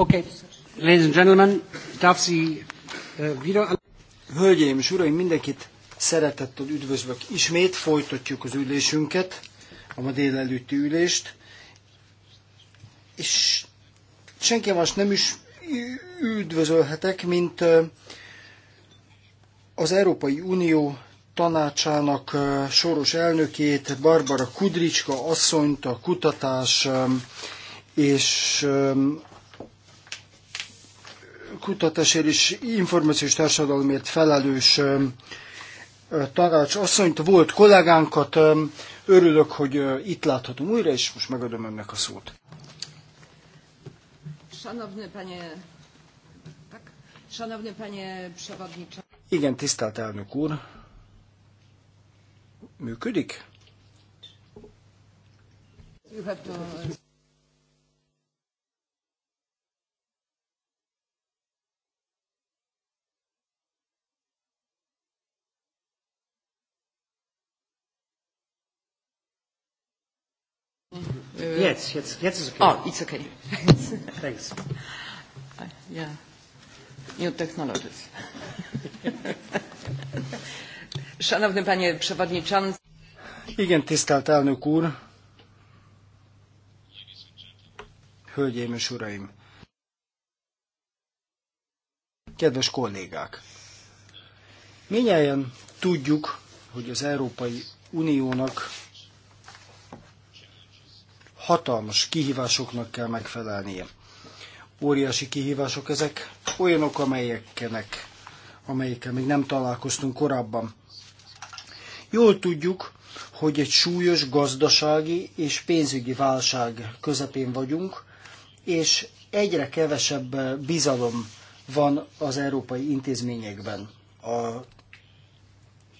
Okay. Ladies and gentlemen, darf Sie äh, wieder... Hölgyeim és uraim, mindenkit szeretettel üdvözlök. Ismét folytatjuk az ülésünket, a ma délelőtti ülést, és senki más nem is üdvözölhetek, mint az Európai Unió tanácsának soros elnökét, Barbara Kudricska asszonyt, a kutatás és kutatásért és információs társadalomért felelős tanácsasszonyt, volt kollégánkat. Örülök, hogy itt láthatom újra, és most megadom önnek a szót. Szanowny panie, tak? Szanowny panie przewodniczący. Igen, tisztelt elnök úr. Működik? You have to... Jetzt, uh, jetzt, okay. Oh, it's okay. Thanks. Uh, yeah. New technologies. Szanowny panie przewodniczący. Igen, tisztelt elnök úr. Hölgyeim és uraim. Kedves kollégák. Minnyáján tudjuk, hogy az Európai Uniónak hatalmas kihívásoknak kell megfelelnie. Óriási kihívások ezek, olyanok, amelyeknek, amelyekkel még nem találkoztunk korábban. Jól tudjuk, hogy egy súlyos gazdasági és pénzügyi válság közepén vagyunk, és egyre kevesebb bizalom van az európai intézményekben. A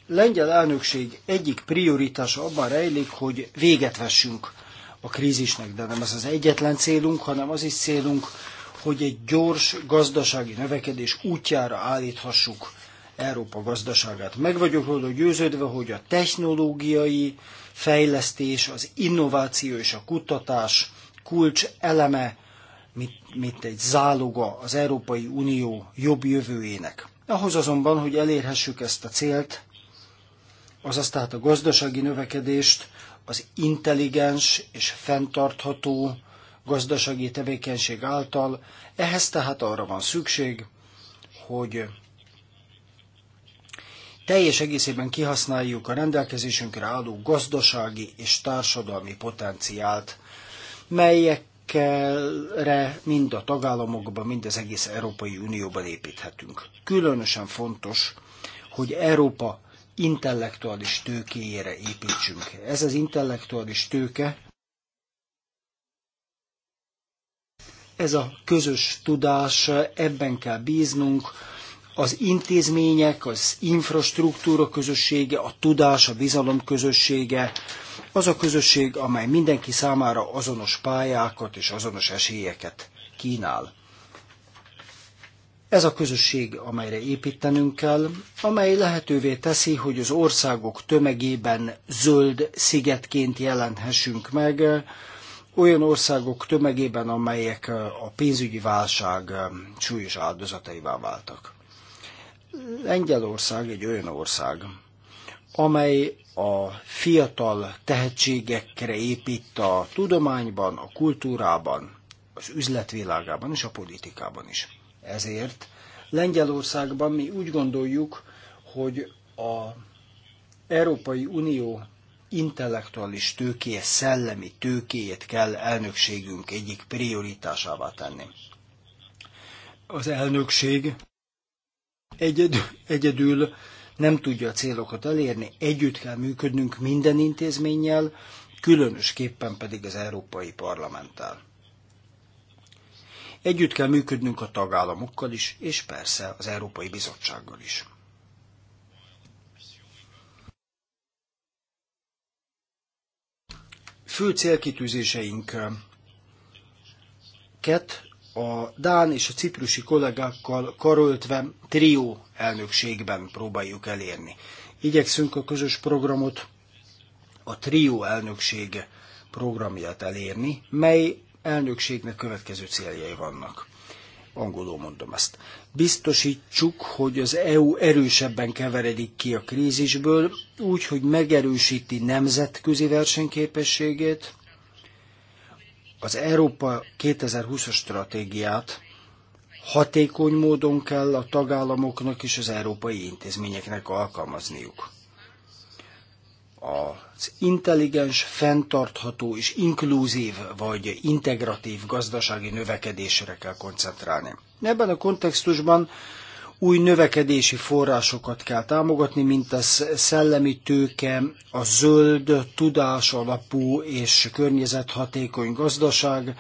lengyel elnökség egyik prioritása abban rejlik, hogy véget vessünk a krízisnek, de nem ez az egyetlen célunk, hanem az is célunk, hogy egy gyors gazdasági növekedés útjára állíthassuk Európa gazdaságát. Meg vagyok róla győződve, hogy a technológiai fejlesztés, az innováció és a kutatás kulcs eleme, mint, mint egy záloga az Európai Unió jobb jövőjének. Ahhoz azonban, hogy elérhessük ezt a célt, azaz tehát a gazdasági növekedést, az intelligens és fenntartható gazdasági tevékenység által. Ehhez tehát arra van szükség, hogy teljes egészében kihasználjuk a rendelkezésünkre álló gazdasági és társadalmi potenciált, melyekre mind a tagállamokban, mind az egész Európai Unióban építhetünk. Különösen fontos, hogy Európa intellektuális tőkéjére építsünk. Ez az intellektuális tőke, ez a közös tudás, ebben kell bíznunk, az intézmények, az infrastruktúra közössége, a tudás, a bizalom közössége, az a közösség, amely mindenki számára azonos pályákat és azonos esélyeket kínál. Ez a közösség, amelyre építenünk kell, amely lehetővé teszi, hogy az országok tömegében zöld szigetként jelenhessünk meg, olyan országok tömegében, amelyek a pénzügyi válság súlyos áldozataivá váltak. Lengyelország egy olyan ország, amely a fiatal tehetségekre épít a tudományban, a kultúrában, az üzletvilágában és a politikában is. Ezért Lengyelországban mi úgy gondoljuk, hogy a Európai Unió intellektuális tőkéje, szellemi tőkéjét kell elnökségünk egyik prioritásává tenni. Az elnökség egyedül, egyedül nem tudja a célokat elérni, együtt kell működnünk minden intézménnyel, különösképpen pedig az Európai Parlamenttel. Együtt kell működnünk a tagállamokkal is, és persze az Európai Bizottsággal is. Fő célkitűzéseink célkitűzéseinket eh, a Dán és a ciprusi kollégákkal karöltve trió elnökségben próbáljuk elérni. Igyekszünk a közös programot, a trió elnökség programját elérni, mely elnökségnek következő céljai vannak. Angolul mondom ezt. Biztosítsuk, hogy az EU erősebben keveredik ki a krízisből, úgy, hogy megerősíti nemzetközi versenyképességét, az Európa 2020-as stratégiát hatékony módon kell a tagállamoknak és az európai intézményeknek alkalmazniuk az intelligens, fenntartható és inkluzív vagy integratív gazdasági növekedésre kell koncentrálni. Ebben a kontextusban új növekedési forrásokat kell támogatni, mint a szellemi tőke, a zöld, tudás alapú és környezethatékony gazdaság,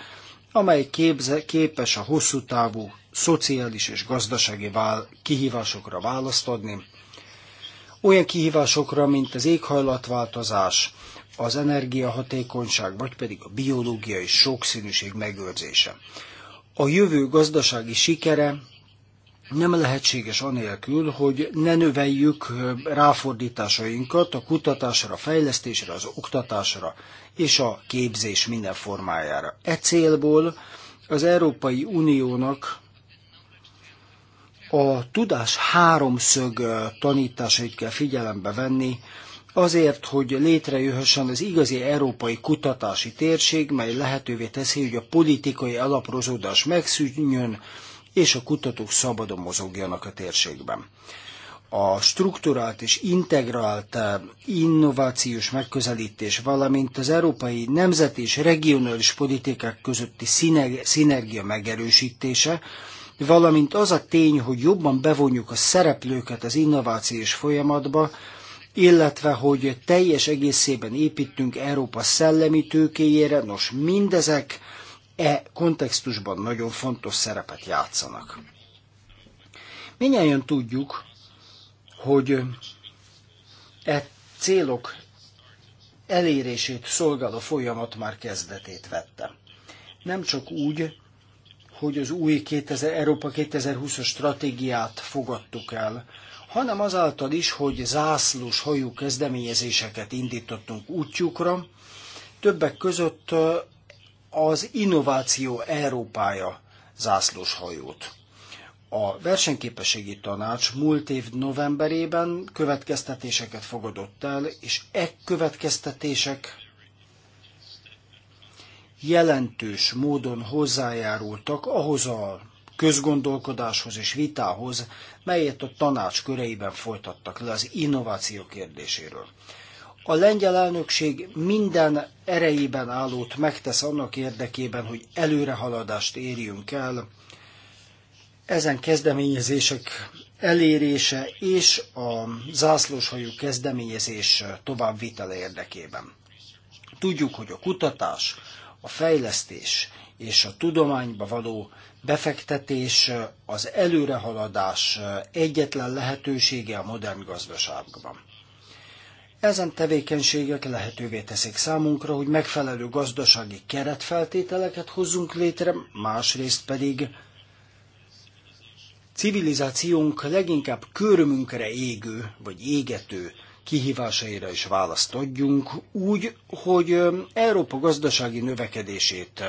amely képze, képes a hosszú távú szociális és gazdasági vál, kihívásokra választ adni, olyan kihívásokra, mint az éghajlatváltozás, az energiahatékonyság, vagy pedig a biológiai sokszínűség megőrzése. A jövő gazdasági sikere nem lehetséges anélkül, hogy ne növeljük ráfordításainkat a kutatásra, a fejlesztésre, az oktatásra és a képzés minden formájára. E célból az Európai Uniónak a tudás háromszög tanításait kell figyelembe venni, azért, hogy létrejöhessen az igazi európai kutatási térség, mely lehetővé teszi, hogy a politikai alaprozódás megszűnjön, és a kutatók szabadon mozogjanak a térségben. A strukturált és integrált innovációs megközelítés, valamint az európai nemzeti és regionális politikák közötti szinergia megerősítése, valamint az a tény, hogy jobban bevonjuk a szereplőket az innovációs folyamatba, illetve hogy teljes egészében építünk Európa szellemi tőkéjére, nos mindezek e kontextusban nagyon fontos szerepet játszanak. Minnyáján tudjuk, hogy e célok elérését szolgáló folyamat már kezdetét vette. Nem csak úgy, hogy az új 2000, Európa 2020-as stratégiát fogadtuk el, hanem azáltal is, hogy zászlós hajú kezdeményezéseket indítottunk útjukra, többek között az Innováció Európája zászlós hajót. A versenyképességi tanács múlt év novemberében következtetéseket fogadott el, és e következtetések jelentős módon hozzájárultak ahhoz a közgondolkodáshoz és vitához, melyet a tanács köreiben folytattak le az innováció kérdéséről. A lengyel elnökség minden erejében állót megtesz annak érdekében, hogy előrehaladást érjünk el. Ezen kezdeményezések elérése és a zászlóshajú kezdeményezés továbbvitele érdekében. Tudjuk, hogy a kutatás, a fejlesztés és a tudományba való befektetés az előrehaladás egyetlen lehetősége a modern gazdaságban. Ezen tevékenységek lehetővé teszik számunkra, hogy megfelelő gazdasági keretfeltételeket hozzunk létre, másrészt pedig civilizációnk leginkább körmünkre égő vagy égető kihívásaira is választ adjunk, úgy, hogy Európa gazdasági növekedését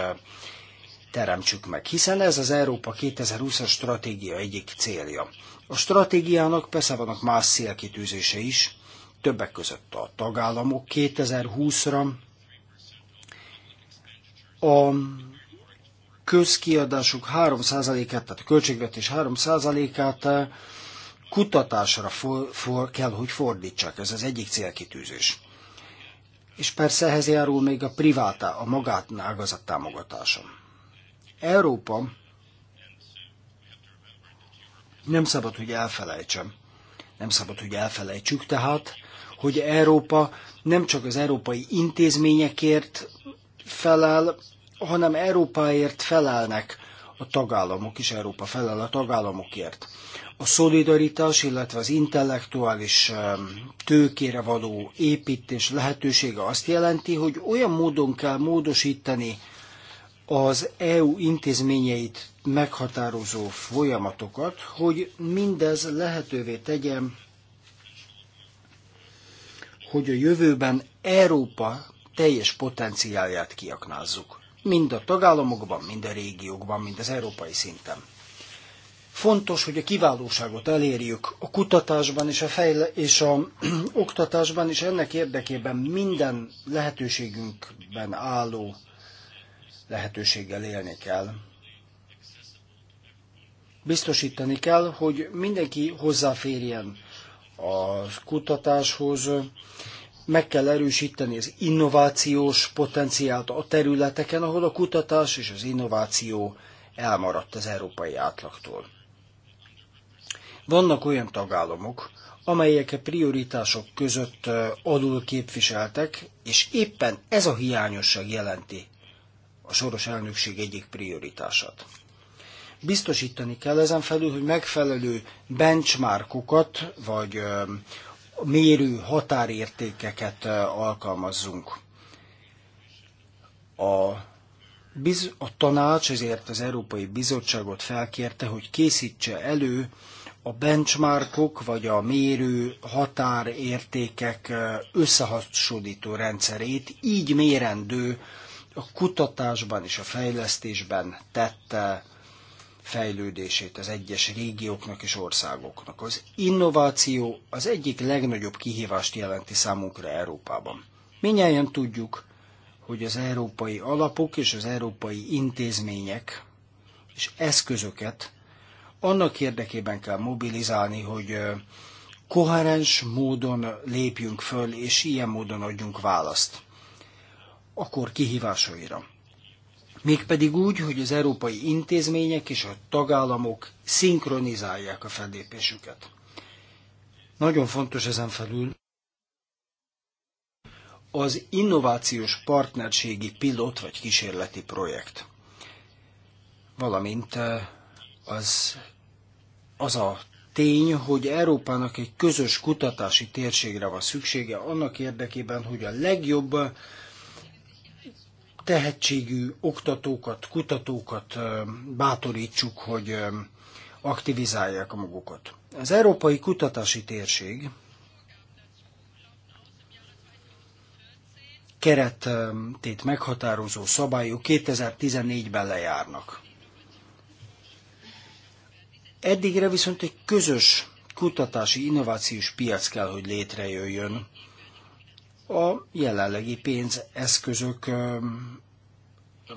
teremtsük meg, hiszen ez az Európa 2020-as stratégia egyik célja. A stratégiának persze vannak más célkitűzése is, többek között a tagállamok 2020-ra a közkiadásuk 3%-át, tehát a költségvetés 3%-át kutatásra for, for, kell, hogy fordítsak. Ez az egyik célkitűzés. És persze ehhez járul még a privátá, a magát ágazat támogatása. Európa nem szabad, hogy elfelejtsem. Nem szabad, hogy elfelejtsük tehát, hogy Európa nem csak az európai intézményekért felel, hanem Európáért felelnek a tagállamok is, Európa felel a tagállamokért a szolidaritás, illetve az intellektuális tőkére való építés lehetősége azt jelenti, hogy olyan módon kell módosítani az EU intézményeit meghatározó folyamatokat, hogy mindez lehetővé tegyem, hogy a jövőben Európa teljes potenciálját kiaknázzuk. Mind a tagállamokban, mind a régiókban, mind az európai szinten. Fontos, hogy a kiválóságot elérjük a kutatásban és a, fejle- és a oktatásban, és ennek érdekében minden lehetőségünkben álló lehetőséggel élni kell. Biztosítani kell, hogy mindenki hozzáférjen a kutatáshoz, meg kell erősíteni az innovációs potenciált a területeken, ahol a kutatás és az innováció elmaradt az európai átlagtól. Vannak olyan tagállamok, amelyek a prioritások között alul képviseltek, és éppen ez a hiányosság jelenti a soros elnökség egyik prioritását. Biztosítani kell ezen felül, hogy megfelelő benchmarkokat vagy mérő határértékeket alkalmazzunk. A, biz, a tanács ezért az Európai Bizottságot felkérte, hogy készítse elő a benchmarkok vagy a mérő határértékek összehasonlító rendszerét, így mérendő a kutatásban és a fejlesztésben tette fejlődését az egyes régióknak és országoknak. Az innováció az egyik legnagyobb kihívást jelenti számunkra Európában. Minnyáján tudjuk, hogy az európai alapok és az európai intézmények és eszközöket annak érdekében kell mobilizálni, hogy koherens módon lépjünk föl, és ilyen módon adjunk választ a kor kihívásaira. Mégpedig úgy, hogy az európai intézmények és a tagállamok szinkronizálják a fellépésüket. Nagyon fontos ezen felül az innovációs partnerségi pilot vagy kísérleti projekt, valamint az az a tény, hogy Európának egy közös kutatási térségre van szüksége annak érdekében, hogy a legjobb tehetségű oktatókat, kutatókat bátorítsuk, hogy aktivizálják magukat. Az Európai Kutatási Térség kerettét meghatározó szabályok 2014-ben lejárnak. Eddigre viszont egy közös kutatási innovációs piac kell, hogy létrejöjjön. A jelenlegi pénzeszközök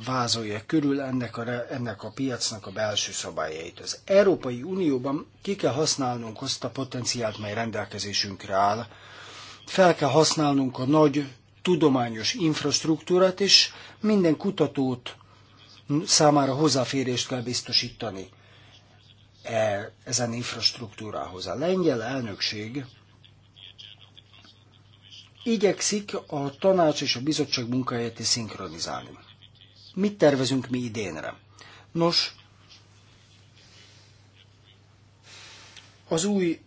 vázolja körül ennek a, ennek a piacnak a belső szabályait. Az Európai Unióban ki kell használnunk azt a potenciált, mely rendelkezésünkre áll. Fel kell használnunk a nagy tudományos infrastruktúrát, és minden kutatót számára hozzáférést kell biztosítani E, ezen infrastruktúrához. A lengyel elnökség igyekszik a tanács és a bizottság munkáját is szinkronizálni. Mit tervezünk mi idénre? Nos, az új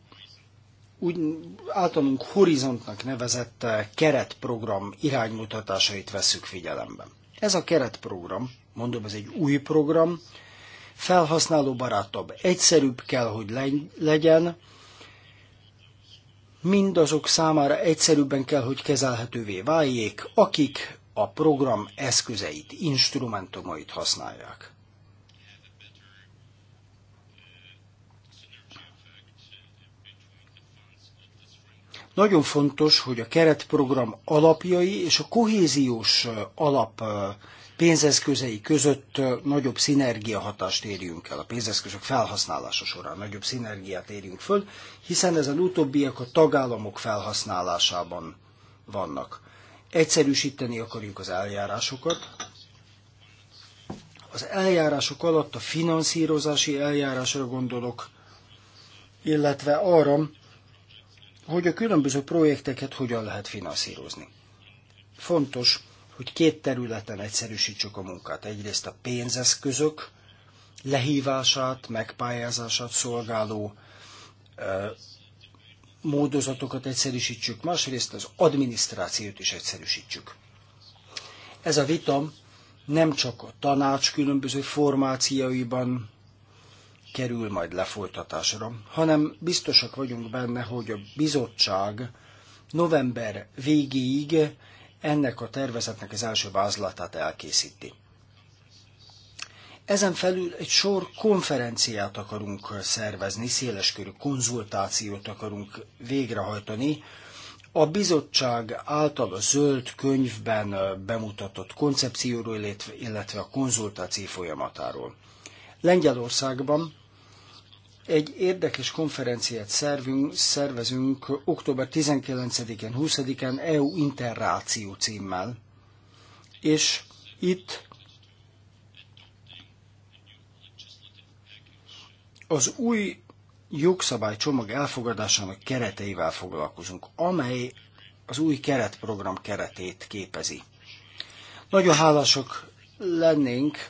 úgy általunk horizontnak nevezett keretprogram iránymutatásait veszük figyelembe. Ez a keretprogram, mondom, ez egy új program, felhasználó barátabb, egyszerűbb kell, hogy legyen, mindazok számára egyszerűbben kell, hogy kezelhetővé váljék, akik a program eszközeit, instrumentumait használják. Nagyon fontos, hogy a keretprogram alapjai és a kohéziós alap pénzeszközei között nagyobb szinergiahatást érjünk el, a pénzeszközök felhasználása során nagyobb szinergiát érjünk föl, hiszen ezen utóbbiak a tagállamok felhasználásában vannak. Egyszerűsíteni akarjuk az eljárásokat. Az eljárások alatt a finanszírozási eljárásra gondolok, illetve arra, hogy a különböző projekteket hogyan lehet finanszírozni. Fontos, hogy két területen egyszerűsítsük a munkát. Egyrészt a pénzeszközök lehívását, megpályázását szolgáló ö, módozatokat egyszerűsítsük, másrészt az adminisztrációt is egyszerűsítsük. Ez a vita nem csak a tanács különböző formációiban kerül majd lefolytatásra, hanem biztosak vagyunk benne, hogy a bizottság november végéig ennek a tervezetnek az első vázlatát elkészíti. Ezen felül egy sor konferenciát akarunk szervezni, széleskörű konzultációt akarunk végrehajtani. A bizottság által a zöld könyvben bemutatott koncepcióról, illetve a konzultáció folyamatáról. Lengyelországban egy érdekes konferenciát szervünk, szervezünk október 19-én, 20 en EU Interráció címmel. És itt az új jogszabálycsomag elfogadásának kereteivel foglalkozunk, amely az új keretprogram keretét képezi. Nagyon hálásak lennénk,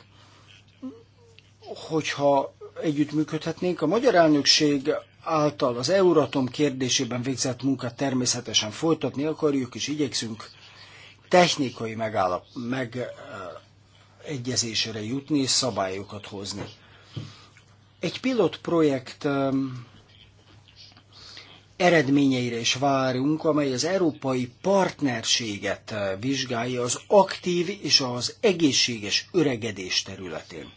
hogyha együttműködhetnénk. A magyar elnökség által az Euratom kérdésében végzett munkát természetesen folytatni akarjuk, és igyekszünk technikai megállap, megegyezésre jutni és szabályokat hozni. Egy pilot projekt um, eredményeire is várunk, amely az európai partnerséget uh, vizsgálja az aktív és az egészséges öregedés területén.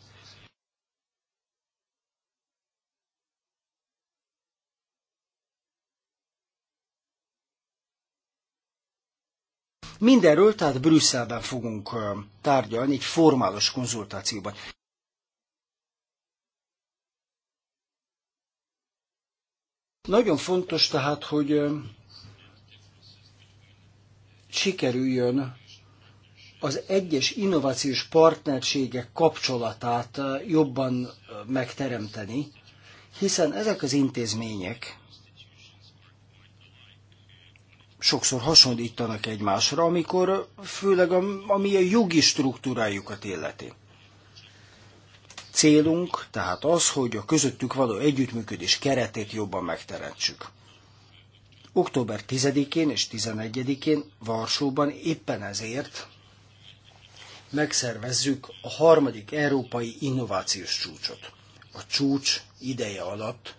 Mindenről tehát Brüsszelben fogunk tárgyalni, egy formális konzultációban. Nagyon fontos tehát, hogy sikerüljön az egyes innovációs partnerségek kapcsolatát jobban megteremteni, hiszen ezek az intézmények sokszor hasonlítanak egymásra, amikor főleg a, ami a jogi struktúrájukat illeti. Célunk tehát az, hogy a közöttük való együttműködés keretét jobban megteremtsük. Október 10-én és 11-én Varsóban éppen ezért megszervezzük a harmadik európai innovációs csúcsot. A csúcs ideje alatt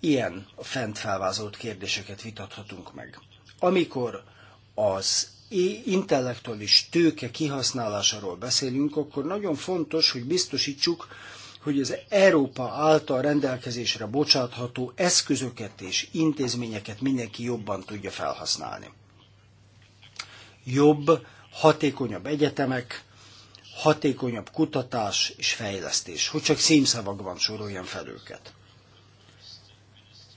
Ilyen a fent felvázolt kérdéseket vitathatunk meg. Amikor az intellektuális tőke kihasználásáról beszélünk, akkor nagyon fontos, hogy biztosítsuk, hogy az Európa által rendelkezésre bocsátható eszközöket és intézményeket mindenki jobban tudja felhasználni. Jobb, hatékonyabb egyetemek, hatékonyabb kutatás és fejlesztés, hogy csak van soroljam fel őket.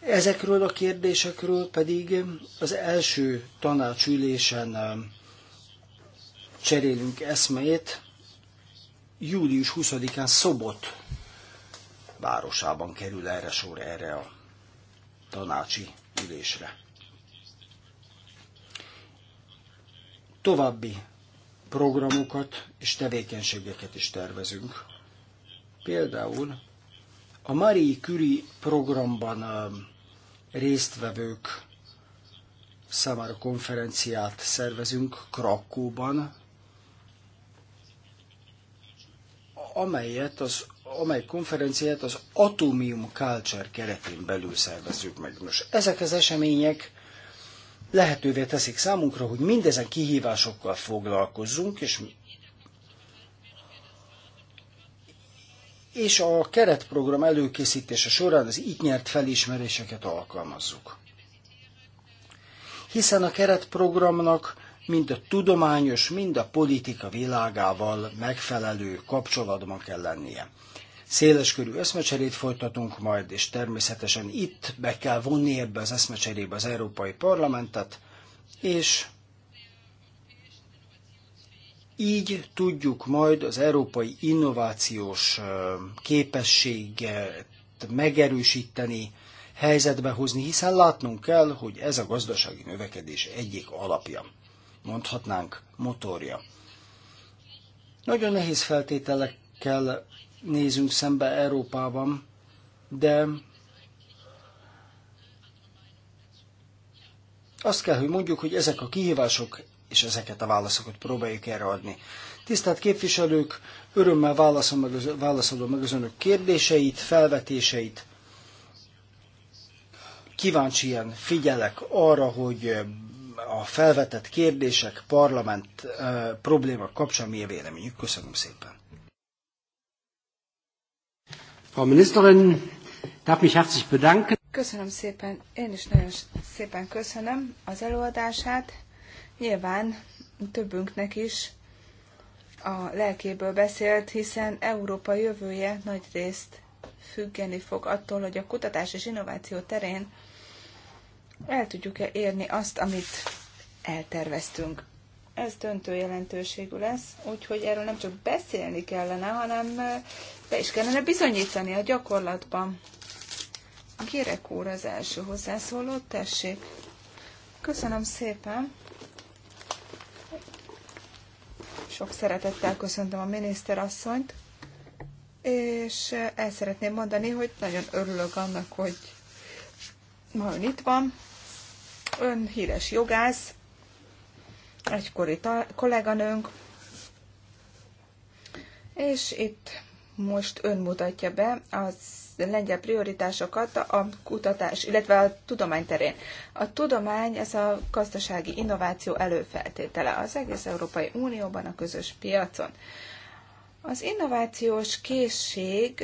Ezekről a kérdésekről pedig az első tanácsülésen um, cserélünk eszmét. Július 20-án Szobot városában kerül erre sor erre a tanácsi ülésre. További programokat és tevékenységeket is tervezünk. Például a Marie Curie programban um, résztvevők számára konferenciát szervezünk Krakóban, amelyet az, amely konferenciát az Atomium Culture keretén belül szervezzük meg. Nos, ezek az események lehetővé teszik számunkra, hogy mindezen kihívásokkal foglalkozzunk, és és a keretprogram előkészítése során az így nyert felismeréseket alkalmazzuk. Hiszen a keretprogramnak mind a tudományos, mind a politika világával megfelelő kapcsolatban kell lennie. Széleskörű eszmecserét folytatunk majd, és természetesen itt be kell vonni ebbe az eszmecserébe az Európai Parlamentet, és így tudjuk majd az európai innovációs képességet megerősíteni, helyzetbe hozni, hiszen látnunk kell, hogy ez a gazdasági növekedés egyik alapja, mondhatnánk motorja. Nagyon nehéz feltételekkel nézünk szembe Európában, de azt kell, hogy mondjuk, hogy ezek a kihívások és ezeket a válaszokat próbáljuk erre adni. Tisztelt képviselők, örömmel válaszol meg az, válaszolom meg az önök kérdéseit, felvetéseit. ilyen figyelek arra, hogy a felvetett kérdések parlament e, probléma kapcsán mi a véleményük. Köszönöm szépen. Frau Ministerin, darf mich herzlich bedanken. Köszönöm szépen, én is nagyon szépen köszönöm az előadását Nyilván többünknek is a lelkéből beszélt, hiszen Európa jövője nagy részt függeni fog attól, hogy a kutatás és innováció terén el tudjuk-e érni azt, amit elterveztünk. Ez döntő jelentőségű lesz, úgyhogy erről nem csak beszélni kellene, hanem eh, be is kellene bizonyítani a gyakorlatban. Gyerek úr az első hozzászóló, tessék. Köszönöm szépen. Sok szeretettel köszöntöm a miniszterasszonyt, és el szeretném mondani, hogy nagyon örülök annak, hogy ma ön itt van. Ön híres jogász, egykori kolléganőnk, és itt most ön mutatja be az lengyel prioritásokat a kutatás, illetve a tudomány terén. A tudomány ez a gazdasági innováció előfeltétele az egész Európai Unióban, a közös piacon. Az innovációs készség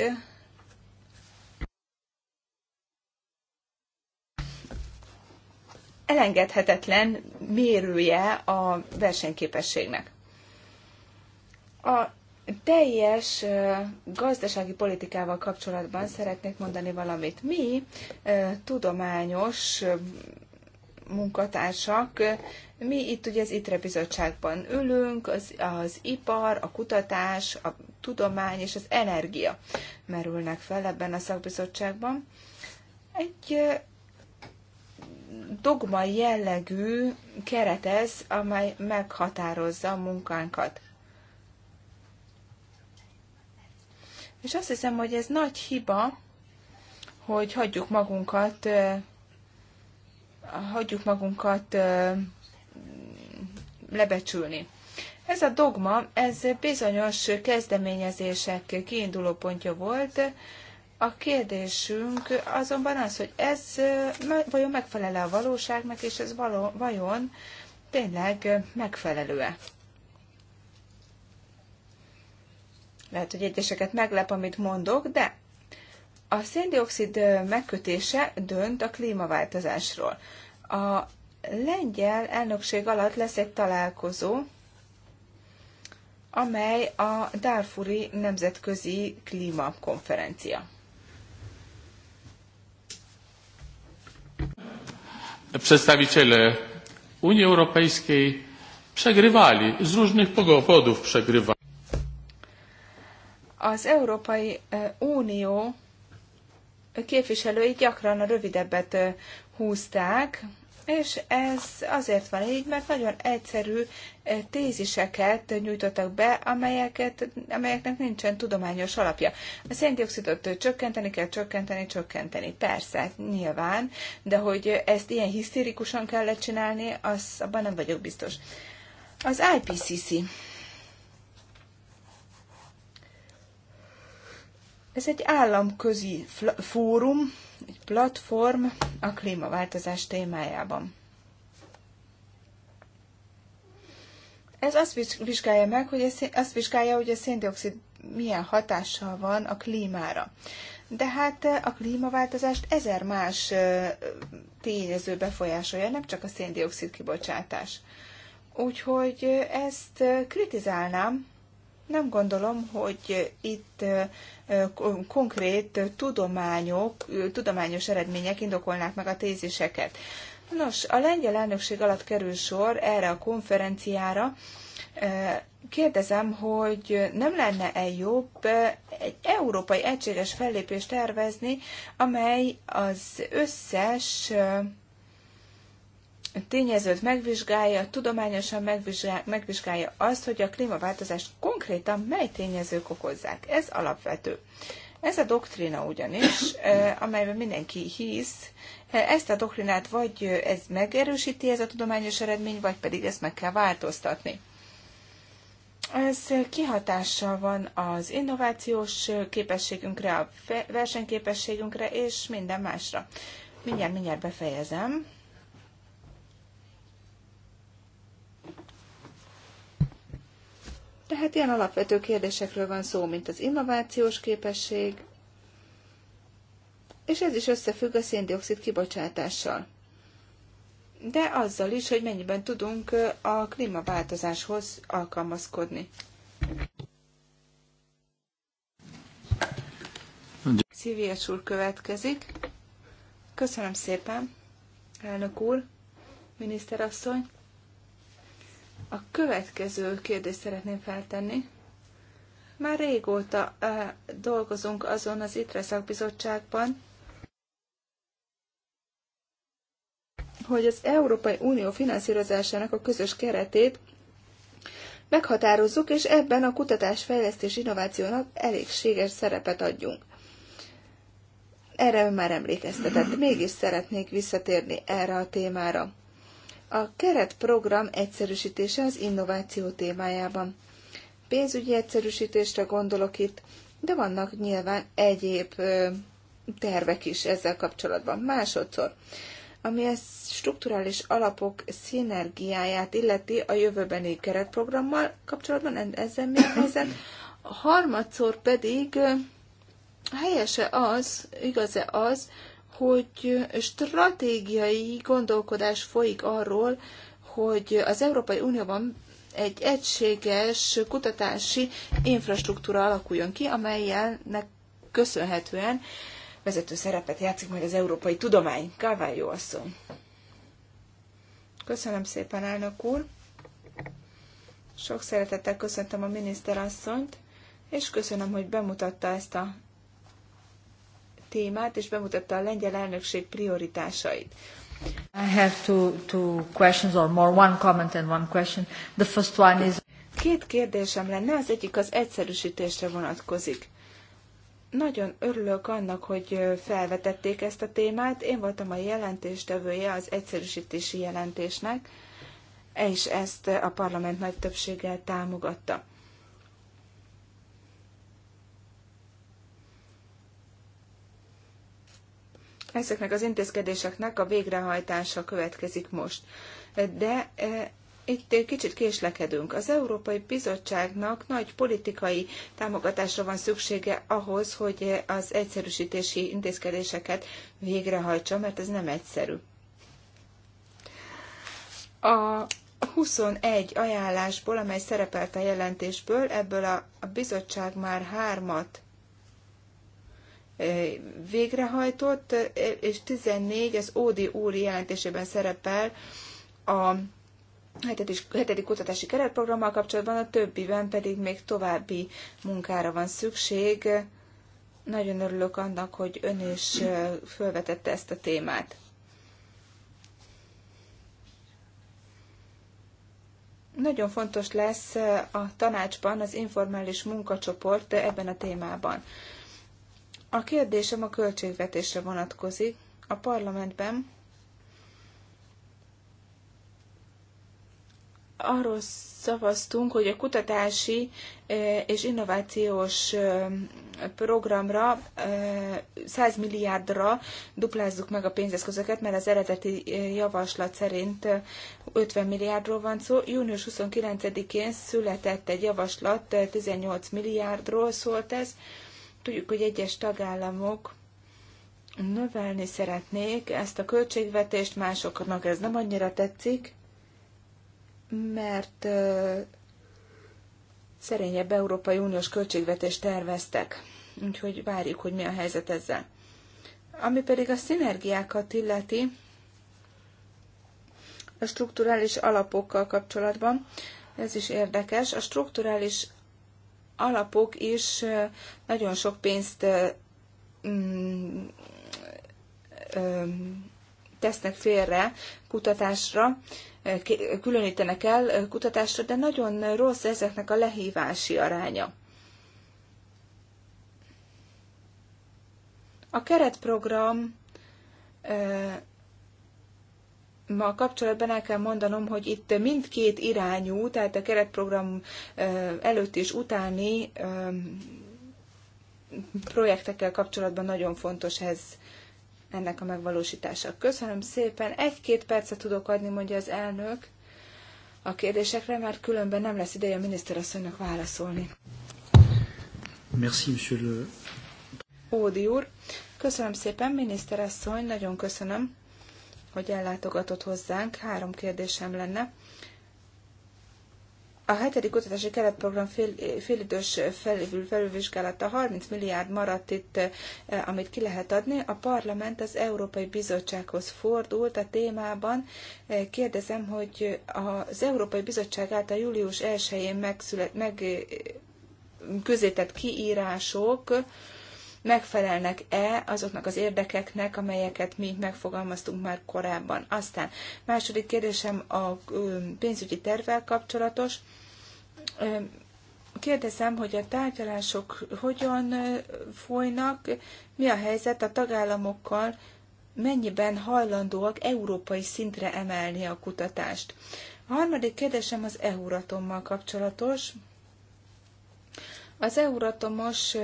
elengedhetetlen mérője a versenyképességnek. A teljes gazdasági politikával kapcsolatban szeretnék mondani valamit. Mi tudományos munkatársak, mi itt ugye az ITRE bizottságban ülünk, az, az ipar, a kutatás, a tudomány és az energia merülnek fel ebben a szakbizottságban. Egy dogma jellegű keretez, amely meghatározza a munkánkat. És azt hiszem, hogy ez nagy hiba, hogy hagyjuk magunkat, hagyjuk magunkat lebecsülni. Ez a dogma, ez bizonyos kezdeményezések kiinduló pontja volt. A kérdésünk azonban az, hogy ez vajon megfelele a valóságnak, és ez való, vajon tényleg megfelelő-e. Lehet, hogy egyeseket meglep, amit mondok, de a széndiokszid megkötése dönt a klímaváltozásról. A lengyel elnökség alatt lesz egy találkozó, amely a Darfuri Nemzetközi Klímakonferencia. Przedstawiciele Unii Europejskiej przegrywali, z różnych powodów przegrywali. Az Európai Unió képviselői gyakran a rövidebbet húzták, és ez azért van így, mert nagyon egyszerű téziseket nyújtottak be, amelyeket, amelyeknek nincsen tudományos alapja. A széndiokszidot csökkenteni kell, csökkenteni, csökkenteni. Persze, nyilván, de hogy ezt ilyen hisztérikusan kellett csinálni, az abban nem vagyok biztos. Az IPCC Ez egy államközi fórum, egy platform a klímaváltozás témájában. Ez azt vizsgálja meg, hogy szén- azt vizsgálja, hogy a széndiokszid milyen hatással van a klímára. De hát eh, a klímaváltozást ezer más eh, tényező befolyásolja, nem csak a széndiokszid kibocsátás. Úgyhogy eh, ezt kritizálnám. Nem gondolom, hogy itt konkrét tudományok, tudományos eredmények indokolnák meg a téziseket. Nos, a lengyel elnökség alatt kerül sor erre a konferenciára. Kérdezem, hogy nem lenne-e jobb egy európai egységes fellépést tervezni, amely az összes tényezőt megvizsgálja, tudományosan megvizsgálja, megvizsgálja azt, hogy a klímaváltozást konkrétan mely tényezők okozzák. Ez alapvető. Ez a doktrína ugyanis, amelyben mindenki hisz, ezt a doktrinát vagy ez megerősíti ez a tudományos eredmény, vagy pedig ezt meg kell változtatni. Ez kihatással van az innovációs képességünkre, a versenyképességünkre és minden másra. Mindjárt, mindjárt befejezem. Tehát ilyen alapvető kérdésekről van szó, mint az innovációs képesség, és ez is összefügg a széndiokszid kibocsátással. De azzal is, hogy mennyiben tudunk a klímaváltozáshoz alkalmazkodni. Szívélyes úr következik. Köszönöm szépen, elnök úr, miniszterasszony. A következő kérdést szeretném feltenni. Már régóta e, dolgozunk azon az ITRE szakbizottságban, hogy az Európai Unió finanszírozásának a közös keretét meghatározzuk, és ebben a kutatás, fejlesztés, innovációnak elégséges szerepet adjunk. Erre ön már emlékeztetett, mégis szeretnék visszatérni erre a témára a keretprogram egyszerűsítése az innováció témájában. Pénzügyi egyszerűsítésre gondolok itt, de vannak nyilván egyéb tervek is ezzel kapcsolatban. Másodszor, ami a strukturális alapok szinergiáját illeti a jövőbeni keretprogrammal kapcsolatban, ezzel mi a helyzet? Harmadszor pedig helyese az, igaz-e az, hogy stratégiai gondolkodás folyik arról, hogy az Európai Unióban egy egységes kutatási infrastruktúra alakuljon ki, amelyelnek köszönhetően vezető szerepet játszik majd az európai tudomány. Kávályó asszony. Köszönöm szépen, elnök úr. Sok szeretettel köszöntöm a miniszterasszonyt, és köszönöm, hogy bemutatta ezt a témát, és bemutatta a lengyel elnökség prioritásait. I have two, two questions, or more one comment and one question. The first one is... Két kérdésem lenne, az egyik az egyszerűsítésre vonatkozik. Nagyon örülök annak, hogy felvetették ezt a témát. Én voltam a jelentéstevője az egyszerűsítési jelentésnek, és ezt a parlament nagy többséggel támogatta. ezeknek az intézkedéseknek a végrehajtása következik most. De e, itt kicsit késlekedünk. Az Európai Bizottságnak nagy politikai támogatásra van szüksége ahhoz, hogy az egyszerűsítési intézkedéseket végrehajtsa, mert ez nem egyszerű. A 21 ajánlásból, amely szerepelt a jelentésből, ebből a bizottság már hármat végrehajtott, és 14, ez Ódi úr jelentésében szerepel a hetedik, hetedik kutatási keretprogrammal kapcsolatban, a többiben pedig még további munkára van szükség. Nagyon örülök annak, hogy ön is felvetette ezt a témát. Nagyon fontos lesz a tanácsban az informális munkacsoport ebben a témában. A kérdésem a költségvetésre vonatkozik. A parlamentben arról szavaztunk, hogy a kutatási és innovációs programra 100 milliárdra duplázzuk meg a pénzeszközöket, mert az eredeti javaslat szerint 50 milliárdról van szó. Június 29-én született egy javaslat, 18 milliárdról szólt ez. Tudjuk, hogy egyes tagállamok növelni szeretnék ezt a költségvetést, másoknak ez nem annyira tetszik, mert szerényebb Európai Uniós költségvetést terveztek. Úgyhogy várjuk, hogy mi a helyzet ezzel. Ami pedig a szinergiákat illeti, a strukturális alapokkal kapcsolatban, ez is érdekes. A strukturális alapok is nagyon sok pénzt mm, tesznek félre kutatásra, különítenek el kutatásra, de nagyon rossz ezeknek a lehívási aránya. A keretprogram ma a kapcsolatban el kell mondanom, hogy itt mindkét irányú, tehát a keretprogram előtt és utáni projektekkel kapcsolatban nagyon fontos ez ennek a megvalósítása. Köszönöm szépen. Egy-két percet tudok adni, mondja az elnök a kérdésekre, mert különben nem lesz ideje a miniszterasszonynak válaszolni. Merci, monsieur le... Ódi úr. Köszönöm szépen, miniszterasszony, nagyon köszönöm hogy ellátogatott hozzánk. Három kérdésem lenne. A hetedik kutatási keretprogram fél, félidős felül, felülvizsgálata 30 milliárd maradt itt, eh, amit ki lehet adni. A parlament az Európai Bizottsághoz fordult a témában. Eh, kérdezem, hogy az Európai Bizottság által július 1-én megszület, meg eh, közétett kiírások, megfelelnek-e azoknak az érdekeknek, amelyeket mi megfogalmaztunk már korábban. Aztán második kérdésem a pénzügyi tervvel kapcsolatos. Kérdezem, hogy a tárgyalások hogyan folynak, mi a helyzet a tagállamokkal, mennyiben hajlandóak európai szintre emelni a kutatást. A harmadik kérdésem az Euratommal kapcsolatos. Az euratomos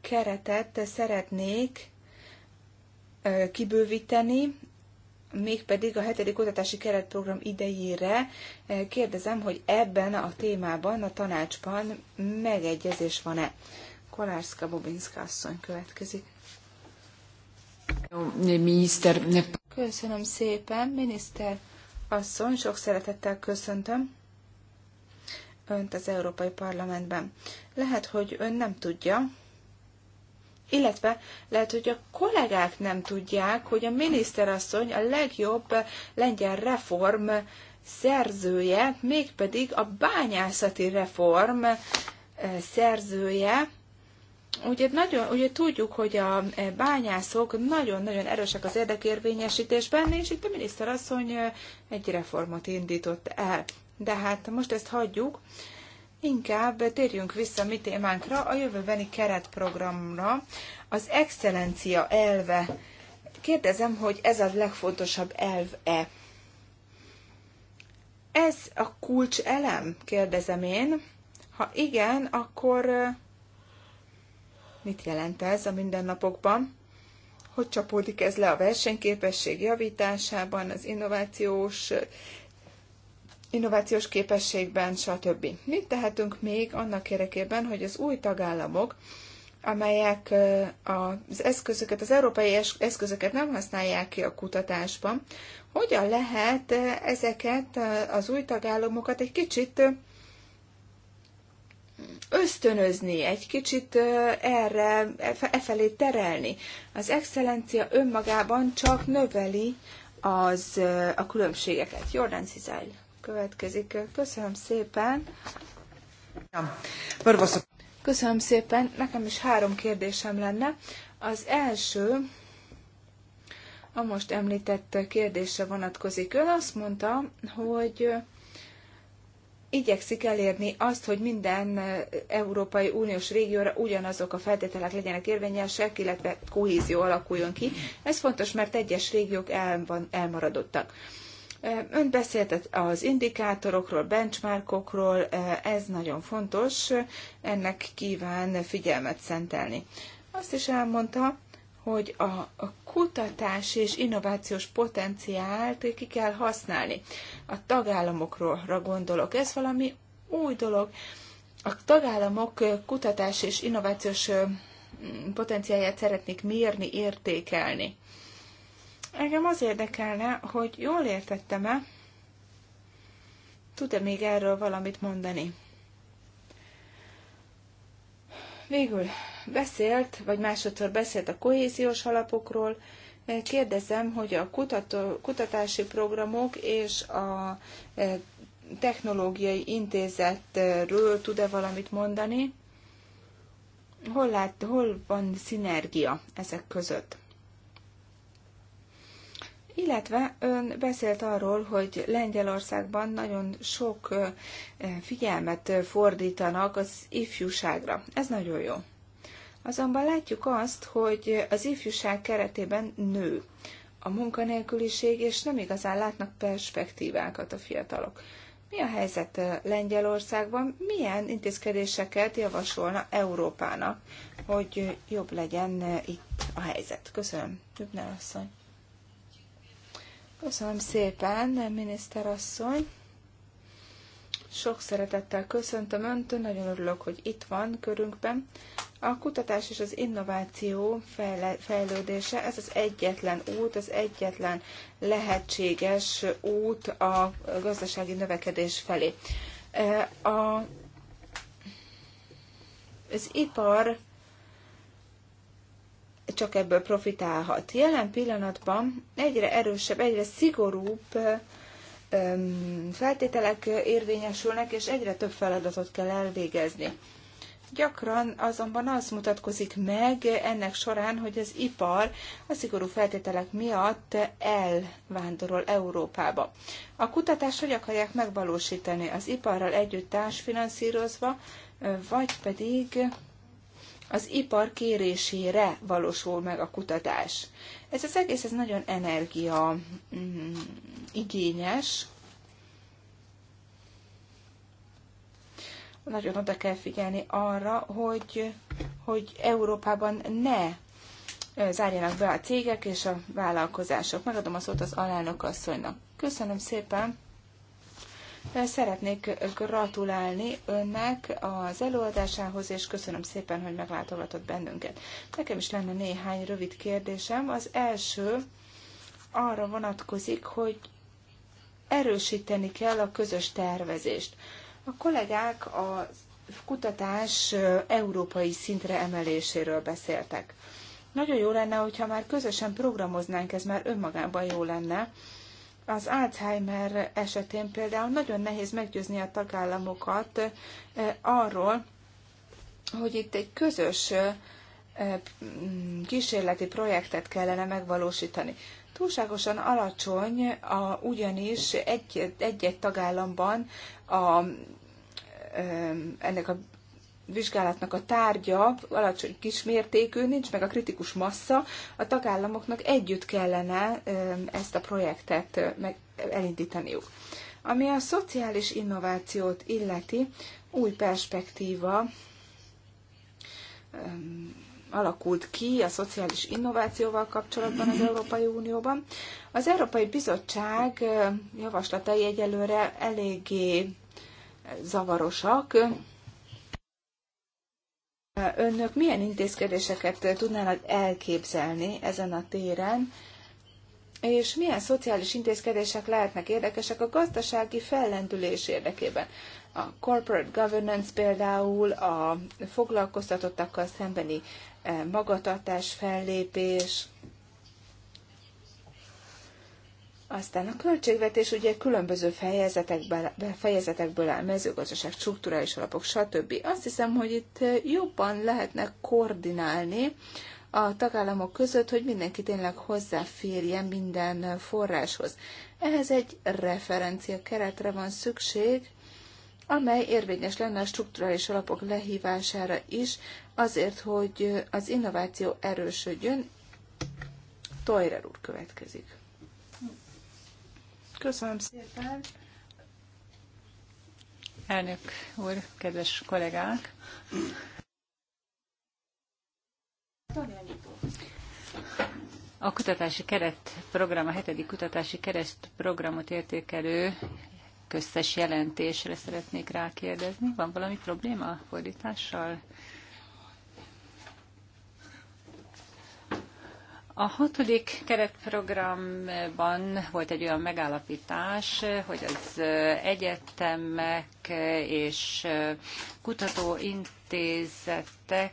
keretet szeretnék kibővíteni, mégpedig a hetedik kutatási keretprogram idejére. Kérdezem, hogy ebben a témában, a tanácsban megegyezés van-e? Kolárszka Bobinszka asszony következik. Köszönöm szépen, miniszter asszony, sok szeretettel köszöntöm önt az Európai Parlamentben. Lehet, hogy ön nem tudja, illetve lehet, hogy a kollégák nem tudják, hogy a miniszterasszony a legjobb lengyel reform szerzője, mégpedig a bányászati reform eh, szerzője. Ugye, nagyon, ugye tudjuk, hogy a eh, bányászok nagyon-nagyon erősek az érdekérvényesítésben, és itt a miniszterasszony eh, egy reformot indított el de hát most ezt hagyjuk. Inkább térjünk vissza mi témánkra, a jövőbeni keretprogramra, az excellencia elve. Kérdezem, hogy ez a legfontosabb elve? e Ez a kulcs elem, kérdezem én. Ha igen, akkor mit jelent ez a mindennapokban? Hogy csapódik ez le a versenyképesség javításában, az innovációs innovációs képességben, stb. Mit tehetünk még annak érdekében, hogy az új tagállamok, amelyek az eszközöket, az európai eszközöket nem használják ki a kutatásban, hogyan lehet ezeket az új tagállamokat egy kicsit ösztönözni, egy kicsit erre, e, e felé terelni. Az excellencia önmagában csak növeli az, a különbségeket. Jordan Cizel következik. Köszönöm szépen. Köszönöm szépen. Nekem is három kérdésem lenne. Az első a most említett kérdésre vonatkozik. Ön azt mondta, hogy igyekszik elérni azt, hogy minden Európai Uniós régióra ugyanazok a feltételek legyenek érvényesek, illetve kohézió alakuljon ki. Ez fontos, mert egyes régiók el van, elmaradottak. Ön beszélt az indikátorokról, benchmarkokról, ez nagyon fontos, ennek kíván figyelmet szentelni. Azt is elmondta, hogy a kutatás és innovációs potenciált ki kell használni. A tagállamokra gondolok. Ez valami új dolog. A tagállamok kutatás és innovációs potenciáját szeretnék mérni, értékelni. Engem az érdekelne, hogy jól értettem-e, tud-e még erről valamit mondani? Végül beszélt, vagy másodszor beszélt a kohéziós alapokról. Kérdezem, hogy a kutató, kutatási programok és a e, technológiai intézetről tud-e valamit mondani? Hol, lát, hol van szinergia ezek között? Illetve ön beszélt arról, hogy Lengyelországban nagyon sok figyelmet fordítanak az ifjúságra. Ez nagyon jó. Azonban látjuk azt, hogy az ifjúság keretében nő a munkanélküliség, és nem igazán látnak perspektívákat a fiatalok. Mi a helyzet Lengyelországban? Milyen intézkedéseket javasolna Európának, hogy jobb legyen itt a helyzet? Köszönöm, Tübner asszony. Köszönöm szépen, miniszterasszony. Sok szeretettel köszöntöm Önt, nagyon örülök, hogy itt van körünkben. A kutatás és az innováció fejlődése, ez az egyetlen út, az egyetlen lehetséges út a gazdasági növekedés felé. E, a, az ipar csak ebből profitálhat. Jelen pillanatban egyre erősebb, egyre szigorúbb feltételek érvényesülnek, és egyre több feladatot kell elvégezni. Gyakran azonban az mutatkozik meg ennek során, hogy az ipar a szigorú feltételek miatt elvándorol Európába. A kutatás hogy akarják megvalósítani? Az iparral együtt társfinanszírozva, vagy pedig az ipar kérésére valósul meg a kutatás. Ez az egész ez nagyon energia mm, igényes. Nagyon oda kell figyelni arra, hogy, hogy Európában ne zárjanak be a cégek és a vállalkozások. Megadom a szót az alelnök asszonynak. Köszönöm szépen! Szeretnék gratulálni önnek az előadásához, és köszönöm szépen, hogy meglátogatott bennünket. Nekem is lenne néhány rövid kérdésem. Az első arra vonatkozik, hogy erősíteni kell a közös tervezést. A kollégák a kutatás európai szintre emeléséről beszéltek. Nagyon jó lenne, hogyha már közösen programoznánk, ez már önmagában jó lenne az Alzheimer esetén például nagyon nehéz meggyőzni a tagállamokat eh, arról, hogy itt egy közös eh, mm, kísérleti projektet kellene megvalósítani. Túlságosan alacsony a, ugyanis egy-egy tagállamban a, eh, ennek a vizsgálatnak a tárgya alacsony kismértékű, nincs meg a kritikus massza, a tagállamoknak együtt kellene ezt a projektet meg elindítaniuk. Ami a szociális innovációt illeti, új perspektíva alakult ki a szociális innovációval kapcsolatban az Európai Unióban. Az Európai Bizottság javaslatai egyelőre eléggé zavarosak, Önök milyen intézkedéseket tudnának elképzelni ezen a téren, és milyen szociális intézkedések lehetnek érdekesek a gazdasági fellendülés érdekében? A corporate governance például, a foglalkoztatottakkal szembeni eh, magatartás fellépés, aztán a költségvetés ugye különböző fejezetekből, fejezetekből áll, mezőgazdaság, strukturális alapok, stb. Azt hiszem, hogy itt jobban lehetne koordinálni a tagállamok között, hogy mindenki tényleg hozzáférjen minden forráshoz. Ehhez egy referencia keretre van szükség, amely érvényes lenne a strukturális alapok lehívására is, azért, hogy az innováció erősödjön. Tojrer úr következik. Köszönöm szépen. Elnök úr, kedves kollégák! A kutatási keretprogram, a hetedik kutatási keretprogramot értékelő köztes jelentésre szeretnék rákérdezni. Van valami probléma a fordítással? A hatodik keretprogramban volt egy olyan megállapítás, hogy az egyetemek és kutatóintézetek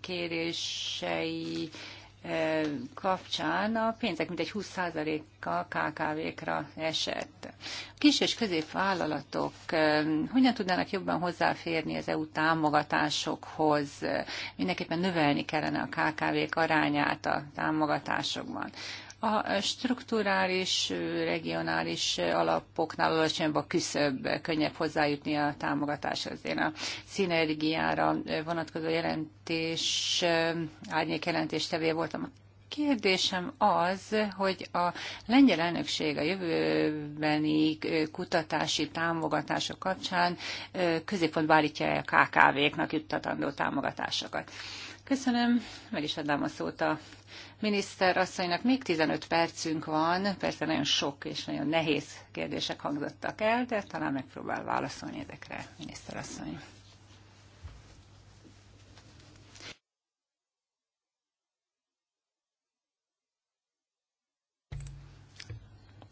kérései kapcsán a pénzek mintegy 20%-a KKV-kra esett. A kis és középvállalatok hogyan tudnának jobban hozzáférni az EU támogatásokhoz? Mindenképpen növelni kellene a KKV-k arányát a támogatásokban. A strukturális, regionális alapoknál alacsonyabb a küszöbb, könnyebb hozzájutni a támogatáshoz. Én a szinergiára vonatkozó jelentés, ehm, árnyék jelentés tevé voltam kérdésem az, hogy a lengyel elnökség a jövőbeni eh, kutatási támogatások kapcsán eh, középpont állítja a KKV-knak juttatandó támogatásokat. Köszönöm, meg is adnám a szót a miniszter asszonynak még 15 percünk van, persze nagyon sok és nagyon nehéz kérdések hangzottak el, de talán megpróbál válaszolni ezekre, miniszter asszony.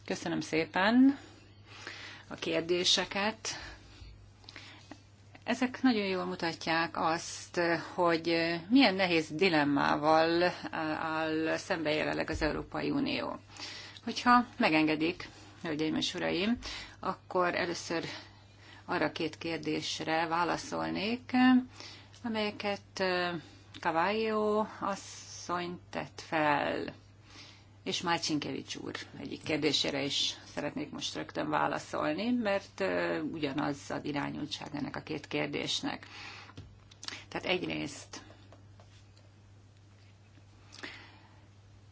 Köszönöm szépen a kérdéseket. Ezek nagyon jól mutatják azt, hogy milyen nehéz dilemmával áll szembe jelenleg az Európai Unió. Hogyha megengedik, hölgyeim és uraim, akkor először arra két kérdésre válaszolnék, amelyeket Cavallo asszony tett fel és Márcsinkevics úr egyik kérdésére is szeretnék most rögtön válaszolni, mert ugyanaz az irányultság ennek a két kérdésnek. Tehát egyrészt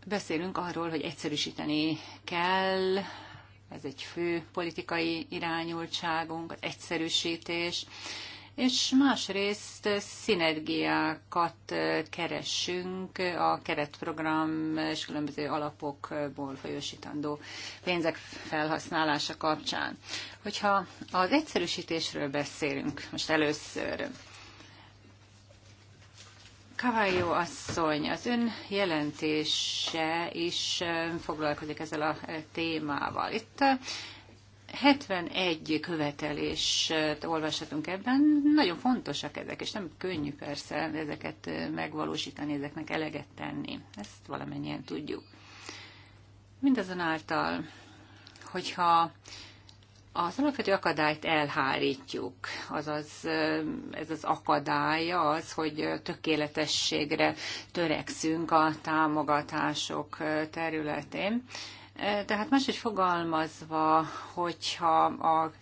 beszélünk arról, hogy egyszerűsíteni kell, ez egy fő politikai irányultságunk, az egyszerűsítés, és másrészt szinergiákat keressünk a keretprogram és különböző alapokból folyósítandó pénzek felhasználása kapcsán. Hogyha az egyszerűsítésről beszélünk most először, Kavályó asszony, az ön jelentése is foglalkozik ezzel a témával. Itt 71 követelést olvashatunk ebben, nagyon fontosak ezek, és nem könnyű persze ezeket megvalósítani, ezeknek eleget tenni. Ezt valamennyien tudjuk. Mindazonáltal, hogyha az alapvető akadályt elhárítjuk, azaz ez az akadálya az, hogy tökéletességre törekszünk a támogatások területén, tehát máshogy fogalmazva, hogyha a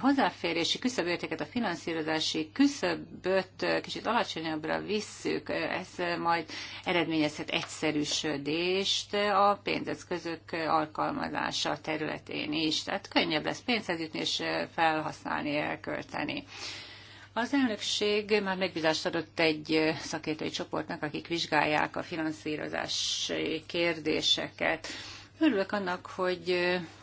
hozzáférési küszöbértéket, a finanszírozási küszöböt kicsit alacsonyabbra visszük, ez majd eredményezhet egyszerűsödést a pénzeszközök alkalmazása területén is. Tehát könnyebb lesz pénzhez jutni és felhasználni, elkölteni. Az elnökség már megbízást adott egy szakértői csoportnak, akik vizsgálják a finanszírozási kérdéseket. Örülök annak, hogy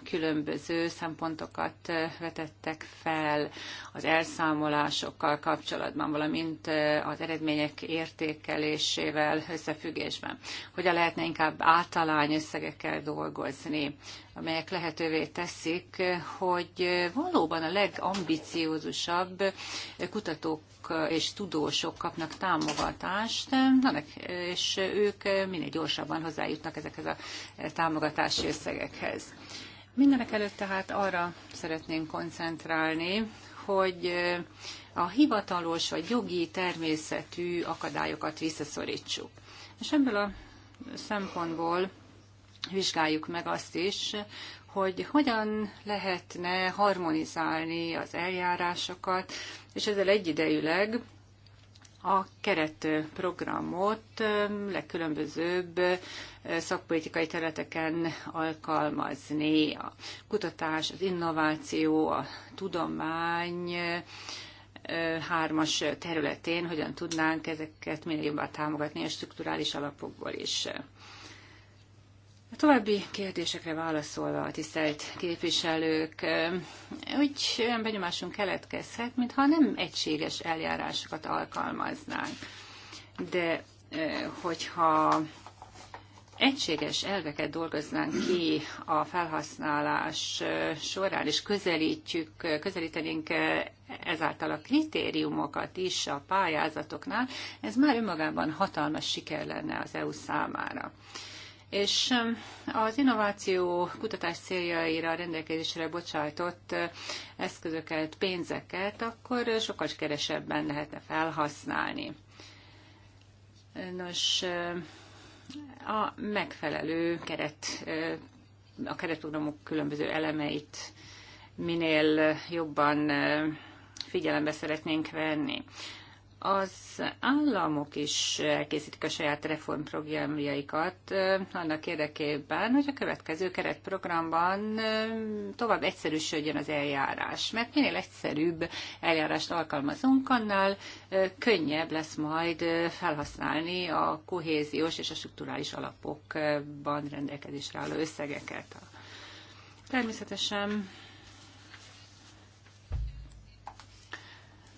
különböző szempontokat vetettek fel az elszámolásokkal kapcsolatban, valamint az eredmények értékelésével összefüggésben. Hogyan lehetne inkább általány összegekkel dolgozni, amelyek lehetővé teszik, hogy valóban a legambiciózusabb kutatók és tudósok kapnak támogatást, és ők minél gyorsabban hozzájutnak ezekhez a támogatási összegekhez. Mindenek előtt tehát arra szeretnénk koncentrálni, hogy a hivatalos vagy jogi természetű akadályokat visszaszorítsuk. És ebből a szempontból vizsgáljuk meg azt is, hogy hogyan lehetne harmonizálni az eljárásokat, és ezzel egyidejűleg a keretprogramot legkülönbözőbb szakpolitikai területeken alkalmazni. A kutatás, az innováció, a tudomány hármas területén hogyan tudnánk ezeket minél jobban támogatni a strukturális alapokból is. A további kérdésekre válaszolva a tisztelt képviselők, eh, úgy olyan benyomásunk keletkezhet, mintha nem egységes eljárásokat alkalmaznánk. De eh, hogyha egységes elveket dolgoznánk ki a felhasználás eh, során, és közelítjük, közelítenénk ezáltal a kritériumokat is a pályázatoknál, ez már önmagában hatalmas siker lenne az EU számára és um, az innováció kutatás céljaira rendelkezésre bocsájtott uh, eszközöket, pénzeket, akkor uh, sokkal keresebben lehetne felhasználni. Nos, uh, a megfelelő keret, a keretprogramok különböző elemeit minél jobban figyelembe szeretnénk venni az államok is elkészítik a saját reformprogramjaikat annak érdekében, hogy a következő keretprogramban tovább egyszerűsödjön az eljárás. Mert minél egyszerűbb eljárást alkalmazunk, annál könnyebb lesz majd felhasználni a kohéziós és a strukturális alapokban rendelkezésre álló összegeket. Természetesen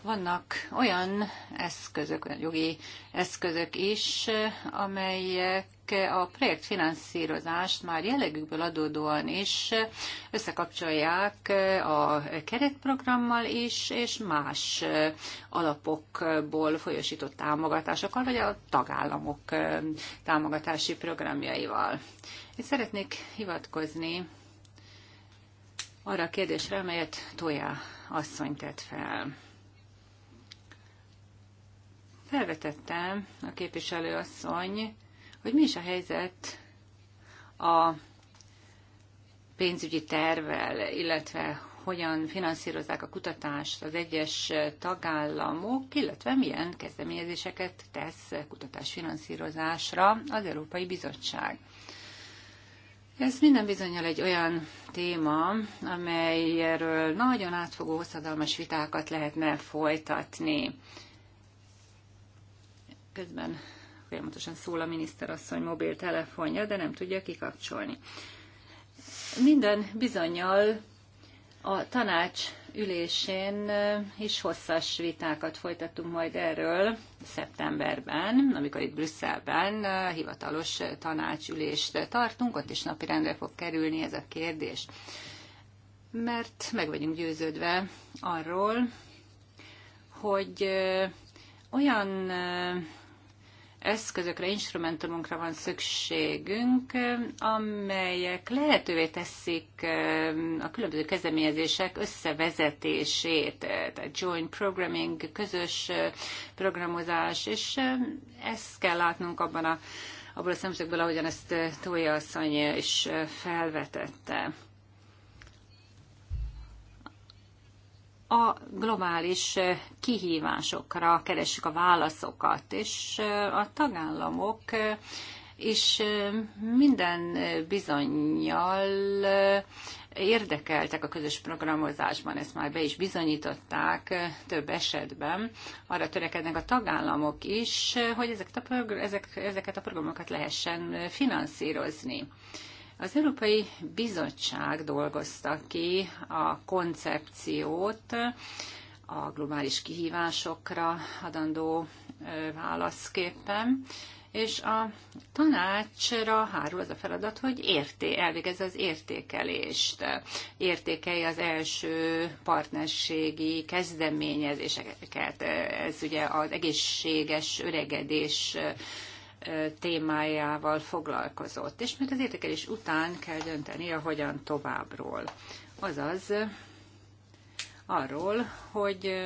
Vannak olyan eszközök, olyan jogi eszközök is, amelyek a projektfinanszírozást már jellegükből adódóan is összekapcsolják a keretprogrammal is, és más alapokból folyosított támogatásokkal, vagy a tagállamok támogatási programjaival. Én szeretnék hivatkozni arra a kérdésre, amelyet Tojá asszony tett fel felvetette a asszony, hogy mi is a helyzet a pénzügyi tervvel, illetve hogyan finanszírozzák a kutatást az egyes tagállamok, illetve milyen kezdeményezéseket tesz kutatásfinanszírozásra az Európai Bizottság. Ez minden bizonyal egy olyan téma, amelyről nagyon átfogó, hosszadalmas vitákat lehetne folytatni. Közben folyamatosan szól a miniszterasszony mobiltelefonja, de nem tudja kikapcsolni. Minden bizonyal a tanács ülésén is hosszas vitákat folytattunk majd erről szeptemberben, amikor itt Brüsszelben hivatalos tanácsülést tartunk, ott is napirendre fog kerülni ez a kérdés. Mert meg vagyunk győződve arról, hogy olyan eszközökre, instrumentumunkra van szükségünk, amelyek lehetővé teszik a különböző kezdeményezések összevezetését, tehát joint programming, közös programozás, és ezt kell látnunk abban a abból a szemszögből, ahogyan ezt Tója asszony is felvetette. a globális eh, kihívásokra keresik a válaszokat, és eh, a tagállamok és eh, minden bizonyjal érdekeltek a közös programozásban, ezt már be is bizonyították több esetben. Arra törekednek a tagállamok is, hogy ezeket a, ezek, ezeket a programokat lehessen finanszírozni. Az Európai Bizottság dolgozta ki a koncepciót a globális kihívásokra adandó válaszképpen, és a tanácsra hárul az a feladat, hogy érté, elvégezze az értékelést, értékelje az első partnerségi kezdeményezéseket. Ez ugye az egészséges öregedés témájával foglalkozott, és mert az értékelés után kell dönteni a hogyan továbbról. Azaz arról, hogy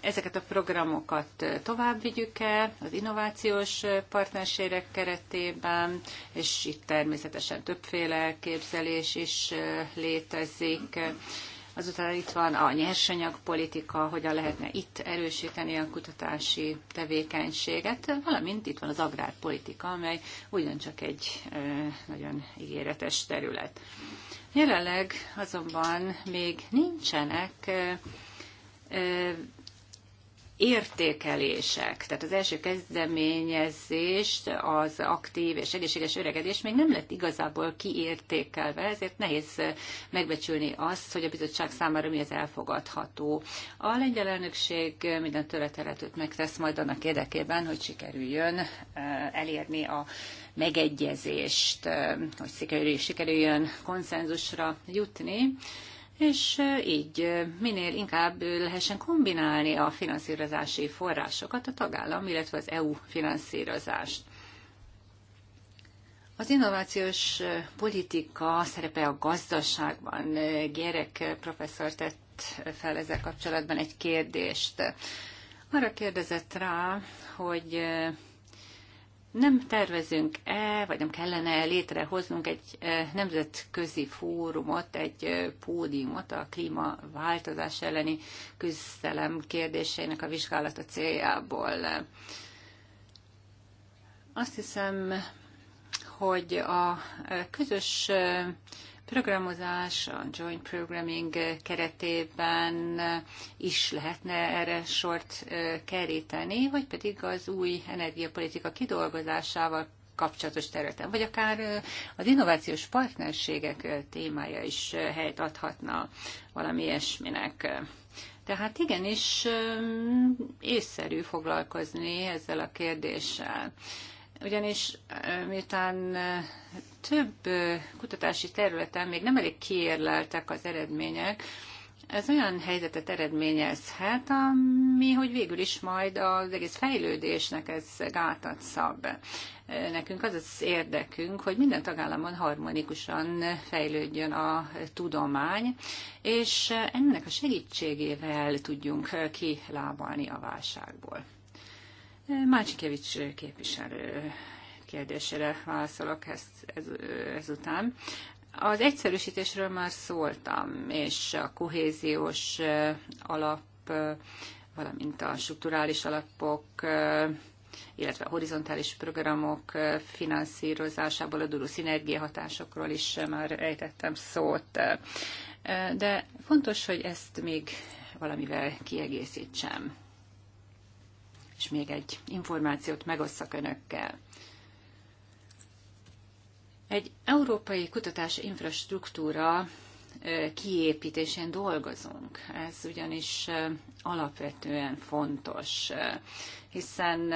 ezeket a programokat tovább vigyük el az innovációs partnerségek keretében, és itt természetesen többféle képzelés is létezik. Azután itt van a nyersanyagpolitika, hogyan lehetne itt erősíteni a kutatási tevékenységet, valamint itt van az agrárpolitika, amely ugyancsak egy nagyon ígéretes terület. Jelenleg azonban még nincsenek értékelések. Tehát az első kezdeményezést, az aktív és egészséges öregedés még nem lett igazából kiértékelve, ezért nehéz megbecsülni azt, hogy a bizottság számára mi az elfogadható. A lengyel elnökség minden töreteletőt megtesz majd annak érdekében, hogy sikerüljön eh, elérni a megegyezést, eh, hogy sikerüljön konszenzusra jutni és így minél inkább lehessen kombinálni a finanszírozási forrásokat, a tagállam, illetve az EU finanszírozást. Az innovációs politika szerepe a gazdaságban. Gyerek professzor tett fel ezzel kapcsolatban egy kérdést. Arra kérdezett rá, hogy nem tervezünk-e, vagy nem kellene létrehoznunk egy e, nemzetközi fórumot, egy e, pódiumot a klímaváltozás elleni küzdelem kérdéseinek a vizsgálata céljából. Azt hiszem, hogy a e, közös programozás, a joint programming keretében is lehetne erre sort keríteni, vagy pedig az új energiapolitika kidolgozásával kapcsolatos területen, vagy akár az innovációs partnerségek témája is helyt adhatna valami ilyesminek. Tehát igenis észszerű foglalkozni ezzel a kérdéssel ugyanis miután több kutatási területen még nem elég kiérleltek az eredmények, ez olyan helyzetet eredményezhet, ami, hogy végül is majd az egész fejlődésnek ez gátat szab. Nekünk az az érdekünk, hogy minden tagállamon harmonikusan fejlődjön a tudomány, és ennek a segítségével tudjunk kilábalni a válságból. Mácsikevics képviselő kérdésére válaszolok ezt, ez, ezután. Az egyszerűsítésről már szóltam, és a kohéziós alap, valamint a strukturális alapok, illetve a horizontális programok finanszírozásából adódó szinergiahatásokról is már ejtettem szót. De fontos, hogy ezt még valamivel kiegészítsem. És még egy információt megosszak önökkel. Egy európai kutatási infrastruktúra kiépítésén dolgozunk. Ez ugyanis alapvetően fontos, hiszen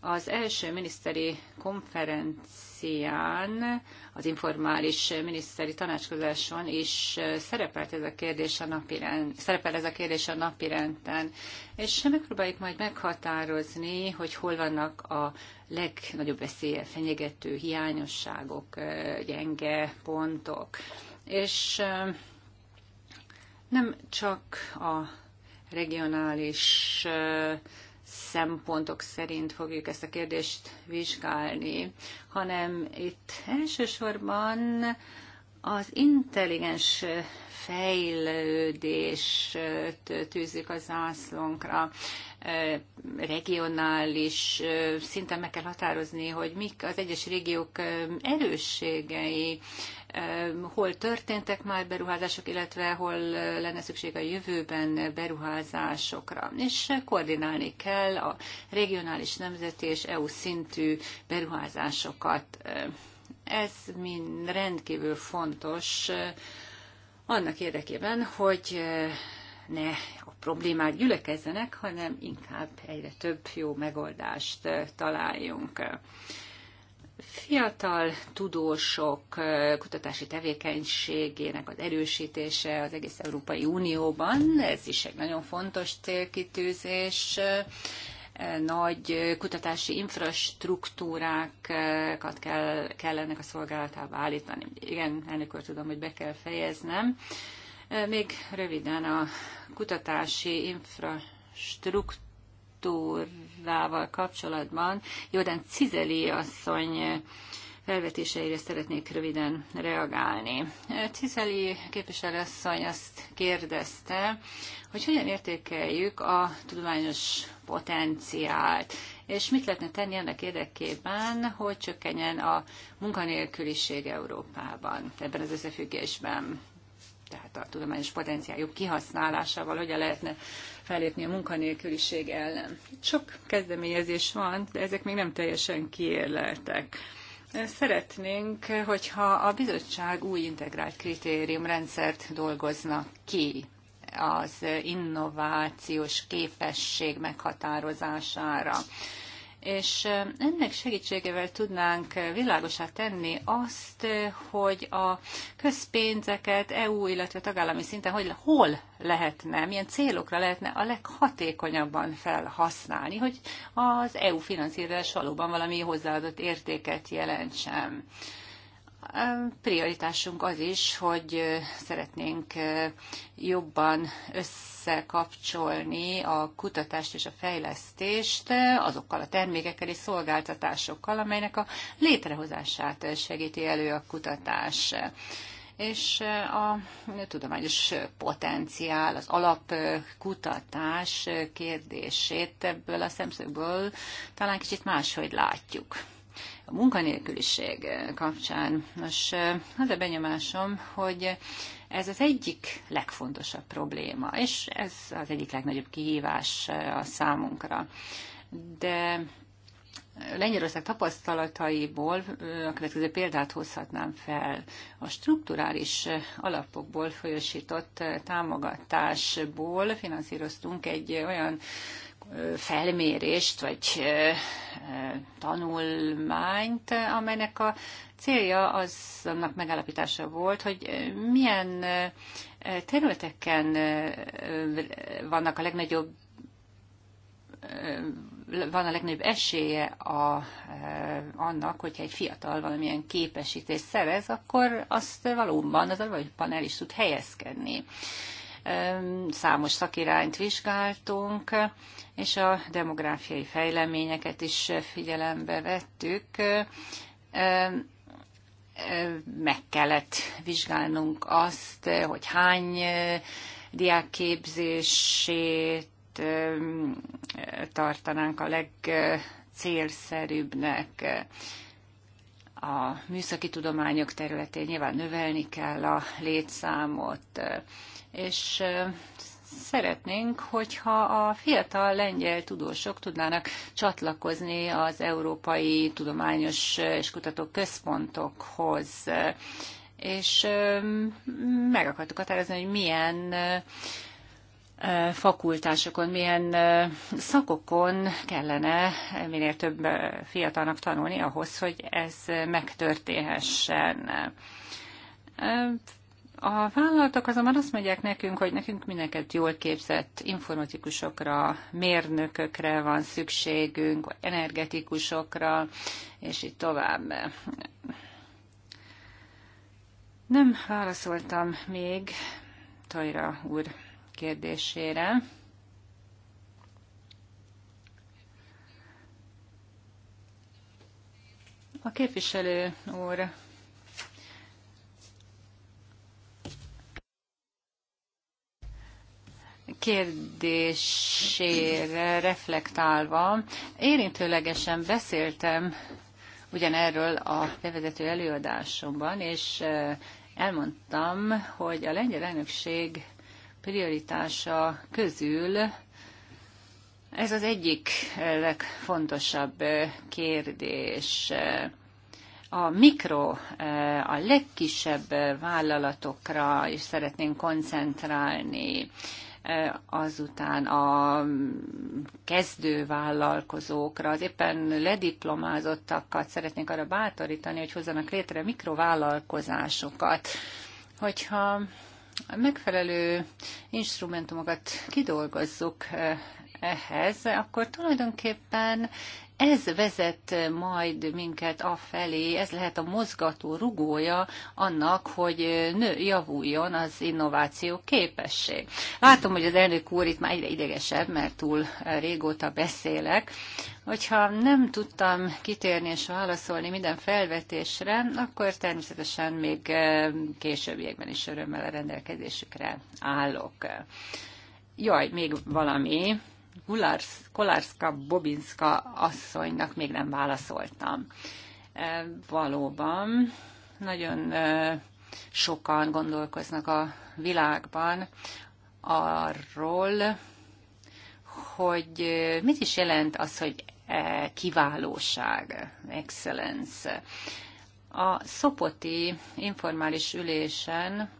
az első miniszteri konferencia konferencián, az informális miniszteri tanácskozáson is eh, szerepelt ez a kérdés a napirend, szerepel ez a kérdés a napirenden, és megpróbáljuk majd meghatározni, hogy hol vannak a legnagyobb veszélye fenyegető hiányosságok, eh, gyenge pontok. És eh, nem csak a regionális szempontok szerint fogjuk ezt a kérdést vizsgálni, hanem itt elsősorban az intelligens fejlődést tűzik a zászlónkra, regionális szinten meg kell határozni, hogy mik az egyes régiók erősségei, hol történtek már beruházások, illetve hol lenne szükség a jövőben beruházásokra. És koordinálni kell a regionális, nemzeti és EU szintű beruházásokat. Ez mind rendkívül fontos annak érdekében, hogy ne a problémák gyülekezzenek, hanem inkább egyre több jó megoldást találjunk fiatal tudósok kutatási tevékenységének az erősítése az egész Európai Unióban, ez is egy nagyon fontos célkitűzés nagy kutatási infrastruktúrákat kell, kell ennek a szolgálatába állítani. Igen, elnök tudom, hogy be kell fejeznem. Még röviden a kutatási infrastruktúra Kanadával kapcsolatban Jordan Cizeli asszony felvetéseire szeretnék röviden reagálni. Cizeli képviselőasszony azt kérdezte, hogy hogyan értékeljük a tudományos potenciált, és mit lehetne tenni ennek érdekében, hogy csökkenjen a munkanélküliség Európában ebben az összefüggésben tehát a tudományos potenciáljuk kihasználásával hogyan lehetne fellépni a munkanélküliség ellen. Sok kezdeményezés van, de ezek még nem teljesen kiérleltek. Szeretnénk, hogyha a bizottság új integrált kritériumrendszert dolgozna ki az innovációs képesség meghatározására és ennek segítségével tudnánk világosá tenni azt, hogy a közpénzeket EU, illetve tagállami szinten hogy, hol lehetne, milyen célokra lehetne a leghatékonyabban felhasználni, hogy az EU finanszírozás valóban valami hozzáadott értéket jelentsen. Prioritásunk az is, hogy szeretnénk jobban összekapcsolni a kutatást és a fejlesztést azokkal a termékekkel és szolgáltatásokkal, amelynek a létrehozását segíti elő a kutatás és a tudományos potenciál, az alapkutatás kérdését ebből a szemszögből talán kicsit máshogy látjuk a munkanélküliség kapcsán. Nos, az a benyomásom, hogy ez az egyik legfontosabb probléma, és ez az egyik legnagyobb kihívás a számunkra. De Lengyelország tapasztalataiból a következő példát hozhatnám fel. A strukturális alapokból folyosított támogatásból finanszíroztunk egy olyan felmérést, vagy tanulmányt, amelynek a célja az annak megállapítása volt, hogy milyen területeken vannak a legnagyobb van a legnagyobb esélye a, annak, hogyha egy fiatal valamilyen képesítést szerez, akkor azt valóban az a el is tud helyezkedni. Számos szakirányt vizsgáltunk, és a demográfiai fejleményeket is figyelembe vettük meg kellett vizsgálnunk azt, hogy hány eh, diákképzését tartanánk a legcélszerűbbnek. A műszaki tudományok területén nyilván növelni kell a létszámot, és szeretnénk, hogyha a fiatal lengyel tudósok tudnának csatlakozni az Európai Tudományos és Kutató Központokhoz és meg akartuk határozni, hogy milyen fakultásokon, milyen szakokon kellene minél több fiatalnak tanulni ahhoz, hogy ez megtörténhessen. A vállalatok azonban azt mondják nekünk, hogy nekünk mindenket jól képzett informatikusokra, mérnökökre van szükségünk, vagy energetikusokra, és így tovább. Nem válaszoltam még Tajra úr kérdésére. A képviselő úr kérdésére reflektálva, érintőlegesen beszéltem ugyanerről a bevezető előadásomban, és elmondtam, hogy a lengyel elnökség prioritása közül ez az egyik legfontosabb kérdés. A mikro, a legkisebb vállalatokra is szeretnénk koncentrálni Eh, azután a kezdő vállalkozókra, az éppen lediplomázottakat szeretnénk arra bátorítani, hogy hozzanak létre mikrovállalkozásokat. Hogyha a megfelelő instrumentumokat kidolgozzuk eh, ehhez, akkor tulajdonképpen ez vezet majd minket afelé, ez lehet a mozgató rugója annak, hogy nő, javuljon az innováció képesség. Látom, hogy az elnök úr itt már egyre idegesebb, mert túl régóta beszélek. Hogyha nem tudtam kitérni és válaszolni minden felvetésre, akkor természetesen még eh, későbbiekben is örömmel a rendelkezésükre állok. Jaj, még valami. Kolárszka-Bobinska asszonynak még nem válaszoltam. E, valóban, nagyon e, sokan gondolkoznak a világban arról, hogy e, mit is jelent az, hogy kiválóság, excellence. A Szopoti informális ülésen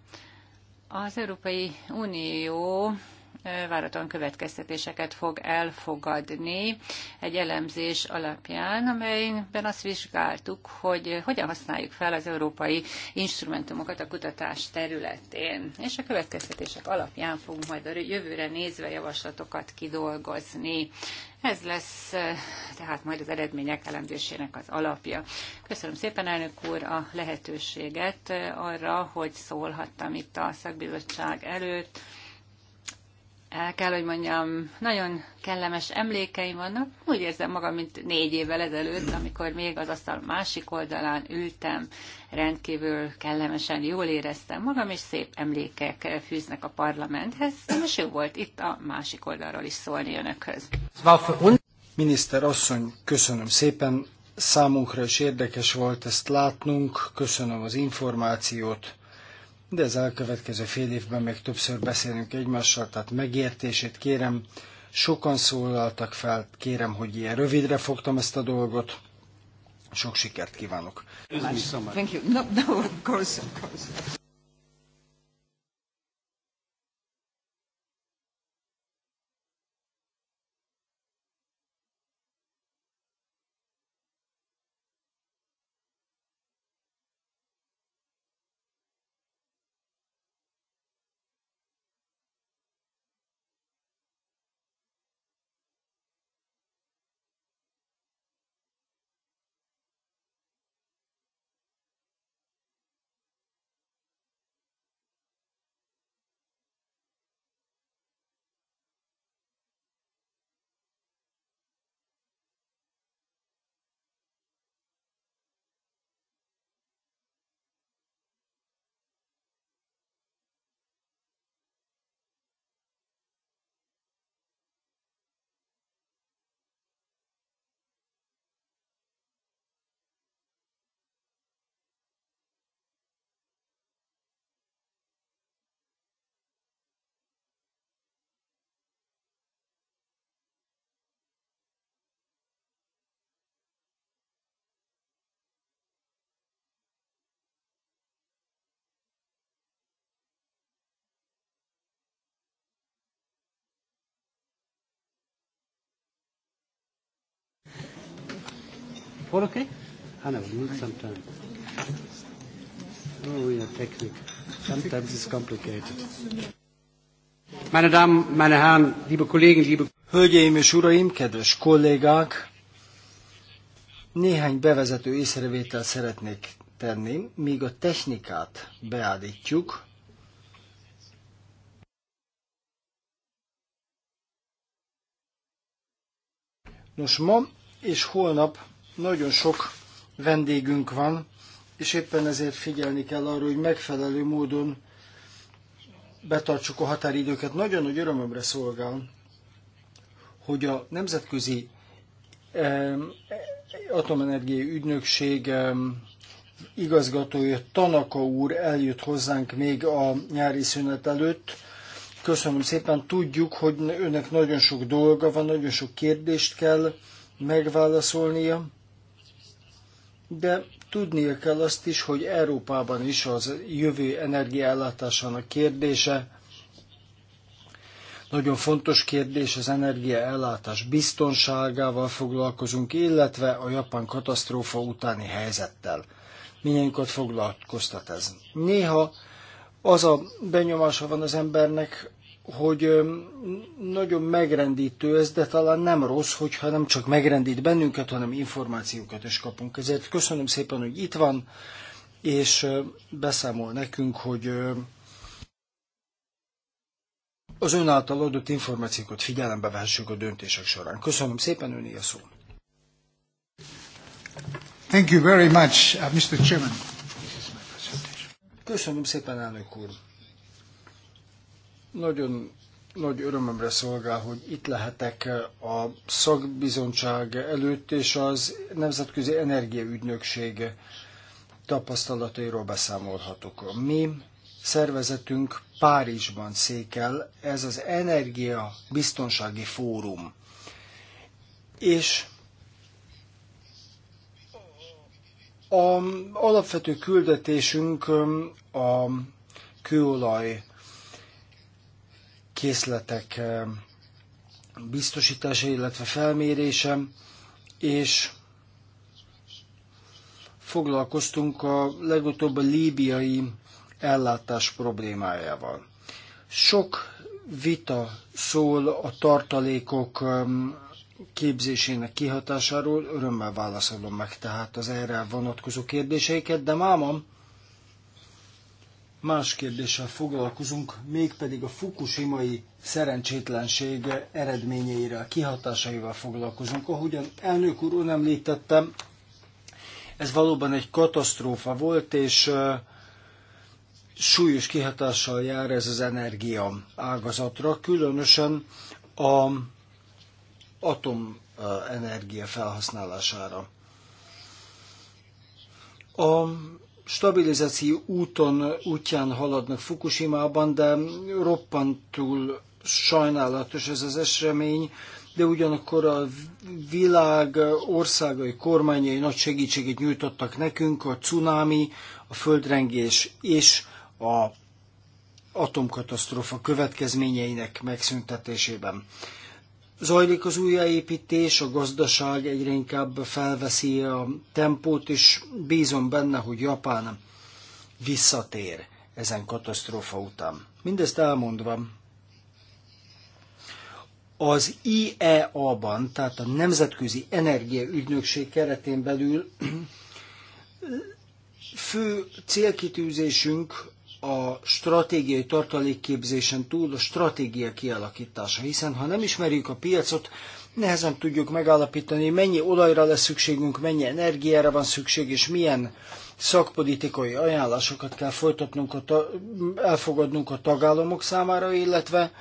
az Európai Unió váratlan következtetéseket fog elfogadni egy elemzés alapján, amelyben azt vizsgáltuk, hogy hogyan használjuk fel az európai instrumentumokat a kutatás területén. És a következtetések alapján fogunk majd a jövőre nézve javaslatokat kidolgozni. Ez lesz eh, tehát majd az eredmények elemzésének az alapja. Köszönöm szépen, elnök úr, a lehetőséget eh, arra, hogy szólhattam itt a szakbizottság előtt el kell, hogy mondjam, nagyon kellemes emlékeim vannak. Úgy érzem magam, mint négy évvel ezelőtt, amikor még az asztal másik oldalán ültem, rendkívül kellemesen jól éreztem magam, és szép emlékek fűznek a parlamenthez, most jó volt itt a másik oldalról is szólni önökhöz. Miniszter asszony, köszönöm szépen, számunkra is érdekes volt ezt látnunk, köszönöm az információt de az elkövetkező fél évben még többször beszélünk egymással, tehát megértését kérem. Sokan szólaltak fel, kérem, hogy ilyen rövidre fogtam ezt a dolgot. Sok sikert kívánok! Thank you. No, no, of course, of course. 4 okay? Hannah, we need some time. Oh, we are technical. Sometimes it's complicated. Meine Damen, meine Herren, liebe Kollegen, liebe Hölgyeim és uraim, kedves kollégák! Néhány bevezető észrevétel szeretnék tenni, míg a technikát beállítjuk, Nos, ma és holnap nagyon sok vendégünk van, és éppen ezért figyelni kell arra, hogy megfelelő módon betartsuk a határidőket. Nagyon nagy örömömre szolgál, hogy a Nemzetközi Atomenergiai Ügynökség igazgatója Tanaka úr eljött hozzánk még a nyári szünet előtt. Köszönöm szépen, tudjuk, hogy önnek nagyon sok dolga van, nagyon sok kérdést kell megválaszolnia de tudnia kell azt is, hogy Európában is az jövő energiaellátásának kérdése nagyon fontos kérdés az energiaellátás biztonságával foglalkozunk, illetve a japán katasztrófa utáni helyzettel. Minnyáinkat foglalkoztat ez. Néha az a benyomása van az embernek, hogy nagyon megrendítő ez, de talán nem rossz, hogyha nem csak megrendít bennünket, hanem információkat is kapunk. Ezért köszönöm szépen, hogy itt van, és beszámol nekünk, hogy az ön által adott információkat figyelembe vehessük a döntések során. Köszönöm szépen, öné a szó. Thank you very much, uh, Mr. Chairman. Köszönöm szépen, elnök úr. Nagyon nagy örömömre szolgál, hogy itt lehetek eh, a szakbizottság előtt, és az Nemzetközi Energiaügynökség tapasztalatairól beszámolhatok. A mi szervezetünk Párizsban székel, ez az Energia Biztonsági Fórum. És a alapvető küldetésünk eh, a kőolaj készletek eh, biztosítása, illetve felmérése, és foglalkoztunk a legutóbb a líbiai ellátás problémájával. Sok vita szól a tartalékok eh, képzésének kihatásáról, örömmel válaszolom meg tehát az erre vonatkozó kérdéseiket, de máma, más kérdéssel foglalkozunk, mégpedig a fukushimai szerencsétlenség eredményeire, a kihatásaival foglalkozunk. Ahogyan elnök úr említettem, ez valóban egy katasztrófa volt, és súlyos kihatással jár ez az energia ágazatra, különösen a atomenergia felhasználására. A stabilizáció úton, útján haladnak Fukushima-ban, de roppantul sajnálatos ez az esemény, de ugyanakkor a világ országai kormányai nagy segítséget nyújtottak nekünk, a cunami, a földrengés és a atomkatasztrófa következményeinek megszüntetésében zajlik az újjáépítés, a gazdaság egyre inkább felveszi a tempót, és bízom benne, hogy Japán visszatér ezen katasztrófa után. Mindezt elmondva, az IEA-ban, tehát a Nemzetközi Energiaügynökség keretén belül fő célkitűzésünk a stratégiai tartalékképzésen túl a stratégia kialakítása, hiszen ha nem ismerjük a piacot, nehezen tudjuk megállapítani, mennyi olajra lesz szükségünk, mennyi energiára van szükség, és milyen szakpolitikai ajánlásokat kell folytatnunk, a ta- elfogadnunk a tagállamok számára, illetve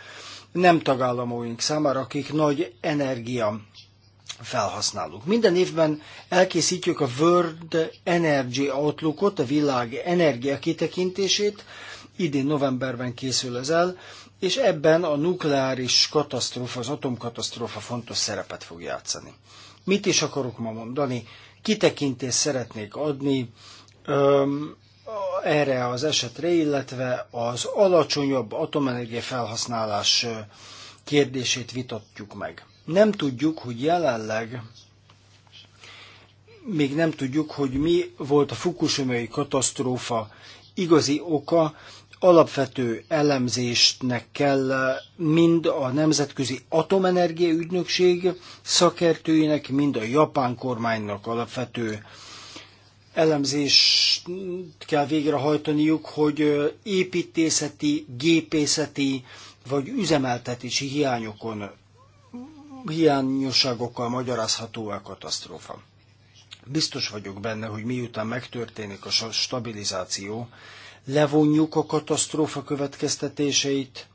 nem tagállamóink számára, akik nagy energia felhasználunk. Minden évben elkészítjük a World Energy Outlookot, a világ energia kitekintését, idén novemberben készül ez el, és ebben a nukleáris katasztrófa, az atomkatasztrófa fontos szerepet fog játszani. Mit is akarok ma mondani? Kitekintést szeretnék adni öm, erre az esetre, illetve az alacsonyabb atomenergia felhasználás kérdését vitatjuk meg. Nem tudjuk, hogy jelenleg még nem tudjuk, hogy mi volt a fukushimai katasztrófa igazi oka, alapvető elemzéstnek kell mind a Nemzetközi Atomenergia Ügynökség szakértőinek, mind a japán kormánynak alapvető elemzést kell végrehajtaniuk, hogy építészeti, gépészeti vagy üzemeltetési hiányokon hiányosságokkal magyarázható a katasztrófa. Biztos vagyok benne, hogy miután megtörténik a stabilizáció, levonjuk a katasztrófa következtetéseit,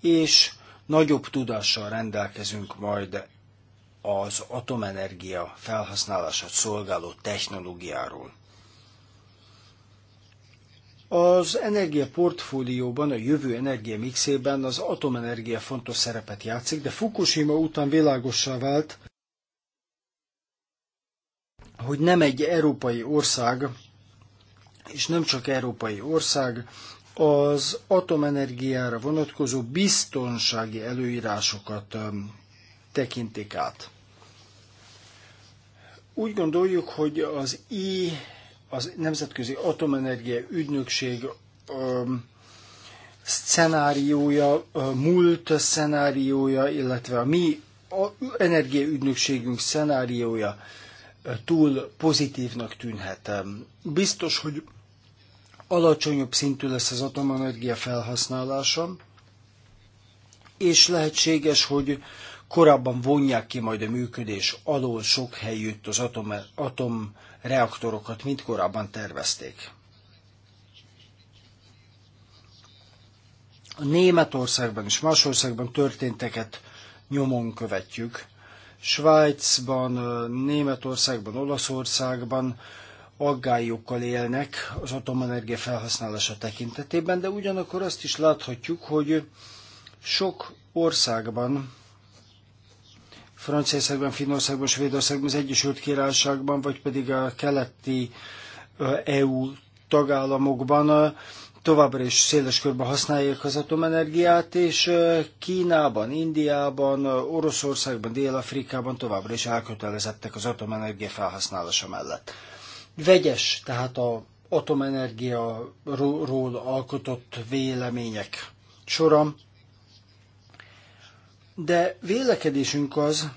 és nagyobb tudással rendelkezünk majd az atomenergia felhasználását szolgáló technológiáról. Az energiaportfólióban, a jövő energia-mixében az atomenergia fontos szerepet játszik, de Fukushima után világossá vált, hogy nem egy európai ország, és nem csak európai ország, az atomenergiára vonatkozó biztonsági előírásokat tekintik át. Úgy gondoljuk, hogy az i az Nemzetközi Atomenergia Ügynökség um, szcenáriója, múlt szenáriója, illetve a mi energiaügynökségünk szenáriója túl pozitívnak tűnhet. Biztos, hogy alacsonyabb szintű lesz az atomenergia felhasználása, és lehetséges, hogy korábban vonják ki majd a működés alól sok helyütt az atom, atom reaktorokat, mint korábban tervezték. A Németországban és más országban történteket nyomon követjük. Svájcban, Németországban, Olaszországban aggályokkal élnek az atomenergia felhasználása tekintetében, de ugyanakkor azt is láthatjuk, hogy sok országban Franciaországban, Finnországban, Svédországban, az Egyesült Királyságban, vagy pedig a keleti EU tagállamokban továbbra is széles körben használják az atomenergiát, és Kínában, Indiában, Oroszországban, Dél-Afrikában továbbra is elkötelezettek az atomenergia felhasználása mellett. Vegyes, tehát a atomenergiaról alkotott vélemények sora. De vélekedésünk az,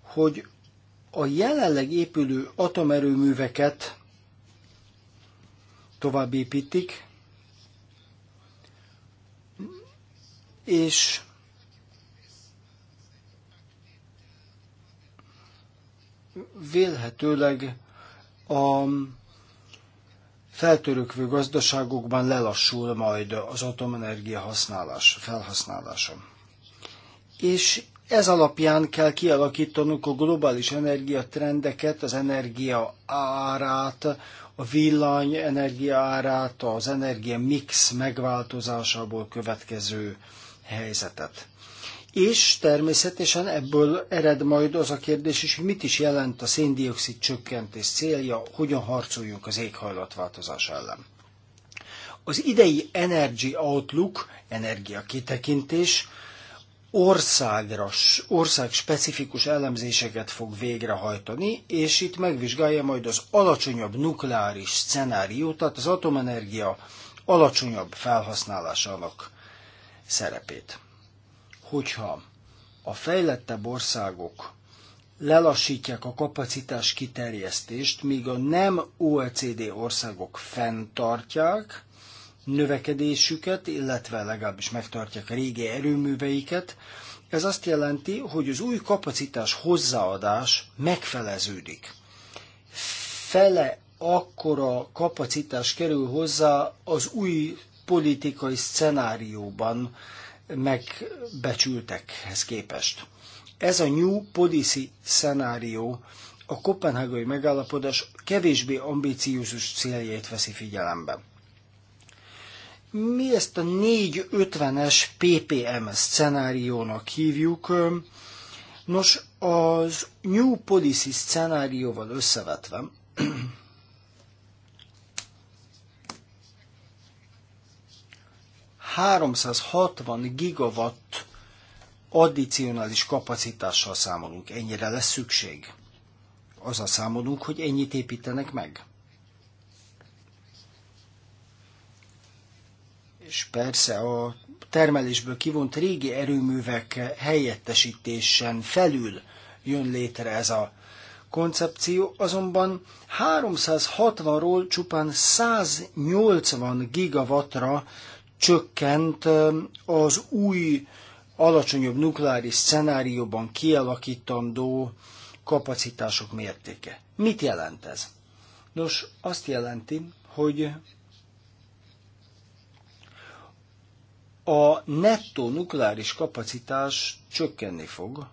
hogy a jelenleg épülő atomerőműveket tovább építik, és vélhetőleg a feltörökvő gazdaságokban lelassul majd az atomenergia használás, felhasználása. És ez alapján kell kialakítanunk a globális energiatrendeket, az energia árát, a villany energia árát, az energia mix megváltozásából következő helyzetet és természetesen ebből ered majd az a kérdés is, hogy mit is jelent a széndiokszid csökkentés célja, hogyan harcoljunk az éghajlatváltozás ellen. Az idei Energy Outlook, energia kitekintés, országra, ország specifikus elemzéseket fog végrehajtani, és itt megvizsgálja majd az alacsonyabb nukleáris szenáriót, tehát az atomenergia alacsonyabb felhasználásának szerepét hogyha a fejlettebb országok lelassítják a kapacitás kiterjesztést, míg a nem OECD országok fenntartják növekedésüket, illetve legalábbis megtartják a régi erőműveiket, ez azt jelenti, hogy az új kapacitás hozzáadás megfeleződik. Fele akkora kapacitás kerül hozzá az új politikai szcenárióban, megbecsültekhez képest. Ez a New Policy szenárió a kopenhágai megállapodás kevésbé ambíciózus céljait veszi figyelembe. Mi ezt a 450-es PPM szenáriónak hívjuk. Nos, az New Policy szenárióval összevetve 360 gigawatt addicionális kapacitással számolunk. Ennyire lesz szükség. Az a számolunk, hogy ennyit építenek meg. És persze a termelésből kivont régi erőművek helyettesítésen felül jön létre ez a koncepció, azonban 360-ról csupán 180 gigawattra csökkent az új, alacsonyabb nukleáris szenárióban kialakítandó kapacitások mértéke. Mit jelent ez? Nos, azt jelenti, hogy a nettó nukleáris kapacitás csökkenni fog,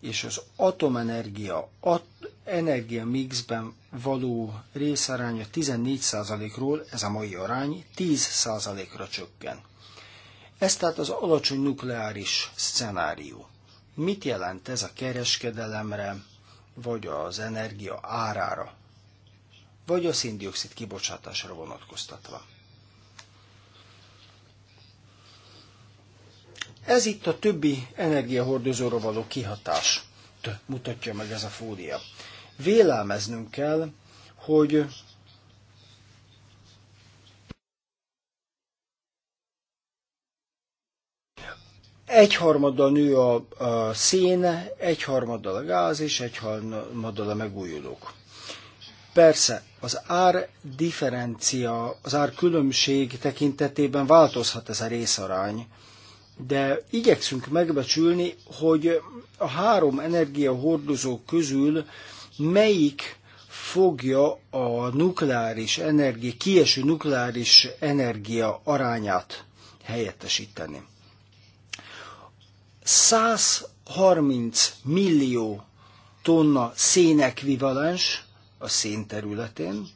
és az atomenergia, at energia mixben való részaránya 14%-ról, ez a mai arány, 10%-ra csökken. Ez tehát az alacsony nukleáris szcenárió. Mit jelent ez a kereskedelemre, vagy az energia árára, vagy a széndiokszid kibocsátásra vonatkoztatva? Ez itt a többi energiahordozóra való kihatást mutatja meg ez a fólia. Vélelmeznünk kell, hogy egyharmaddal nő a, a szén, egyharmaddal a gáz és egyharmaddal a megújulók. Persze, az ár differencia, az ár különbség tekintetében változhat ez a részarány, de igyekszünk megbecsülni, hogy a három energiahordozó közül melyik fogja a nukleáris energia, kieső nukleáris energia arányát helyettesíteni. 130 millió tonna szénekvivalens a szén területén,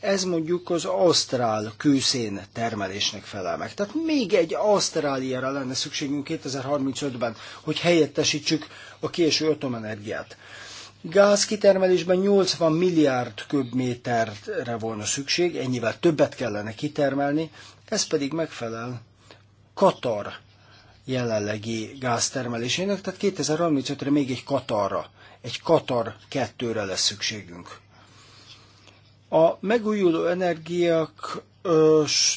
ez mondjuk az ausztrál kőszén termelésnek felel meg. Tehát még egy ausztráliára lenne szükségünk 2035-ben, hogy helyettesítsük a késő atomenergiát. Gáz kitermelésben 80 milliárd köbméterre volna szükség, ennyivel többet kellene kitermelni, ez pedig megfelel Katar jelenlegi gáztermelésének, tehát 2035-re még egy Katarra, egy Katar kettőre lesz szükségünk. A megújuló energiák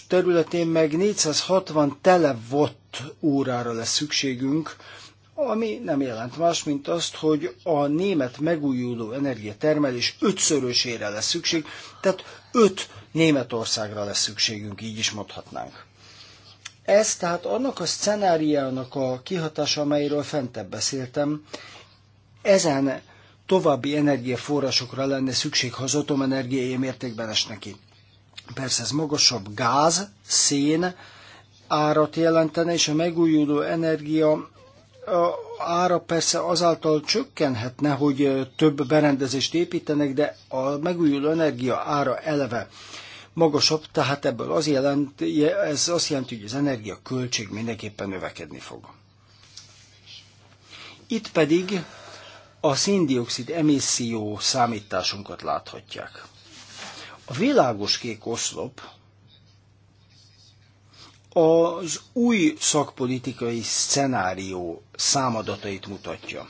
területén meg 460 telewatt órára lesz szükségünk, ami nem jelent más, mint azt, hogy a német megújuló energiatermelés ötszörösére lesz szükség, tehát öt Németországra lesz szükségünk, így is mondhatnánk. Ez tehát annak a szcenáriának a kihatása, amelyről fentebb beszéltem, ezen további energiaforrásokra lenne szükség, ha az atomenergiai mértékben esne ki. Persze ez magasabb gáz, szén árat jelentene, és a megújuló energia ára persze azáltal csökkenhetne, hogy több berendezést építenek, de a megújuló energia ára eleve magasabb, tehát ebből az jelent, ez azt jelenti, hogy az energia költség mindenképpen növekedni fog. Itt pedig a széndiokszid emisszió számításunkat láthatják. A világos kék oszlop az új szakpolitikai szenárió számadatait mutatja.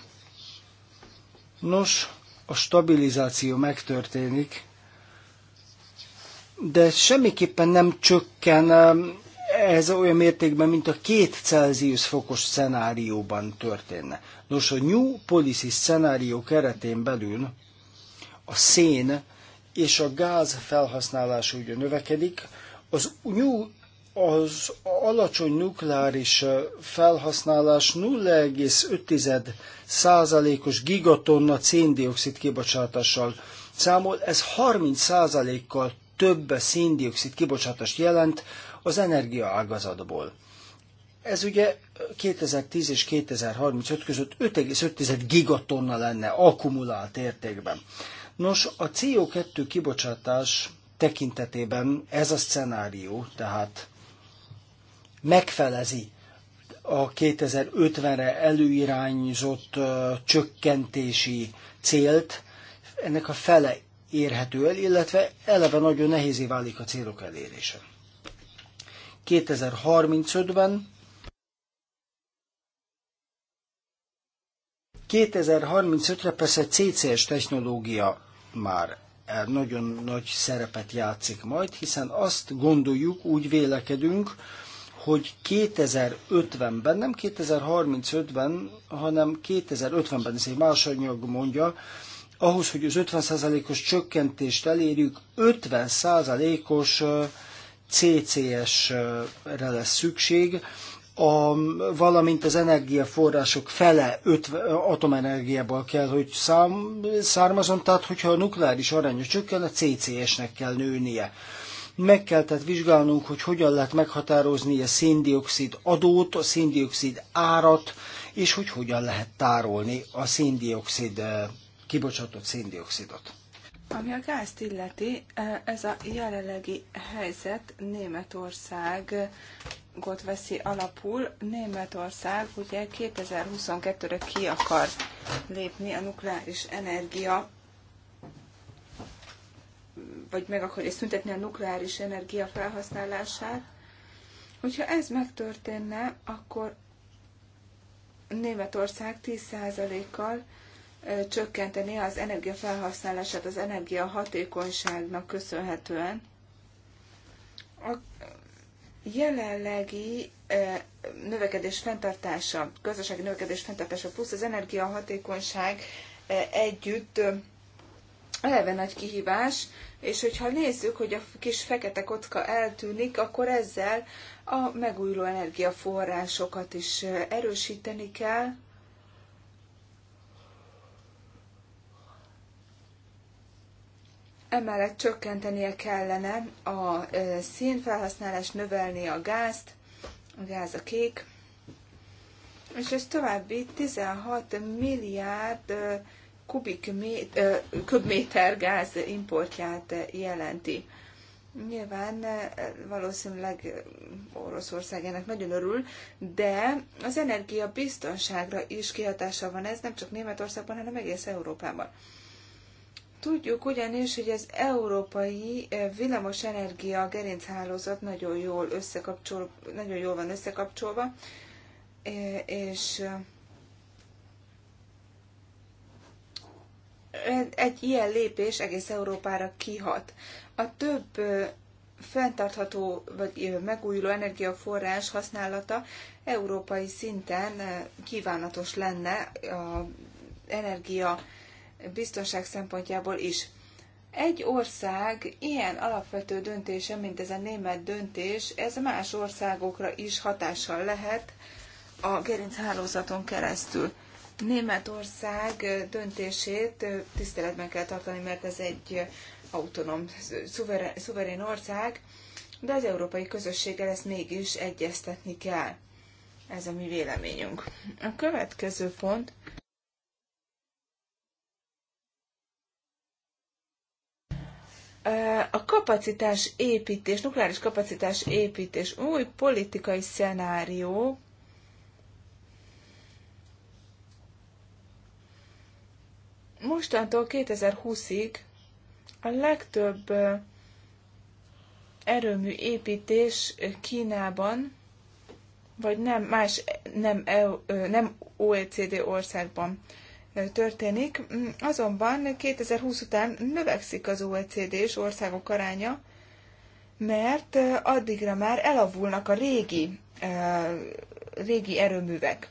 Nos, a stabilizáció megtörténik, de semmiképpen nem csökken ez olyan mértékben, mint a két Celsius fokos szenárióban történne. Nos, a New Policy szenárió keretén belül a szén és a gáz felhasználása ugye növekedik, az New az alacsony nukleáris felhasználás 05 százalékos gigatonna széndiokszid kibocsátással számol, ez 30 százalékkal több széndiokszid kibocsátást jelent, az energiaágazatból. Ez ugye 2010 és 2035 között 5,5 gigatonna lenne akkumulált értékben. Nos, a CO2 kibocsátás tekintetében ez a szenárió, tehát megfelezi a 2050-re előirányzott csökkentési célt, ennek a fele érhető el, illetve eleve nagyon nehézé válik a célok elérése. 2035-ben 2035-re persze CCS technológia már nagyon nagy szerepet játszik majd, hiszen azt gondoljuk, úgy vélekedünk, hogy 2050-ben, nem 2035-ben, hanem 2050-ben, ez egy más anyag mondja, ahhoz, hogy az 50%-os csökkentést elérjük, 50%-os CCS-re lesz szükség, a, valamint az energiaforrások fele öt atomenergiából kell, hogy szám, származon, tehát hogyha a nukleáris aránya csökken, a CCS-nek kell nőnie. Meg kell tehát vizsgálnunk, hogy hogyan lehet meghatározni a széndiokszid adót, a széndiokszid árat, és hogy hogyan lehet tárolni a széndiokszid, eh, kibocsátott széndiokszidot. Ami a gázt illeti, e, ez a jelenlegi helyzet Németországot veszi alapul. Németország ugye 2022-re ki akar lépni a nukleáris energia, vagy meg akarja szüntetni a nukleáris energia felhasználását. Hogyha ez megtörténne, akkor Németország 10%-kal csökkenteni az energiafelhasználását az energiahatékonyságnak köszönhetően. A jelenlegi növekedés fenntartása, gazdasági növekedés fenntartása plusz az energiahatékonyság együtt eleve nagy kihívás, és hogyha nézzük, hogy a kis fekete kocka eltűnik, akkor ezzel a megújuló energiaforrásokat is erősíteni kell, Emellett csökkentenie kellene a szénfelhasználást, növelni a gázt, a gáz a kék, és ez további 16 milliárd kubik méter köbméter gáz importját jelenti. Nyilván valószínűleg Oroszország ennek nagyon örül, de az energia biztonságra is kihatása van ez, nem csak Németországban, hanem egész Európában. Tudjuk ugyanis, hogy az európai eh, villamosenergia gerinchálózat nagyon jól, összekapcsol, nagyon jól van összekapcsolva, eh, és eh, egy ilyen lépés egész Európára kihat. A több fenntartható vagy megújuló energiaforrás használata európai szinten kívánatos lenne a energia biztonság szempontjából is. Egy ország ilyen alapvető döntése, mint ez a német döntés, ez más országokra is hatással lehet a gerinchálózaton keresztül. Németország döntését tiszteletben kell tartani, mert ez egy autonóm, szuverén, szuverén ország, de az európai közösséggel ezt mégis egyeztetni kell. Ez a mi véleményünk. A következő pont a kapacitás építés, nukleáris kapacitás építés, új politikai szenárió, mostantól 2020-ig a legtöbb erőmű építés Kínában, vagy nem más nem, e nem OECD országban történik, azonban 2020 után növekszik az OECD-s országok aránya, mert addigra már elavulnak a régi, régi erőművek.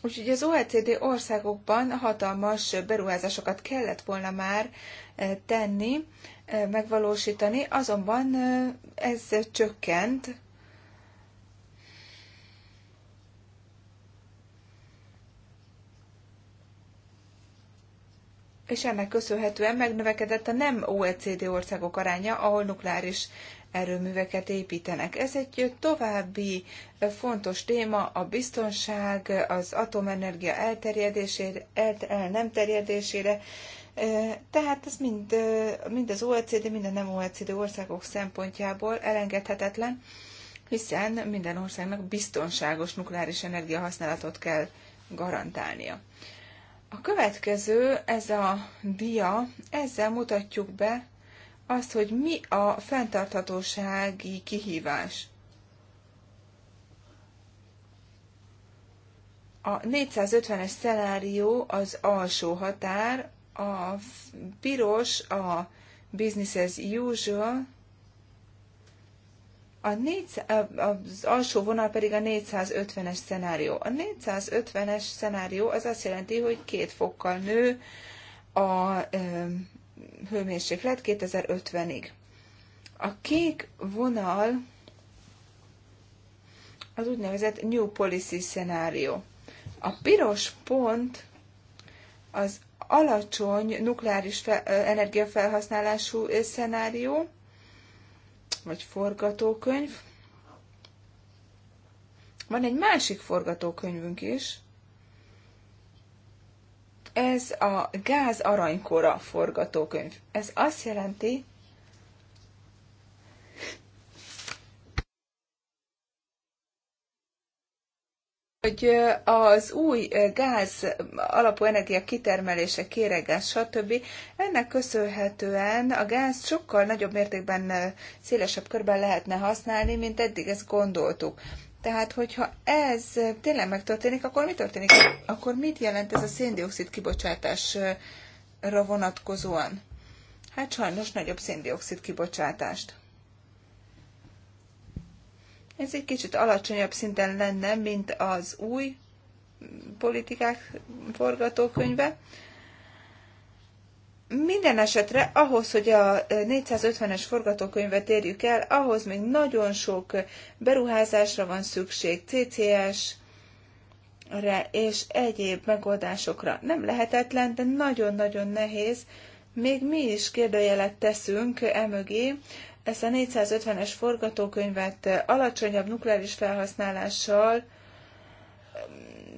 Úgyhogy az OECD országokban hatalmas beruházásokat kellett volna már tenni, megvalósítani, azonban ez csökkent és ennek köszönhetően megnövekedett a nem OECD országok aránya, ahol nukleáris erőműveket építenek. Ez egy további fontos téma, a biztonság, az atomenergia elterjedésére, el, el nem terjedésére, tehát ez mind, mind az OECD, mind a nem OECD országok szempontjából elengedhetetlen, hiszen minden országnak biztonságos nukleáris energiahasználatot kell garantálnia. A következő, ez a dia, ezzel mutatjuk be azt, hogy mi a fenntarthatósági kihívás. A 450-es szenárió az alsó határ, a piros a business as usual, a négy, az alsó vonal pedig a 450-es szenárió. A 450-es szenárió az azt jelenti, hogy két fokkal nő a hőmérséklet 2050-ig. A kék vonal az úgynevezett New Policy szenárió. A piros pont az alacsony nukleáris energiafelhasználású szenárió, vagy forgatókönyv. Van egy másik forgatókönyvünk is. Ez a gáz aranykora forgatókönyv. Ez azt jelenti, hogy az új gáz alapú energia kitermelése, kéregás, stb. Ennek köszönhetően a gáz sokkal nagyobb mértékben, szélesebb körben lehetne használni, mint eddig ezt gondoltuk. Tehát, hogyha ez tényleg megtörténik, akkor mi történik? Akkor mit jelent ez a széndiokszid kibocsátásra vonatkozóan? Hát sajnos nagyobb széndiokszid kibocsátást. Ez egy kicsit alacsonyabb szinten lenne, mint az új politikák forgatókönyve. Minden esetre ahhoz, hogy a 450-es forgatókönyvet érjük el, ahhoz még nagyon sok beruházásra van szükség, CCS, re és egyéb megoldásokra. Nem lehetetlen, de nagyon-nagyon nehéz. Még mi is kérdőjelet teszünk emögé, ezt a 450-es forgatókönyvet eh, alacsonyabb nukleáris felhasználással mm,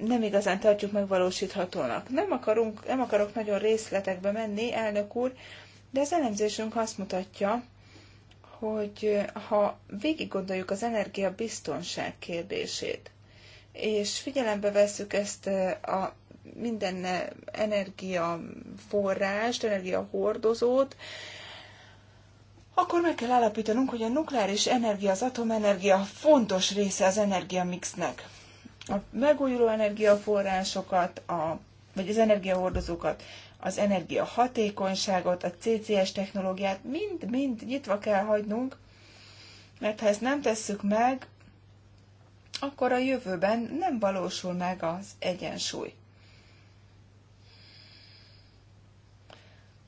nem igazán tartjuk megvalósíthatónak. Nem, akarunk, nem akarok nagyon részletekbe menni, elnök úr, de az elemzésünk azt mutatja, hogy eh, ha végig gondoljuk az energiabiztonság kérdését, és figyelembe vesszük ezt eh, a minden energiaforrást, energiahordozót, akkor meg kell állapítanunk, hogy a nukleáris energia, az atomenergia fontos része az energiamixnek. A megújuló energiaforrásokat, a, vagy az energiahordozókat, az energiahatékonyságot, a CCS technológiát mind-mind nyitva kell hagynunk, mert ha ezt nem tesszük meg, akkor a jövőben nem valósul meg az egyensúly.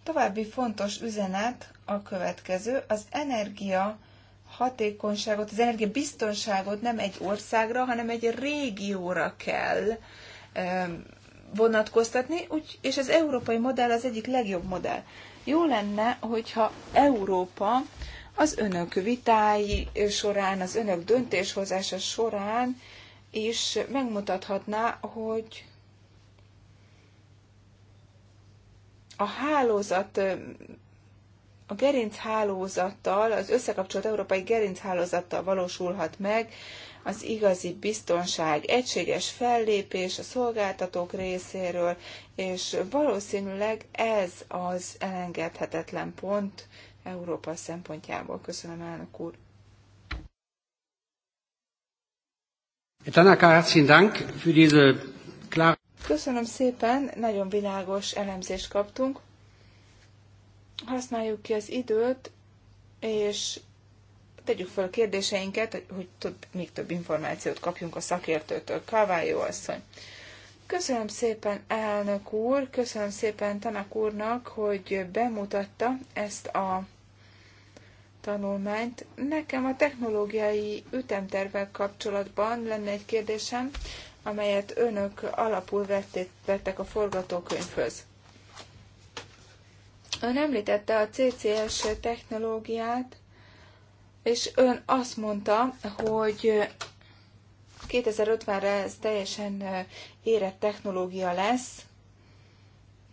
További fontos üzenet a következő. Az energia hatékonyságot, az energia biztonságot nem egy országra, hanem egy régióra kell vonatkoztatni, úgy, és az európai modell az egyik legjobb modell. Jó lenne, hogyha Európa az önök vitái során, az önök döntéshozása során is megmutathatná, hogy a hálózat a gerinchálózattal, az összekapcsolt európai gerinchálózattal valósulhat meg az igazi biztonság, egységes fellépés a szolgáltatók részéről, és valószínűleg ez az elengedhetetlen pont Európa szempontjából. Köszönöm, elnök úr. Köszönöm szépen, nagyon világos elemzést kaptunk. Használjuk ki az időt, és tegyük fel a kérdéseinket, hogy több, még több információt kapjunk a szakértőtől. Kavályó asszony. Köszönöm szépen, elnök úr, köszönöm szépen Tanak úrnak, hogy bemutatta ezt a tanulmányt. Nekem a technológiai ütemtervek kapcsolatban lenne egy kérdésem, amelyet önök alapul vették, vettek a forgatókönyvhöz. Ön említette a CCS technológiát, és ön azt mondta, hogy 2050-re ez teljesen érett technológia lesz.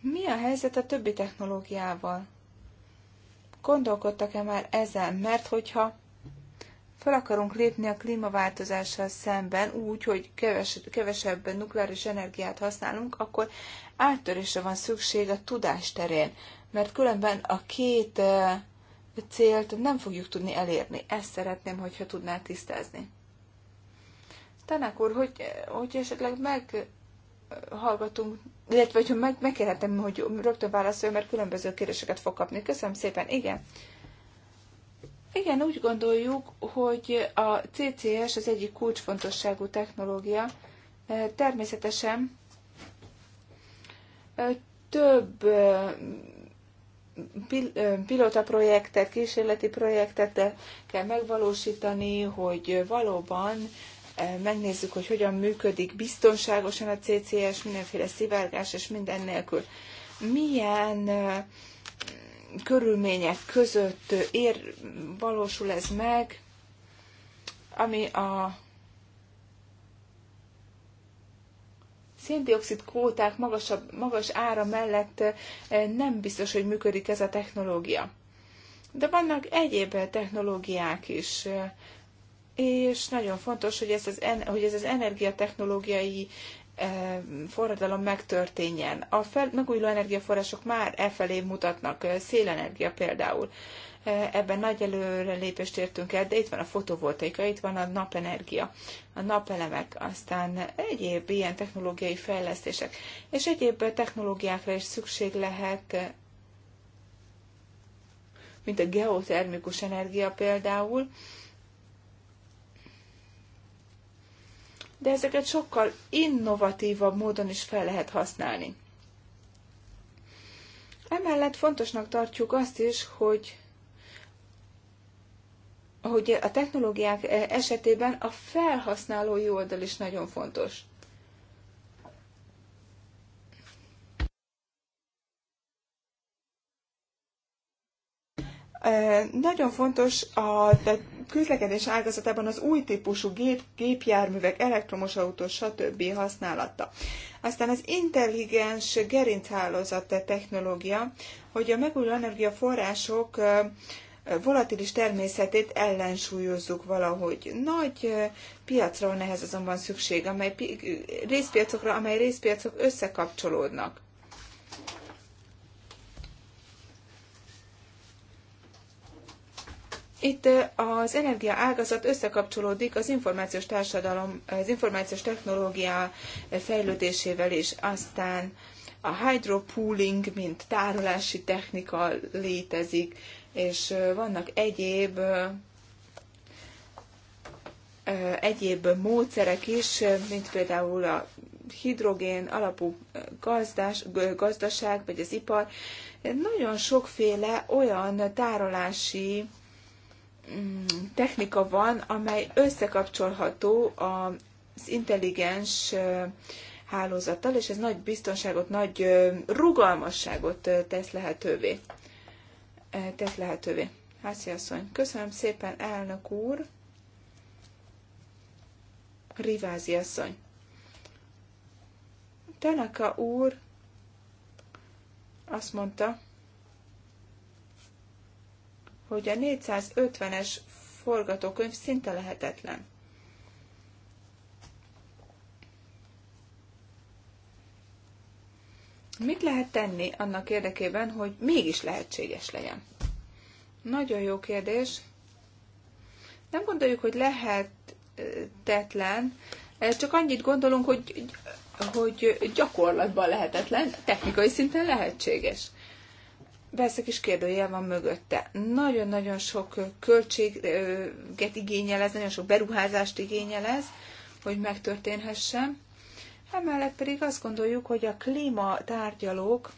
Mi a helyzet a többi technológiával? Gondolkodtak-e már ezen? Mert hogyha fel akarunk lépni a klímaváltozással szemben úgy, hogy keves, kevesebb nukleáris energiát használunk, akkor áttörésre van szükség a tudás terén mert különben a két célt nem fogjuk tudni elérni. Ezt szeretném, hogyha tudná tisztázni. Tanák úr, hogy, hogy esetleg meghallgatunk, illetve hogy meg, megkérhetem, hogy rögtön válaszolja, mert különböző kérdéseket fog kapni. Köszönöm szépen, igen. Igen, úgy gondoljuk, hogy a CCS az egyik kulcsfontosságú technológia. Természetesen több pilota projektet, kísérleti projektet kell megvalósítani, hogy valóban megnézzük, hogy hogyan működik biztonságosan a CCS, mindenféle szivárgás és minden nélkül. Milyen körülmények között ér, valósul ez meg, ami a széndiokszid kvóták magasabb, magas ára mellett eh, nem biztos, hogy működik ez a technológia. De vannak egyéb eh, technológiák is, eh, és nagyon fontos, hogy ez az, hogy ez az energiatechnológiai forradalom megtörténjen. A fel, megújuló energiaforrások már e felé mutatnak, szélenergia például ebben nagy előrelépést értünk el, de itt van a fotovoltaika, itt van a napenergia, a napelemek, aztán egyéb ilyen technológiai fejlesztések, és egyéb technológiákra is szükség lehet, mint a geotermikus energia például, de ezeket sokkal innovatívabb módon is fel lehet használni. Emellett fontosnak tartjuk azt is, hogy hogy a technológiák eh, esetében a felhasználói oldal is nagyon fontos. Eh, nagyon fontos a közlekedés ágazatában az új típusú gép, gépjárművek, elektromos autós, stb. használata. Aztán az intelligens gerinchálózat technológia, hogy a megújuló energiaforrások források eh, volatilis természetét ellensúlyozzuk valahogy. Nagy piacra van ehhez azonban szükség, amely pi- részpiacokra, amely részpiacok összekapcsolódnak. Itt az energia ágazat összekapcsolódik az információs társadalom, az információs technológia fejlődésével is, aztán a hydropooling, mint tárolási technika létezik, és vannak egyéb egyéb módszerek is, mint például a hidrogén alapú gazdás, gazdaság, vagy az ipar. Nagyon sokféle olyan tárolási mm, technika van, amely összekapcsolható az intelligens hálózattal, és ez nagy biztonságot, nagy rugalmasságot tesz lehetővé. Eh, tett lehetővé. Háci asszony, köszönöm szépen, elnök úr. Rivázi asszony. Tanaka úr azt mondta, hogy a 450-es forgatókönyv szinte lehetetlen. Mit lehet tenni annak érdekében, hogy mégis lehetséges legyen? Nagyon jó kérdés. Nem gondoljuk, hogy lehet tetlen, eh, csak annyit gondolunk, hogy, hogy gyakorlatban lehetetlen, technikai szinten lehetséges. Persze kis kérdőjel van mögötte. Nagyon-nagyon sok költséget igényel ez, nagyon sok beruházást igényel ez, hogy megtörténhessen. Emellett pedig azt gondoljuk, hogy a klímatárgyalók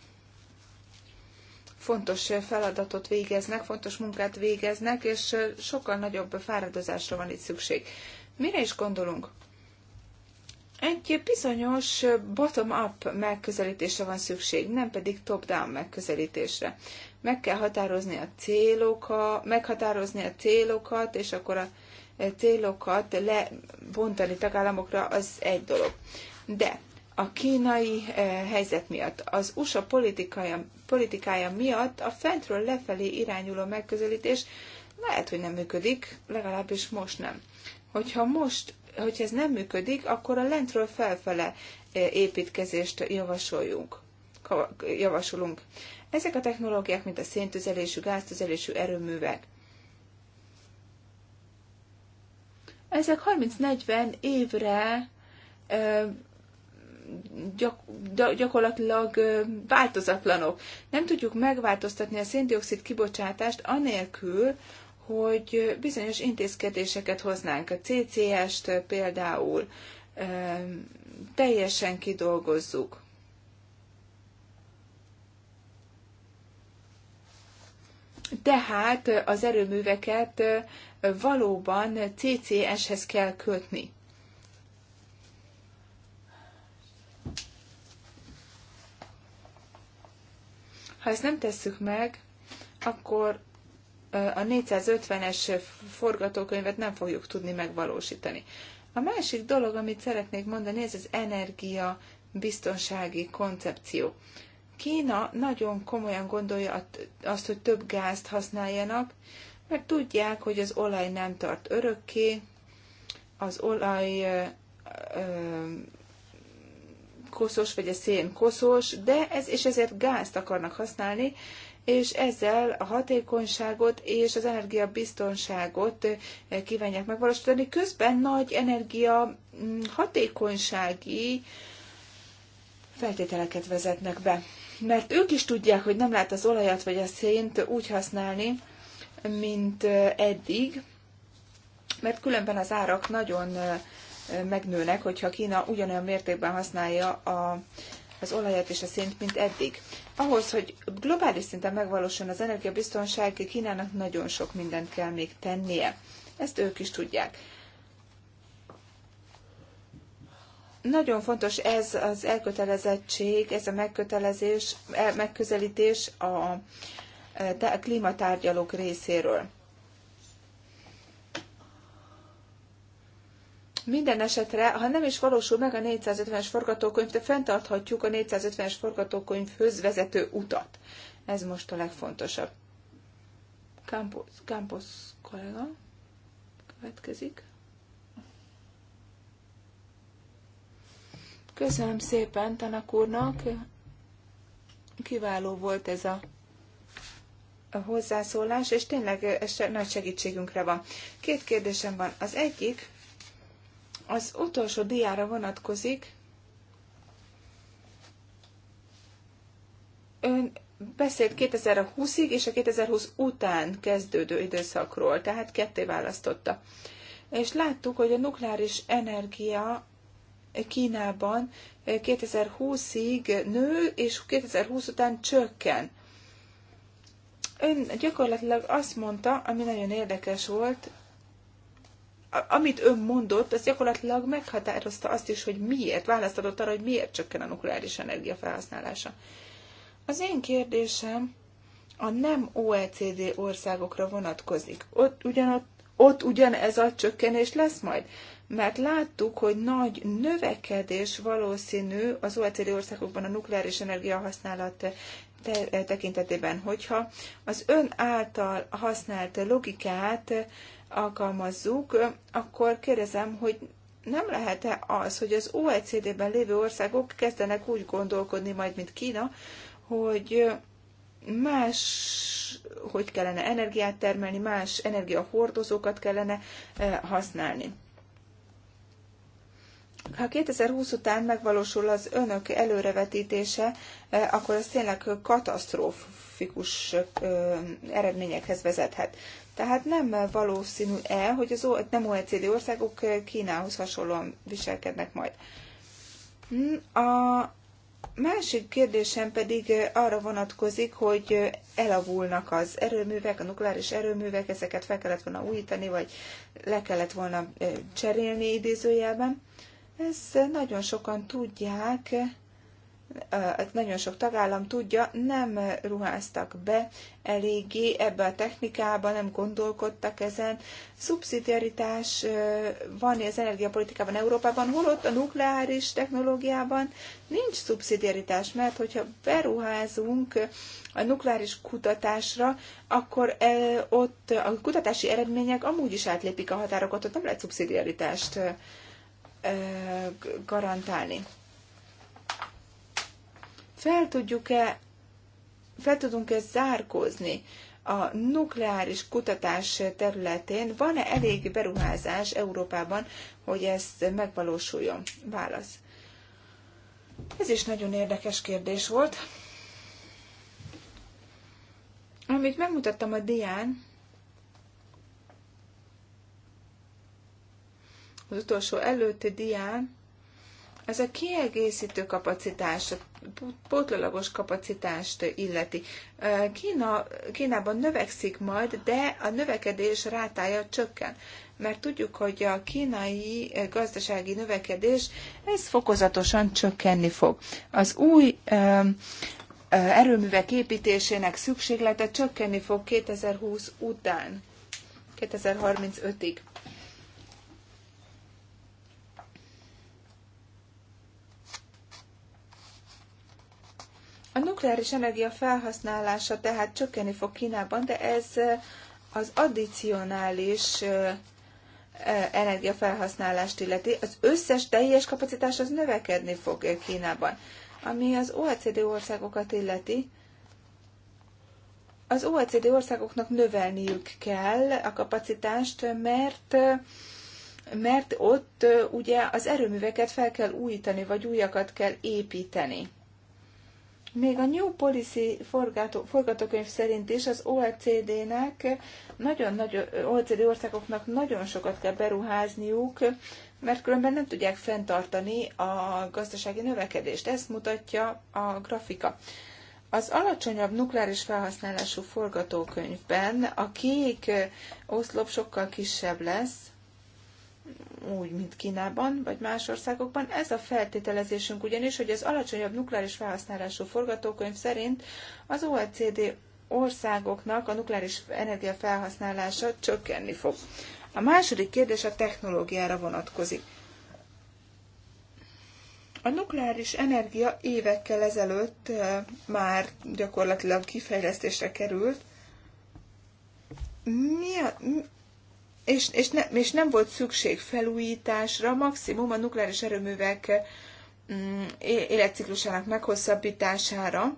fontos feladatot végeznek, fontos munkát végeznek, és sokkal nagyobb fáradozásra van itt szükség. Mire is gondolunk? Egy bizonyos bottom-up megközelítésre van szükség, nem pedig top-down megközelítésre. Meg kell határozni a célokat, meghatározni a célokat, és akkor a célokat lebontani tagállamokra az egy dolog. De a kínai eh, helyzet miatt, az USA politikája, politikája miatt a fentről lefelé irányuló megközelítés lehet, hogy nem működik, legalábbis most nem. Hogyha most, hogyha ez nem működik, akkor a lentről felfele eh, építkezést javasoljunk. javasolunk. Ezek a technológiák, mint a széntüzelésű, gáztüzelésű erőművek, ezek 30-40 évre eh, gyak, gyakorlatilag változatlanok. Nem tudjuk megváltoztatni a széndiokszid kibocsátást anélkül, hogy bizonyos intézkedéseket hoznánk, a CCS-t például teljesen kidolgozzuk. Tehát az erőműveket valóban CCS-hez kell kötni. Ha ezt nem tesszük meg, akkor a 450-es forgatókönyvet nem fogjuk tudni megvalósítani. A másik dolog, amit szeretnék mondani, ez az energia biztonsági koncepció. Kína nagyon komolyan gondolja azt, hogy több gázt használjanak, mert tudják, hogy az olaj nem tart örökké, az olaj koszos, vagy a szén koszos, de ez, és ezért gázt akarnak használni, és ezzel a hatékonyságot és az energiabiztonságot eh, kívánják megvalósítani. Közben nagy energia mm, hatékonysági feltételeket vezetnek be. Mert ők is tudják, hogy nem lehet az olajat vagy a szént úgy használni, mint eh, eddig, mert különben az árak nagyon eh, megnőnek, hogyha Kína ugyanolyan mértékben használja a, az olajat és a szint, mint eddig. Ahhoz, hogy globális szinten megvalósuljon az energiabiztonság, Kínának nagyon sok mindent kell még tennie. Ezt ők is tudják. Nagyon fontos ez az elkötelezettség, ez a megkötelezés, e, megközelítés a, a klímatárgyalók részéről. Minden esetre, ha nem is valósul meg a 450-es forgatókönyv, de fenntarthatjuk a 450-es forgatókönyvhöz vezető utat. Ez most a legfontosabb. Campos, Campos kollega következik. Köszönöm szépen Tanak úrnak. Kiváló volt ez a a hozzászólás, és tényleg ez nagy segítségünkre van. Két kérdésem van. Az egyik, az utolsó diára vonatkozik. Ön beszélt 2020-ig és a 2020 után kezdődő időszakról, tehát ketté választotta. És láttuk, hogy a nukleáris energia Kínában 2020-ig nő, és 2020 után csökken. Ön gyakorlatilag azt mondta, ami nagyon érdekes volt, amit ön mondott, az gyakorlatilag meghatározta azt is, hogy miért, választ adott arra, hogy miért csökken a nukleáris energia felhasználása. Az én kérdésem a nem OECD országokra vonatkozik. Ott, ugyanott, ott ugyanez a csökkenés lesz majd? Mert láttuk, hogy nagy növekedés valószínű az OECD országokban a nukleáris energia használat tekintetében, hogyha az ön által használt logikát alkalmazzuk, akkor kérdezem, hogy nem lehet-e az, hogy az OECD-ben lévő országok kezdenek úgy gondolkodni majd, mint Kína, hogy más, hogy kellene energiát termelni, más energiahordozókat kellene eh, használni ha 2020 után megvalósul az önök előrevetítése, e, akkor ez tényleg katasztrófikus eredményekhez vezethet. Tehát nem valószínű el, hogy az nem OECD országok e, Kínához hasonlóan viselkednek majd. Hmm, a másik kérdésem pedig e, arra vonatkozik, hogy elavulnak az erőművek, a nukleáris erőművek, ezeket fel kellett volna újítani, vagy le kellett volna cserélni idézőjelben. Ezt nagyon sokan tudják, eh, nagyon sok tagállam tudja, nem ruháztak be eléggé ebbe a technikába, nem gondolkodtak ezen. Szubszidiaritás eh, van az energiapolitikában Európában, holott a nukleáris technológiában nincs szubszidiaritás, mert hogyha beruházunk a nukleáris kutatásra, akkor eh, ott a kutatási eredmények amúgy is átlépik a határokat, ott nem lehet szubszidiaritást garantálni. Fel tudjuk-e, fel tudunk-e zárkózni a nukleáris kutatás területén? Van-e elég beruházás Európában, hogy ez megvalósuljon? Válasz. Ez is nagyon érdekes kérdés volt. Amit megmutattam a dián, az utolsó előtti dián, ez a kiegészítő kapacitás, pótlalagos kapacitást illeti. Kína, Kínában növekszik majd, de a növekedés rátája csökken, mert tudjuk, hogy a kínai gazdasági növekedés, ez fokozatosan csökkenni fog. Az új erőművek építésének szükséglete csökkenni fog 2020 után, 2035-ig. nukleáris energia felhasználása tehát csökkenni fog Kínában, de ez az addicionális energiafelhasználást illeti. Az összes teljes kapacitás az növekedni fog Kínában. Ami az OECD országokat illeti, az OECD országoknak növelniük kell a kapacitást, mert mert ott ugye az erőműveket fel kell újítani, vagy újakat kell építeni. Még a New Policy forgató, forgatókönyv szerint is az OECD-nek, nagyon nagy, OECD országoknak nagyon sokat kell beruházniuk, mert különben nem tudják fenntartani a gazdasági növekedést. Ezt mutatja a grafika. Az alacsonyabb nukleáris felhasználású forgatókönyvben a kék oszlop sokkal kisebb lesz, úgy, mint Kínában vagy más országokban. Ez a feltételezésünk ugyanis, hogy az alacsonyabb nukleáris felhasználású forgatókönyv szerint az OECD országoknak a nukleáris energia felhasználása csökkenni fog. A második kérdés a technológiára vonatkozik. A nukleáris energia évekkel ezelőtt már gyakorlatilag kifejlesztésre került. Mi a, és, és, ne, és nem volt szükség felújításra, maximum a nukleáris erőművek mm, életciklusának meghosszabbítására.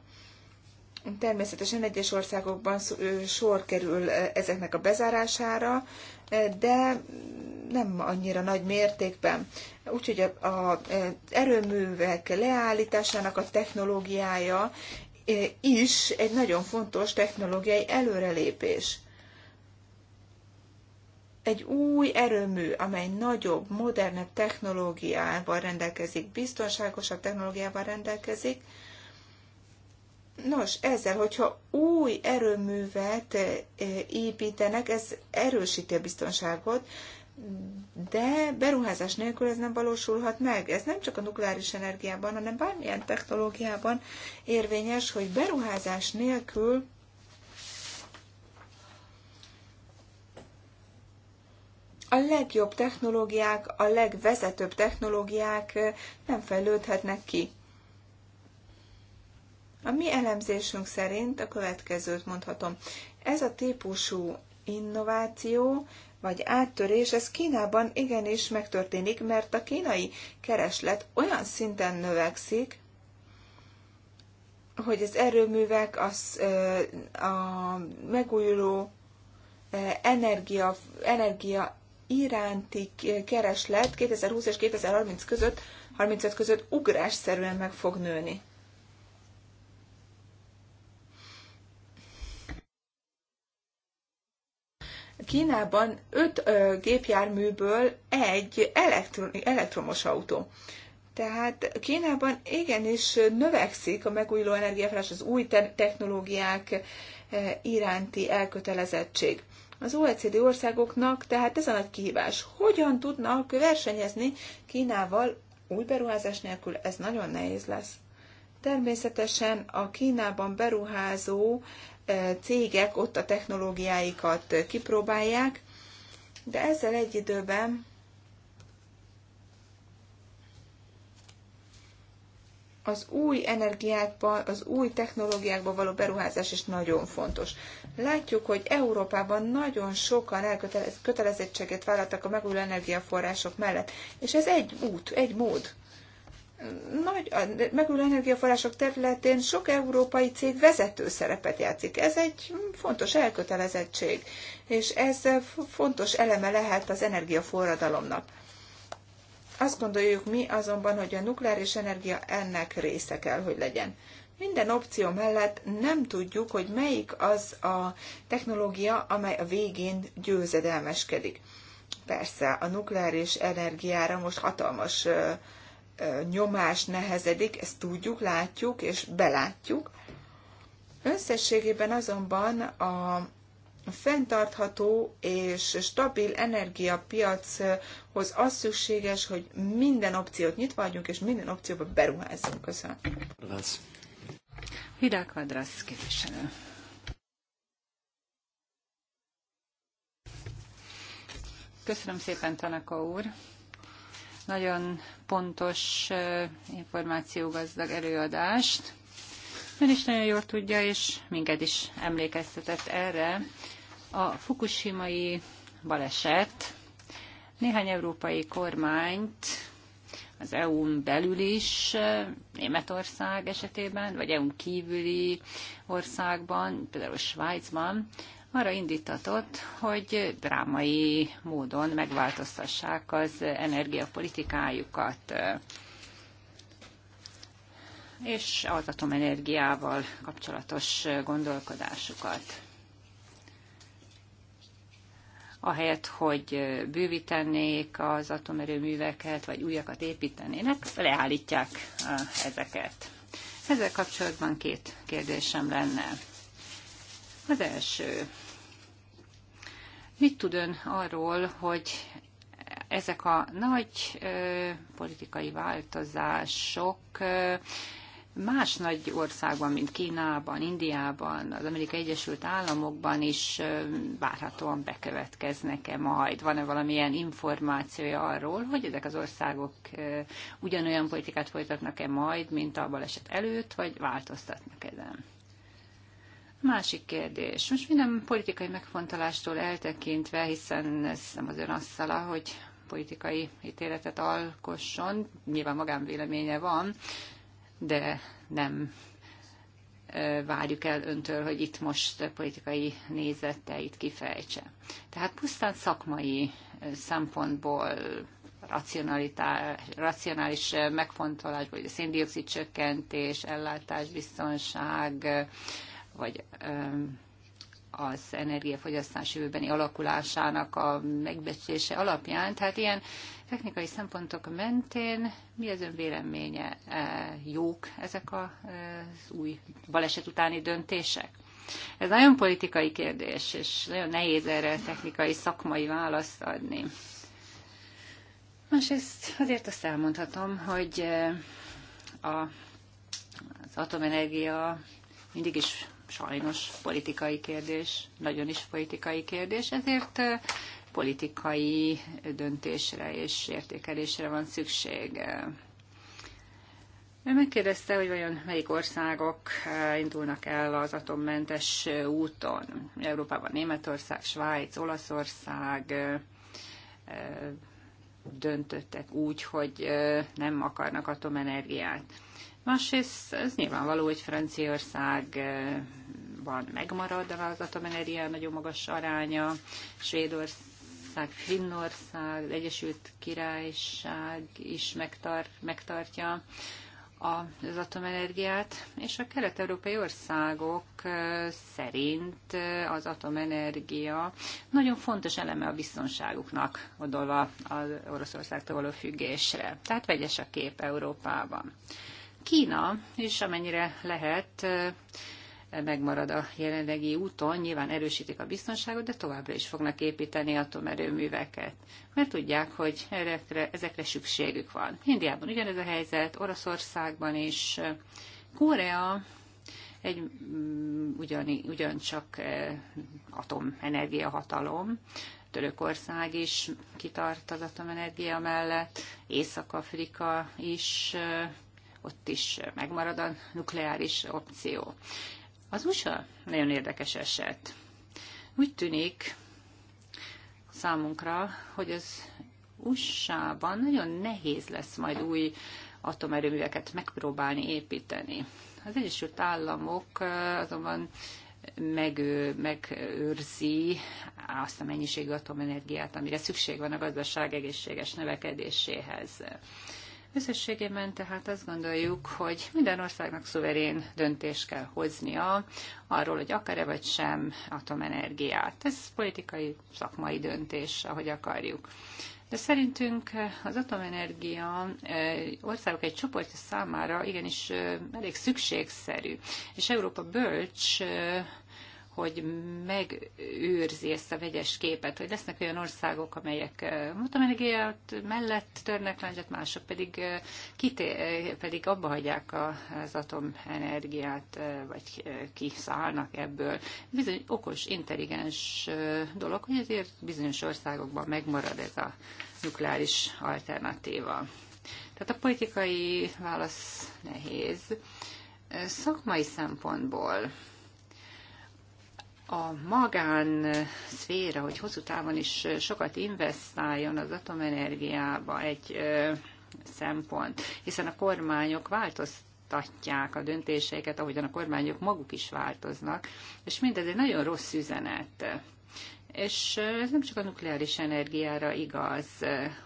Természetesen egyes országokban sor kerül ezeknek a bezárására, de nem annyira nagy mértékben. Úgyhogy az erőművek leállításának a technológiája is egy nagyon fontos technológiai előrelépés egy új erőmű, amely nagyobb, modernebb technológiával rendelkezik, biztonságosabb technológiával rendelkezik. Nos, ezzel, hogyha új erőművet eh, építenek, ez erősíti a biztonságot, de beruházás nélkül ez nem valósulhat meg. Ez nem csak a nukleáris energiában, hanem bármilyen technológiában érvényes, hogy beruházás nélkül a legjobb technológiák, a legvezetőbb technológiák nem fejlődhetnek ki. A mi elemzésünk szerint a következőt mondhatom. Ez a típusú innováció vagy áttörés, ez Kínában igenis megtörténik, mert a kínai kereslet olyan szinten növekszik, hogy az erőművek, az, a megújuló energia, energia iránti kereslet 2020 és 2030 között, 35 között ugrásszerűen meg fog nőni. Kínában 5 gépjárműből egy elektron- elektromos autó. Tehát Kínában igenis növekszik a megújuló energiaforrás, az új te- technológiák e, iránti elkötelezettség. Az OECD országoknak tehát ez a nagy kihívás. Hogyan tudnak versenyezni Kínával új beruházás nélkül? Ez nagyon nehéz lesz. Természetesen a Kínában beruházó eh, cégek ott a technológiáikat kipróbálják, de ezzel egy időben az új energiákba, az új technológiákba való beruházás is nagyon fontos. Látjuk, hogy Európában nagyon sokan elkötelezettséget vállaltak a megújuló energiaforrások mellett, és ez egy út, egy mód. Nagy, a megújuló energiaforrások területén sok európai cég vezető szerepet játszik. Ez egy fontos elkötelezettség, és ez fontos eleme lehet az energiaforradalomnak azt gondoljuk mi azonban, hogy a nukleáris energia ennek része kell, hogy legyen. Minden opció mellett nem tudjuk, hogy melyik az a technológia, amely a végén győzedelmeskedik. Persze a nukleáris energiára most hatalmas ö, ö, nyomás nehezedik, ezt tudjuk, látjuk és belátjuk. Összességében azonban a fenntartható és stabil energiapiachoz az szükséges, hogy minden opciót nyitva adjunk, és minden opcióba beruházzunk. Köszönöm. Lesz. Hidák Vadrász képviselő. Köszönöm szépen, Tanaka úr. Nagyon pontos eh, információgazdag előadást. Ön is nagyon jól tudja, és minket is emlékeztetett erre. A fukushimai baleset néhány európai kormányt az EU-n belül is, Németország esetében, vagy EU-n kívüli országban, például Svájcban, arra indítatott, hogy drámai módon megváltoztassák az energiapolitikájukat és az atomenergiával kapcsolatos gondolkodásukat. Ahelyett, hogy bővítenék az atomerőműveket, vagy újakat építenének, leállítják ezeket. Ezzel kapcsolatban két kérdésem lenne. Az első. Mit tud ön arról, hogy ezek a nagy ö, politikai változások ö, más nagy országban, mint Kínában, Indiában, az Amerikai Egyesült Államokban is várhatóan bekövetkeznek-e majd? Van-e valamilyen információja arról, hogy ezek az országok ugyanolyan politikát folytatnak-e majd, mint a baleset előtt, vagy változtatnak ezen? Másik kérdés. Most minden politikai megfontolástól eltekintve, hiszen ez nem az ön asszala, hogy politikai ítéletet alkosson, nyilván magánvéleménye van, de nem várjuk el öntől, hogy itt most politikai nézetteit kifejtse. Tehát pusztán szakmai szempontból racionális megfontolás, vagy a széndiokszid csökkentés, ellátásbiztonság, vagy az energiafogyasztás jövőbeni alakulásának a megbecsése alapján. Tehát ilyen technikai szempontok mentén mi az ön véleménye? E, jók ezek e, az új baleset utáni döntések? Ez nagyon politikai kérdés, és nagyon nehéz erre technikai, szakmai választ adni. Másrészt azért azt elmondhatom, hogy e, a, az atomenergia mindig is sajnos politikai kérdés, nagyon is politikai kérdés, ezért politikai döntésre és értékelésre van szükség. Ő megkérdezte, hogy vajon melyik országok indulnak el az atommentes úton. Európában Németország, Svájc, Olaszország döntöttek úgy, hogy nem akarnak atomenergiát. Másrészt ez nyilvánvaló, hogy Franciaországban megmarad az atomenergia nagyon magas aránya, Svédország, Finnország, Egyesült Királyság is megtar megtartja az atomenergiát, és a kelet-európai országok szerint az atomenergia nagyon fontos eleme a biztonságuknak, odolva az Oroszországtól való függésre. Tehát vegyes a kép Európában. Kína is, amennyire lehet, megmarad a jelenlegi úton, nyilván erősítik a biztonságot, de továbbra is fognak építeni atomerőműveket, mert tudják, hogy erre ezekre szükségük van. Indiában ugyanez a helyzet, Oroszországban is, Korea egy mm, ugyan, ugyancsak atomenergia hatalom, Törökország is kitart az atomenergia mellett, Észak-Afrika is ott is megmarad a nukleáris opció. Az USA nagyon érdekes eset. Úgy tűnik számunkra, hogy az USA-ban nagyon nehéz lesz majd új atomerőműveket megpróbálni építeni. Az Egyesült Államok azonban megő, megőrzi azt a mennyiségű atomenergiát, amire szükség van a gazdaság egészséges növekedéséhez. Összességében tehát azt gondoljuk, hogy minden országnak szuverén döntést kell hoznia arról, hogy akar-e vagy sem atomenergiát. Ez politikai, szakmai döntés, ahogy akarjuk. De szerintünk az atomenergia e, országok egy csoportja számára igenis e, elég szükségszerű, és Európa bölcs e, hogy megőrzi ezt a vegyes képet, hogy lesznek olyan országok, amelyek atomenergiát mellett törnek lányzat, mások pedig, kité, pedig abba hagyják az atomenergiát, vagy kiszállnak ebből. Bizony okos, intelligens dolog, hogy ezért bizonyos országokban megmarad ez a nukleáris alternatíva. Tehát a politikai válasz nehéz. Szakmai szempontból a magán szféra, hogy hosszú távon is sokat investáljon az atomenergiába egy szempont, hiszen a kormányok változtatják a döntéseiket, ahogyan a kormányok maguk is változnak, és mindez egy nagyon rossz üzenet. És ez nem csak a nukleáris energiára igaz,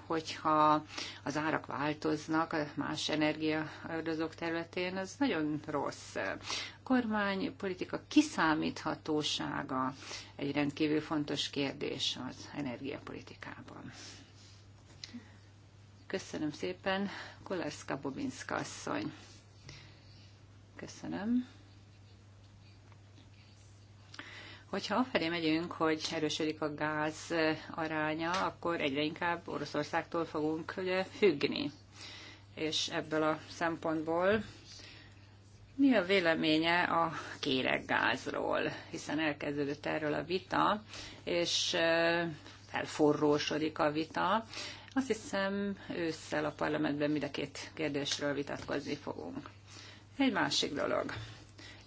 hogyha az árak változnak a más energiaordozók területén, az nagyon rossz. A kormány politika kiszámíthatósága egy rendkívül fontos kérdés az energiapolitikában. Köszönöm szépen, Kolarska Bobinska asszony. Köszönöm. Hogyha afelé megyünk, hogy erősödik a gáz aránya, akkor egyre inkább Oroszországtól fogunk ugye, függni. És ebből a szempontból mi a véleménye a kéreggázról? Hiszen elkezdődött erről a vita, és felforrósodik a vita. Azt hiszem, ősszel a parlamentben mind a két kérdésről vitatkozni fogunk. Egy másik dolog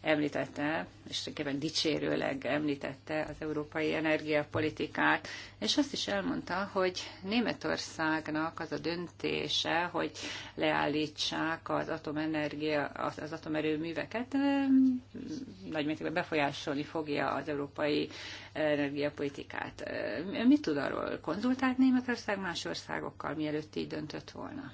említette, és tulajdonképpen dicsérőleg említette az európai energiapolitikát, és azt is elmondta, hogy Németországnak az a döntése, hogy leállítsák az atomenergia, az, az atomerőműveket, nagymértékben befolyásolni fogja az európai energiapolitikát. Mit tud arról? Konzultált Németország más országokkal, mielőtt így döntött volna?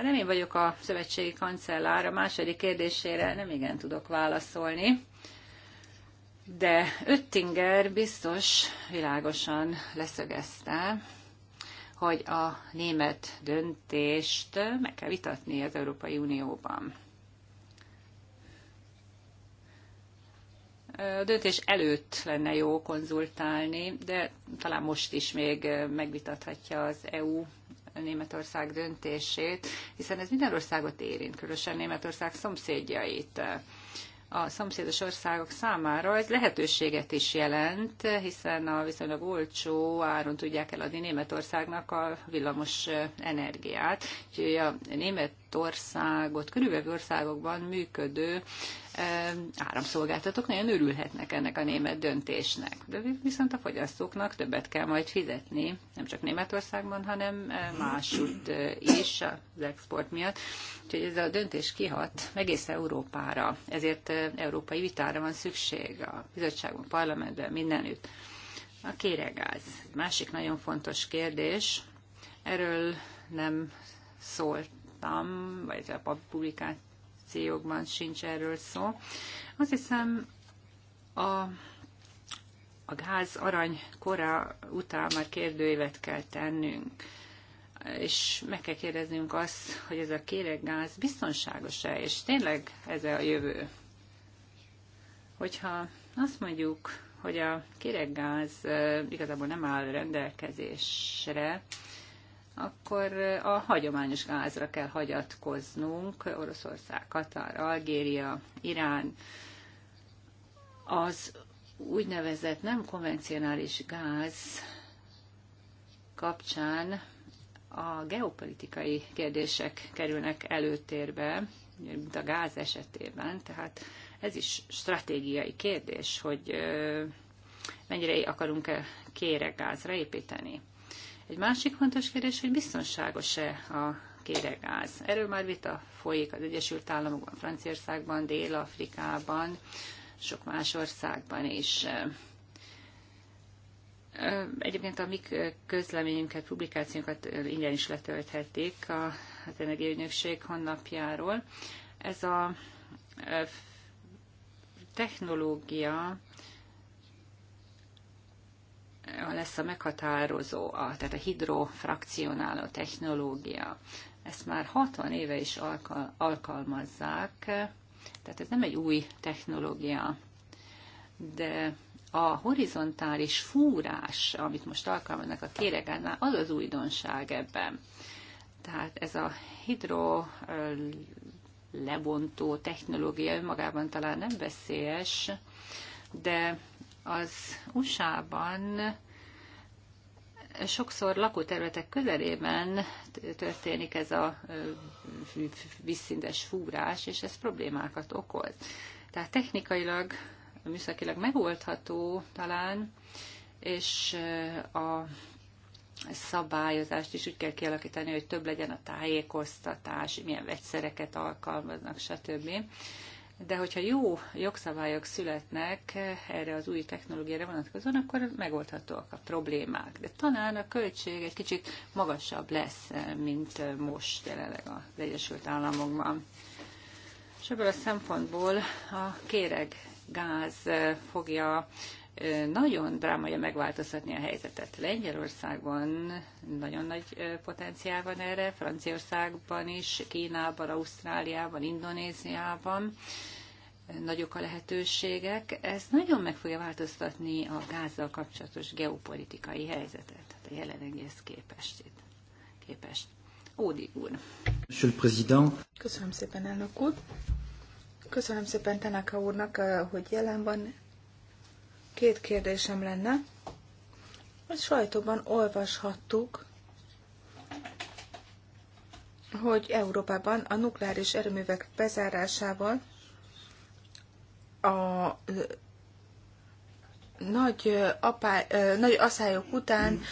Hát nem én vagyok a szövetségi kancellár, a második kérdésére nem igen tudok válaszolni, de Öttinger biztos világosan leszögezte, hogy a német döntést meg kell vitatni az Európai Unióban. A döntés előtt lenne jó konzultálni, de talán most is még megvitathatja az EU Németország döntését, hiszen ez minden országot érint, különösen Németország szomszédjait a szomszédos országok számára ez lehetőséget is jelent, hiszen a viszonylag olcsó áron tudják eladni Németországnak a villamos energiát. Úgyhogy a Németországot körülvevő országokban működő áramszolgáltatók nagyon örülhetnek ennek a német döntésnek. De viszont a fogyasztóknak többet kell majd fizetni, nem csak Németországban, hanem másút is az export miatt. Úgyhogy ez a döntés kihat egész Európára, ezért európai vitára van szükség a bizottságban, parlamentben, mindenütt. A kéregáz. Másik nagyon fontos kérdés. Erről nem szóltam, vagy a publikáció petíciókban sincs erről szó. Azt hiszem, a a gáz arany kora után már kérdőévet kell tennünk, és meg kell kérdeznünk azt, hogy ez a kéreggáz biztonságos-e, és tényleg ez -e a jövő. Hogyha azt mondjuk, hogy a kéreggáz igazából nem áll rendelkezésre, akkor eh, a hagyományos gázra kell hagyatkoznunk, Oroszország, Katar, Algéria, Irán. Az úgynevezett nem konvencionális gáz kapcsán a geopolitikai kérdések kerülnek előtérbe, mint a gáz esetében, tehát ez is stratégiai kérdés, hogy eh, mennyire akarunk-e kéreggázra építeni. Egy másik fontos kérdés, hogy biztonságos-e a kéregáz. Erről már vita folyik az Egyesült Államokban, Franciaországban, Dél-Afrikában, sok más országban is. Egyébként a mi közleményünket, publikációnkat ingyen is letölthetik az Energiaügynökség honlapjáról. Ez a technológia lesz a meghatározó, a, tehát a hidrofrakcionáló technológia. Ezt már 60 éve is alkal, alkalmazzák, tehát ez nem egy új technológia, de a horizontális fúrás, amit most alkalmaznak a kéregánál, az az újdonság ebben. Tehát ez a hidro lebontó technológia önmagában talán nem veszélyes, de az USA-ban sokszor lakóterületek közelében történik ez a vízszintes fúrás, és ez problémákat okoz. Tehát technikailag, műszakilag megoldható talán, és a szabályozást is úgy kell kialakítani, hogy több legyen a tájékoztatás, milyen vegyszereket alkalmaznak, stb de hogyha jó jogszabályok születnek erre az új technológiára vonatkozóan, akkor megoldhatóak a problémák. De talán a költség egy kicsit magasabb lesz, mint most jelenleg az Egyesült Államokban. És ebből a szempontból a kéreg gáz fogja nagyon drámaja megváltoztatni a helyzetet. Lengyelországban nagyon nagy potenciál van erre, Franciaországban is, Kínában, Ausztráliában, Indonéziában nagyok a lehetőségek. Ez nagyon meg fogja változtatni a gázzal kapcsolatos geopolitikai helyzetet, tehát a jelenlegihez képest. képest. Ódi úr. Köszönöm szépen, elnök úr. Köszönöm szépen Tanaka úrnak, hogy jelen van Két kérdésem lenne. A sajtóban olvashattuk, hogy Európában a nukleáris erőművek bezárásával a nagy, apá, nagy aszályok után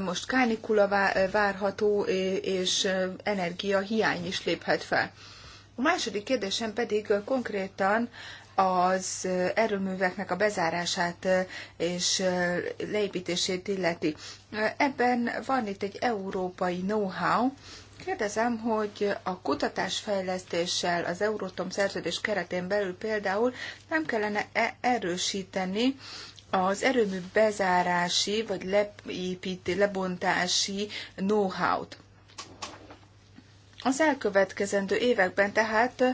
most kánikula várható, és energia hiány is léphet fel. A második kérdésem pedig konkrétan az erőműveknek a bezárását és leépítését illeti. Ebben van itt egy európai know-how, Kérdezem, hogy a kutatásfejlesztéssel az Eurotom szerződés keretén belül például nem kellene -e erősíteni az erőmű bezárási vagy leépíti, lebontási know-how-t. Az elkövetkezendő években tehát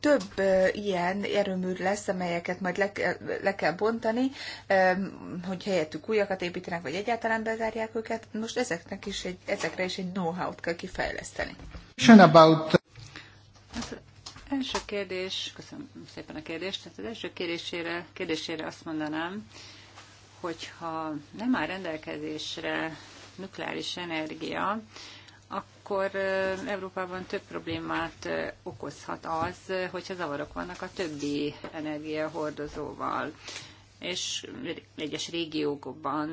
több ilyen erőmű lesz, amelyeket majd le, kell, le kell bontani, hogy helyettük újakat építenek, vagy egyáltalán bezárják őket. Most ezeknek is egy, ezekre is egy know-how-t kell kifejleszteni. About... Az hát, első kérdés, köszönöm szépen a kérdést, tehát az első kérdésére, kérdésére azt mondanám, hogyha nem áll rendelkezésre nukleáris energia, akkor Európában több problémát okozhat az, hogyha zavarok vannak a többi energiahordozóval és egyes régiókban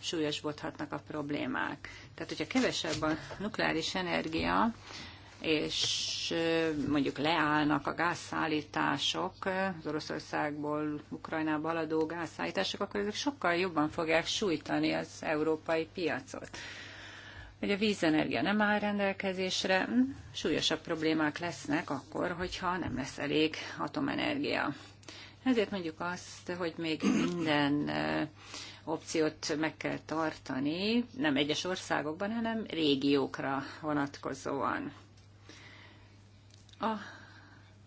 súlyosbodhatnak a problémák. Tehát, hogyha kevesebb a nukleáris energia, és mondjuk leállnak a gázszállítások, az Oroszországból Ukrajnába haladó gázszállítások, akkor ezek sokkal jobban fogják sújtani az európai piacot hogy a vízenergia nem áll rendelkezésre, súlyosabb problémák lesznek akkor, hogyha nem lesz elég atomenergia. Ezért mondjuk azt, hogy még minden opciót meg kell tartani, nem egyes országokban, hanem régiókra vonatkozóan. A,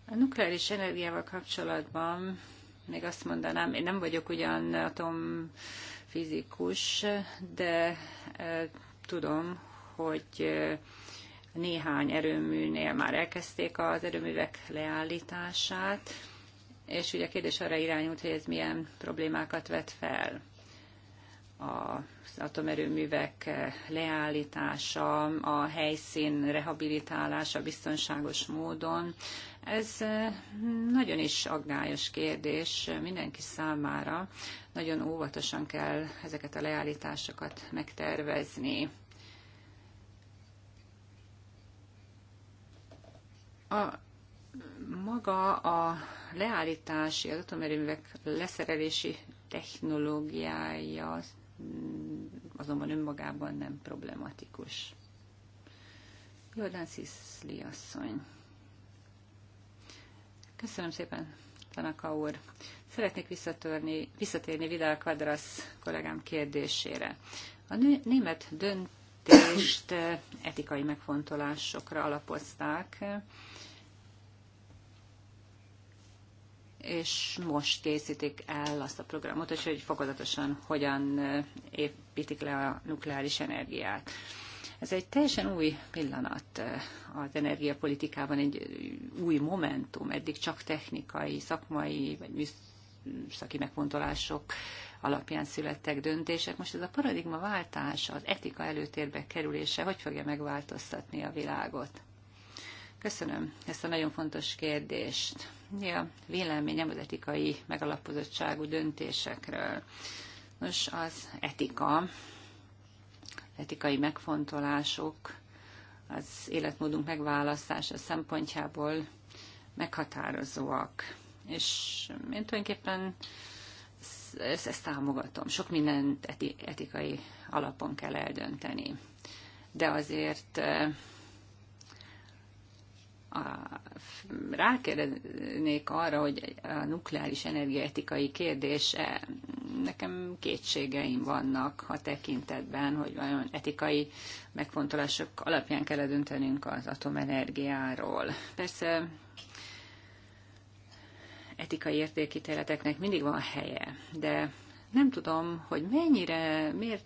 a nukleáris energiával kapcsolatban még azt mondanám, én nem vagyok ugyan atomfizikus, de e, tudom, hogy néhány erőműnél már elkezdték az erőművek leállítását, és ugye a kérdés arra irányult, hogy ez milyen problémákat vet fel az atomerőművek leállítása, a helyszín rehabilitálása biztonságos módon. Ez nagyon is aggályos kérdés mindenki számára. Nagyon óvatosan kell ezeket a leállításokat megtervezni. A maga a leállítási, az atomerőművek leszerelési technológiája azonban önmagában nem problematikus. Jordán Sziszli asszony. Köszönöm szépen, Tanaka úr. Szeretnék visszatörni, visszatérni Vidal Quadras kollégám kérdésére. A német döntést eh, etikai megfontolásokra alapozták, és most készítik el azt a programot, és hogy fokozatosan hogyan építik le a nukleáris energiát. Ez egy teljesen új pillanat az energiapolitikában, egy új momentum, eddig csak technikai, szakmai vagy műszaki megfontolások alapján születtek döntések. Most ez a paradigma váltás, az etika előtérbe kerülése, hogy fogja megváltoztatni a világot? Köszönöm ezt a nagyon fontos kérdést mi a véleményem az etikai megalapozottságú döntésekről. Nos, az etika, etikai megfontolások, az életmódunk megválasztása szempontjából meghatározóak. És én tulajdonképpen ezt, ezt támogatom. Sok mindent eti, etikai alapon kell eldönteni. De azért eh, a, rákérdeznék arra, hogy a nukleáris energetikai kérdése, nekem kétségeim vannak a tekintetben, hogy vajon etikai megfontolások alapján kell döntenünk az atomenergiáról. Persze etikai értékítéleteknek mindig van helye, de nem tudom, hogy mennyire, miért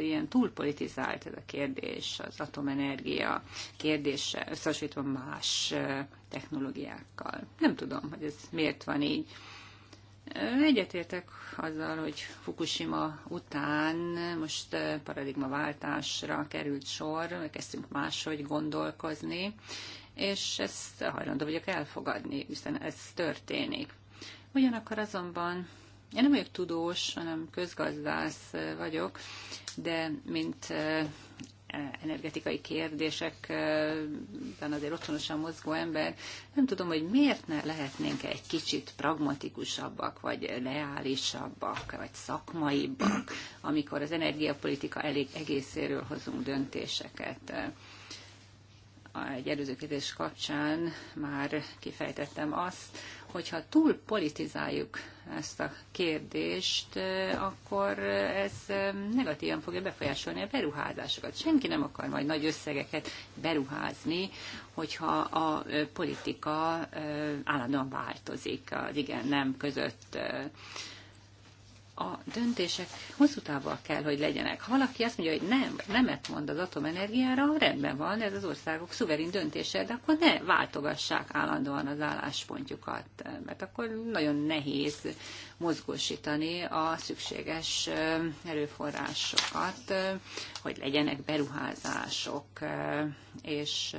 ilyen túlpolitizált ez a kérdés, az atomenergia kérdése, összehasonlítva más technológiákkal. Nem tudom, hogy ez miért van így. Egyetértek azzal, hogy Fukushima után most paradigmaváltásra került sor, kezdtünk máshogy gondolkozni, és ezt hajlandó vagyok elfogadni, hiszen ez történik. Ugyanakkor azonban én nem vagyok tudós, hanem közgazdász vagyok, de mint e, energetikai kérdésekben azért otthonosan mozgó ember, nem tudom, hogy miért ne lehetnénk egy kicsit pragmatikusabbak, vagy leálisabbak, vagy szakmaibbak, amikor az energiapolitika elég egészéről hozunk döntéseket. Egy előző kérdés kapcsán már kifejtettem azt, hogyha túl politizáljuk ezt a kérdést, akkor ez negatívan fogja befolyásolni a beruházásokat. Senki nem akar majd nagy összegeket beruházni, hogyha a politika állandóan változik az igen-nem között a döntések hosszú távval kell, hogy legyenek. Ha valaki azt mondja, hogy nem, nemet mond az atomenergiára, rendben van, ez az országok szuverén döntése, de akkor ne váltogassák állandóan az álláspontjukat, mert akkor nagyon nehéz mozgósítani a szükséges erőforrásokat, hogy legyenek beruházások, és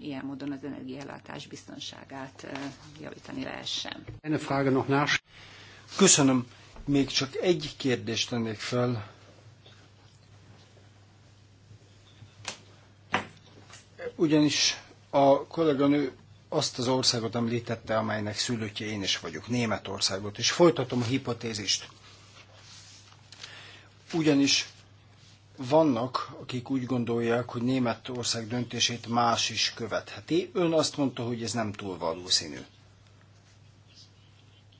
ilyen módon az energiállátás biztonságát javítani lehessen. Köszönöm még csak egy kérdést tennék fel. Ugyanis a kolléganő azt az országot említette, amelynek szülőtje én is vagyok, Németországot, és folytatom a hipotézist. Ugyanis vannak, akik úgy gondolják, hogy Németország döntését más is követheti. Ön azt mondta, hogy ez nem túl valószínű.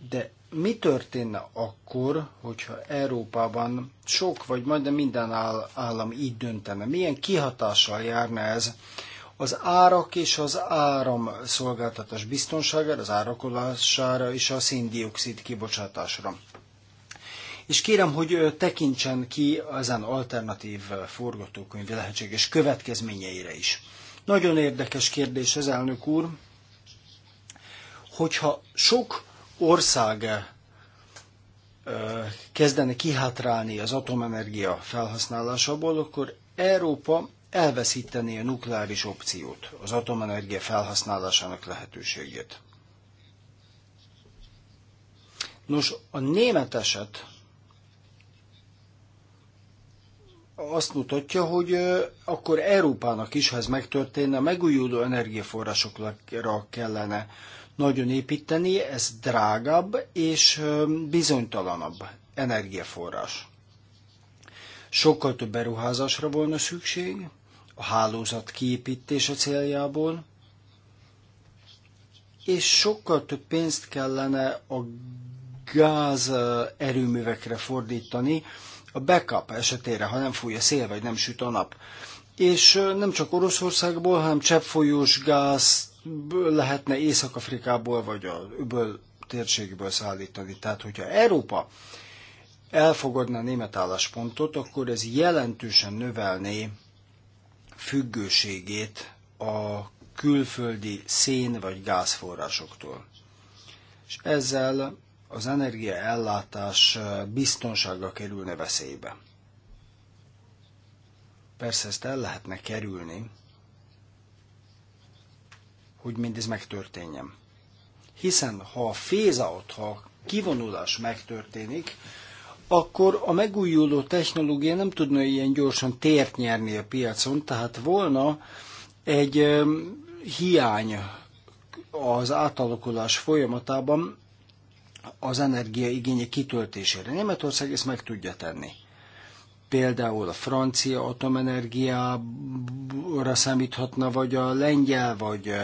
De mi történne akkor, hogyha Európában sok vagy majdnem minden állam így döntene? Milyen kihatással járna ez az árak és az áramszolgáltatás biztonságára, az árakolására és a széndiokszid kibocsátásra? És kérem, hogy tekintsen ki ezen alternatív forgatókönyv lehetséges következményeire is. Nagyon érdekes kérdés ez, elnök úr. Hogyha sok ország kezdene kihátrálni az atomenergia felhasználásából, akkor Európa elveszítené a nukleáris opciót, az atomenergia felhasználásának lehetőségét. Nos, a német eset azt mutatja, hogy akkor Európának is, ha ez megtörténne, megújuló energiaforrásokra kellene nagyon építeni, ez drágább és bizonytalanabb energiaforrás. Sokkal több beruházásra volna szükség a hálózat kiépítése céljából, és sokkal több pénzt kellene a gáz erőművekre fordítani, a backup esetére, ha nem fúj a szél, vagy nem süt a nap. És nem csak Oroszországból, hanem cseppfolyós gáz lehetne Észak-Afrikából vagy a öböl térségből szállítani. Tehát, hogyha Európa elfogadna a német álláspontot, akkor ez jelentősen növelné függőségét a külföldi szén vagy gázforrásoktól. És ezzel az energiaellátás biztonsága kerülne veszélybe. Persze ezt el lehetne kerülni, hogy mindez megtörténjen. Hiszen ha a phase-out, ha a kivonulás megtörténik, akkor a megújuló technológia nem tudna ilyen gyorsan tért nyerni a piacon, tehát volna egy hiány az átalakulás folyamatában az energiaigénye kitöltésére. Németország ezt meg tudja tenni például a francia atomenergiára számíthatna, vagy a lengyel, vagy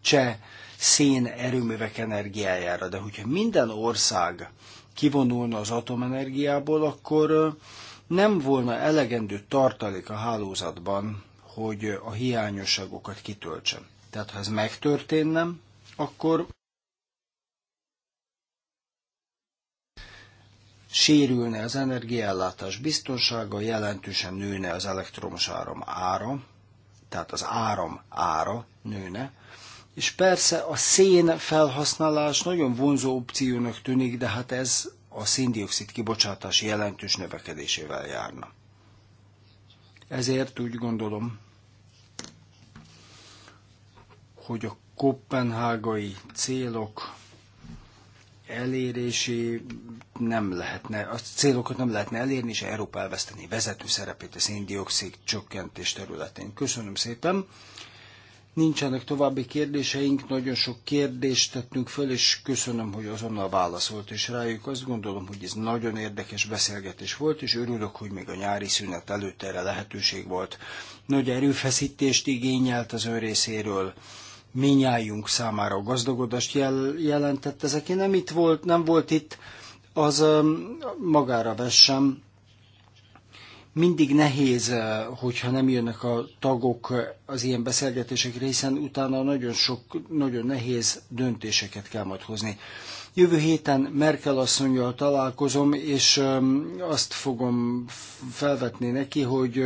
cseh szén erőművek energiájára. De hogyha minden ország kivonulna az atomenergiából, akkor nem volna elegendő tartalék a hálózatban, hogy a hiányosságokat kitöltsen. Tehát ha ez megtörténne, akkor sérülne az energiállátás biztonsága, jelentősen nőne az elektromos áram ára, tehát az áram ára nőne, és persze a szén felhasználás nagyon vonzó opciónak tűnik, de hát ez a széndiokszid kibocsátás jelentős növekedésével járna. Ezért úgy gondolom, hogy a kopenhágai célok elérési nem lehetne, a célokat nem lehetne elérni, és Európa elveszteni vezető szerepét a széndiokszid csökkentés területén. Köszönöm szépen! Nincsenek további kérdéseink, nagyon sok kérdést tettünk föl, és köszönöm, hogy azonnal válaszolt és rájuk. Azt gondolom, hogy ez nagyon érdekes beszélgetés volt, és örülök, hogy még a nyári szünet előtt erre lehetőség volt. Nagy erőfeszítést igényelt az ön részéről, minnyájunk számára a gazdagodást jel- jelentett. Ez, aki nem itt volt, nem volt itt, az magára vessem. Mindig nehéz, hogyha nem jönnek a tagok az ilyen beszélgetések részen, utána nagyon sok, nagyon nehéz döntéseket kell majd hozni. Jövő héten Merkel asszonyjal találkozom, és azt fogom felvetni neki, hogy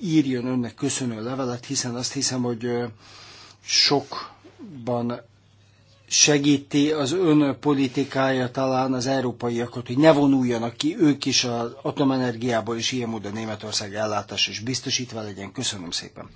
írjon önnek köszönő levelet, hiszen azt hiszem, hogy sokban segíti az ön politikája talán az európaiakat, hogy ne vonuljanak ki ők is az atomenergiából, és ilyen módon Németország ellátás is biztosítva legyen. Köszönöm szépen.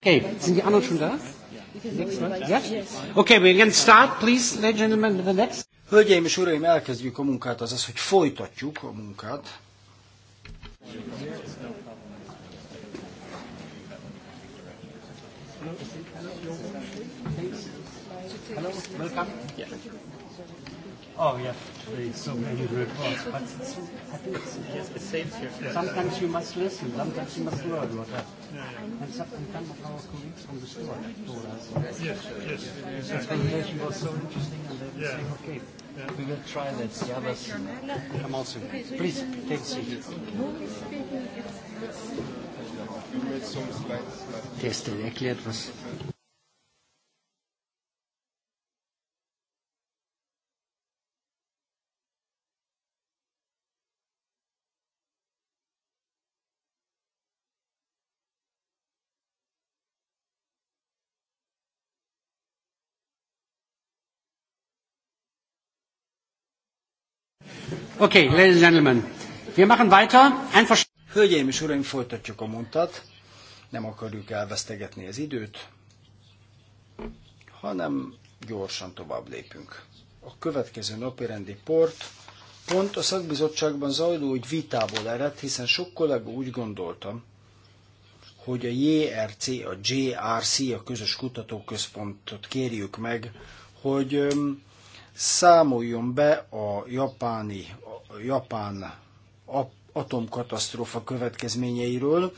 Okay, sind die anderen schon da? Okay, we can start, please, ladies and gentlemen, the next. Hölgyeim és uraim, elkezdjük a munkát, azaz, hogy folytatjuk a munkát. Hello, welcome. Yeah. Oh, yeah. So many reports. But I think it's, yes, it saves here. Yes. Sometimes you must listen. Sometimes you must learn what that. Yeah, yeah. And some, and of our colleagues from the store told us. Yes, yes. yes. yes. The explanation was so interesting. And they were yeah. saying, okay, yeah. we will try that. The others come also. Please, take a seat. Gestern erklärt, was Okay, ladies and gentlemen, wir machen weiter. Hölgyeim és uraim, folytatjuk a mondat. Nem akarjuk elvesztegetni az időt, hanem gyorsan tovább lépünk. A következő napi rendi port pont a szakbizottságban zajló úgy vitából eredt, hiszen sok kollega úgy gondolta, hogy a JRC, a JRC, a Közös Kutatóközpontot kérjük meg, hogy számoljon be a japáni, a japán atomkatasztrófa következményeiről.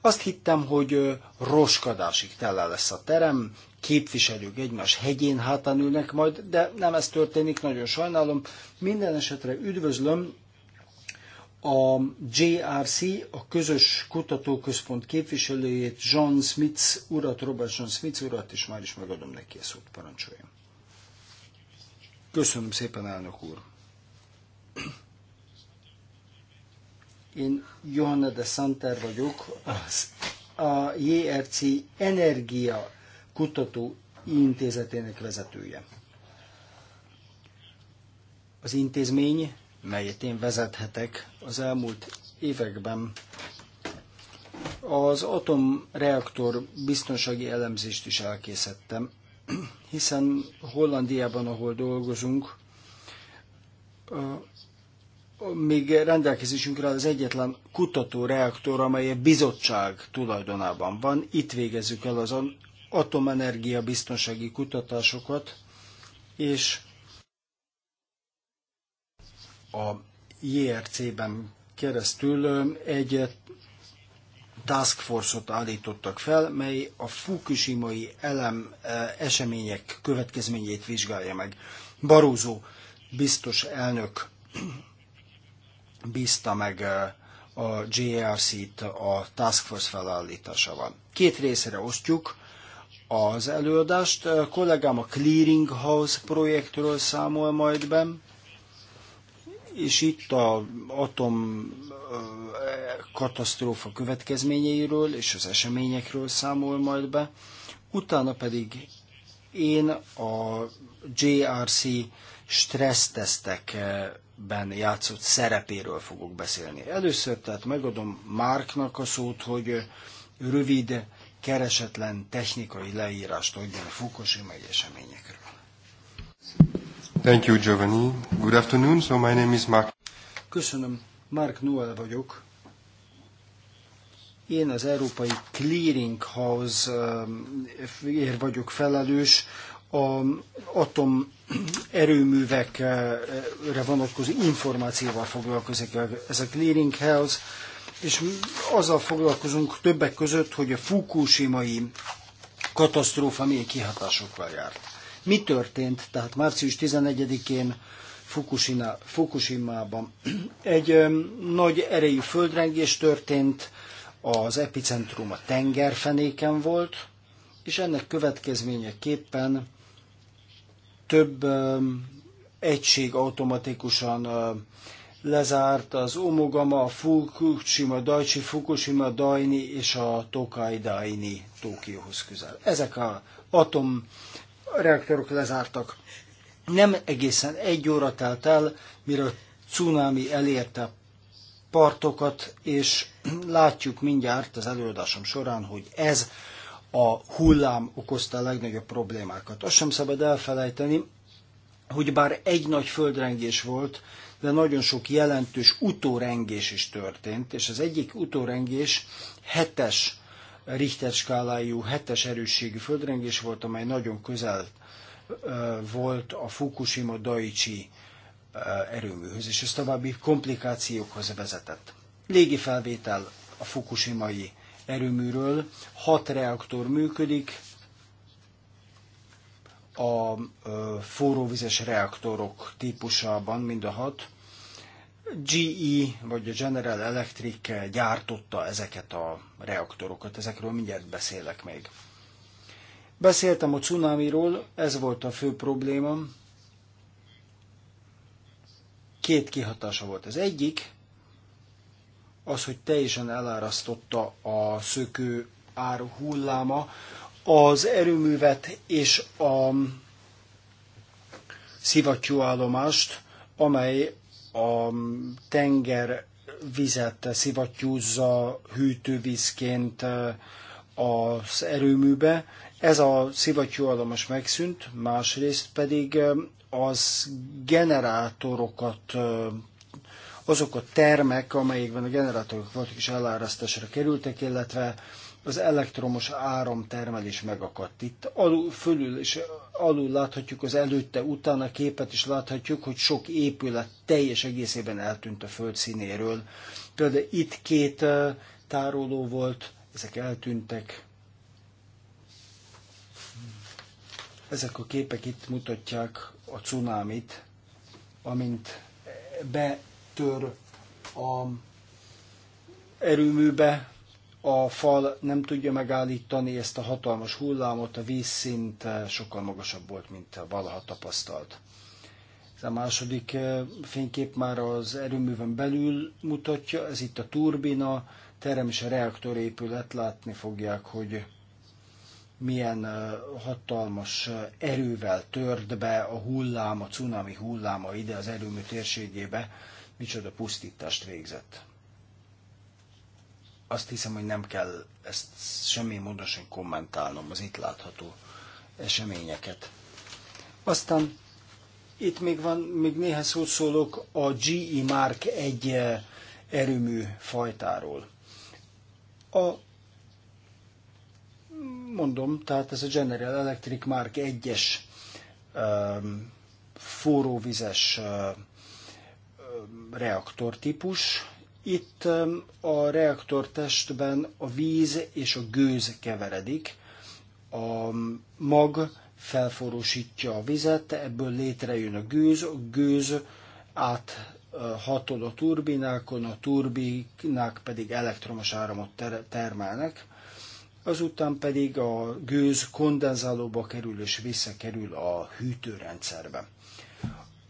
Azt hittem, hogy roskadásig tele lesz a terem, képviselők egymás hegyén hátán ülnek majd, de nem ez történik, nagyon sajnálom. Minden esetre üdvözlöm a JRC, a Közös Kutatóközpont képviselőjét, John Smith urat, Robert John Smith urat, és már is megadom neki a szót, parancsoljon. Köszönöm szépen, elnök úr. Én Johanna de Santer vagyok, az a JRC Energia Kutató Intézetének vezetője. Az intézmény, melyet én vezethetek, az elmúlt években az atomreaktor biztonsági elemzést is elkészítettem, hiszen Hollandiában, ahol dolgozunk, még rendelkezésünkre az egyetlen kutatóreaktor, amely a bizottság tulajdonában van. Itt végezzük el az atomenergia biztonsági kutatásokat, és a JRC-ben keresztül egy task force-ot állítottak fel, mely a fukushimai elem e, események következményét vizsgálja meg. Barózó biztos elnök bízta meg e, a JRC-t a Task Force felállításával. Két részre osztjuk az előadást. A e, kollégám a Clearing House projektről számol majd be, és itt a atom katasztrófa következményeiről és az eseményekről számol majd be, utána pedig én a JRC stressztesztekben játszott szerepéről fogok beszélni. Először tehát megadom Márknak a szót, hogy rövid, keresetlen technikai leírást adjon a Fukushima eseményekről. Thank you, Giovanni. Good afternoon. So my name is Mark. Köszönöm. Mark Noel vagyok. Én az Európai Clearing House-ért eh, vagyok felelős, a atom erőművekre vonatkozó információval foglalkozik ez a Clearing House, és azzal foglalkozunk többek között, hogy a fukushimai katasztrófa milyen kihatásokkal járt. Mi történt? Tehát március 11-én Fukushima-ban egy ö, nagy erejű földrengés történt, az epicentrum a tengerfenéken volt, és ennek következményeképpen több ö, egység automatikusan ö, lezárt az Omogama, a Fukushima, Daiichi, Fukushima, Daini és a Tokai Daini Tokióhoz közel. Ezek a atom reaktorok lezártak. Nem egészen egy óra telt el, mire a cunami elérte partokat, és látjuk mindjárt az előadásom során, hogy ez a hullám okozta a legnagyobb problémákat. Azt sem szabad elfelejteni, hogy bár egy nagy földrengés volt, de nagyon sok jelentős utórengés is történt, és az egyik utórengés hetes Richter skálájú 7 erősségű földrengés volt, amely nagyon közel volt a Fukushima Daiichi erőműhöz, és ez további komplikációkhoz vezetett. Légi felvétel a Fukushimai erőműről, hat reaktor működik, a forróvizes reaktorok típusában mind a hat, GE vagy a General Electric gyártotta ezeket a reaktorokat, ezekről mindjárt beszélek még. Beszéltem a cunámiról, ez volt a fő problémám. Két kihatása volt. Az egyik, az, hogy teljesen elárasztotta a szökő ár hulláma az erőművet és a szivattyúállomást, amely a tenger vizet szivattyúzza hűtővízként az erőműbe. Ez a szivattyúalomos megszűnt, másrészt pedig az generátorokat, azok a termek, amelyekben a generátorok voltak is elárasztásra kerültek, illetve az elektromos áramtermelés megakadt. Itt alul, fölül és alul láthatjuk az előtte, utána képet, is láthatjuk, hogy sok épület teljes egészében eltűnt a föld színéről. Például itt két tároló volt, ezek eltűntek. Ezek a képek itt mutatják a cunámit, amint betör a erőműbe, a fal nem tudja megállítani ezt a hatalmas hullámot, a vízszint eh, sokkal magasabb volt, mint valaha tapasztalt. Ez a második eh, fénykép már az erőművön belül mutatja, ez itt a turbina, terem és a reaktorépület, látni fogják, hogy milyen eh, hatalmas erővel tört be a hullám, a cunami hulláma ide az erőmű térségébe, micsoda pusztítást végzett azt hiszem, hogy nem kell ezt semmi módon sem kommentálnom az itt látható eseményeket. Aztán itt még van, még néhány szót szólok a GE Mark egy eh, erőmű fajtáról. A mondom, tehát ez a General Electric Mark 1-es ehm, forróvizes eh, ehm, reaktortípus, itt a reaktortestben a víz és a gőz keveredik, a mag felforrósítja a vizet, ebből létrejön a gőz, a gőz át hatod a turbinákon, a turbinák pedig elektromos áramot ter- termelnek, azután pedig a gőz kondenzálóba kerül és visszakerül a hűtőrendszerbe.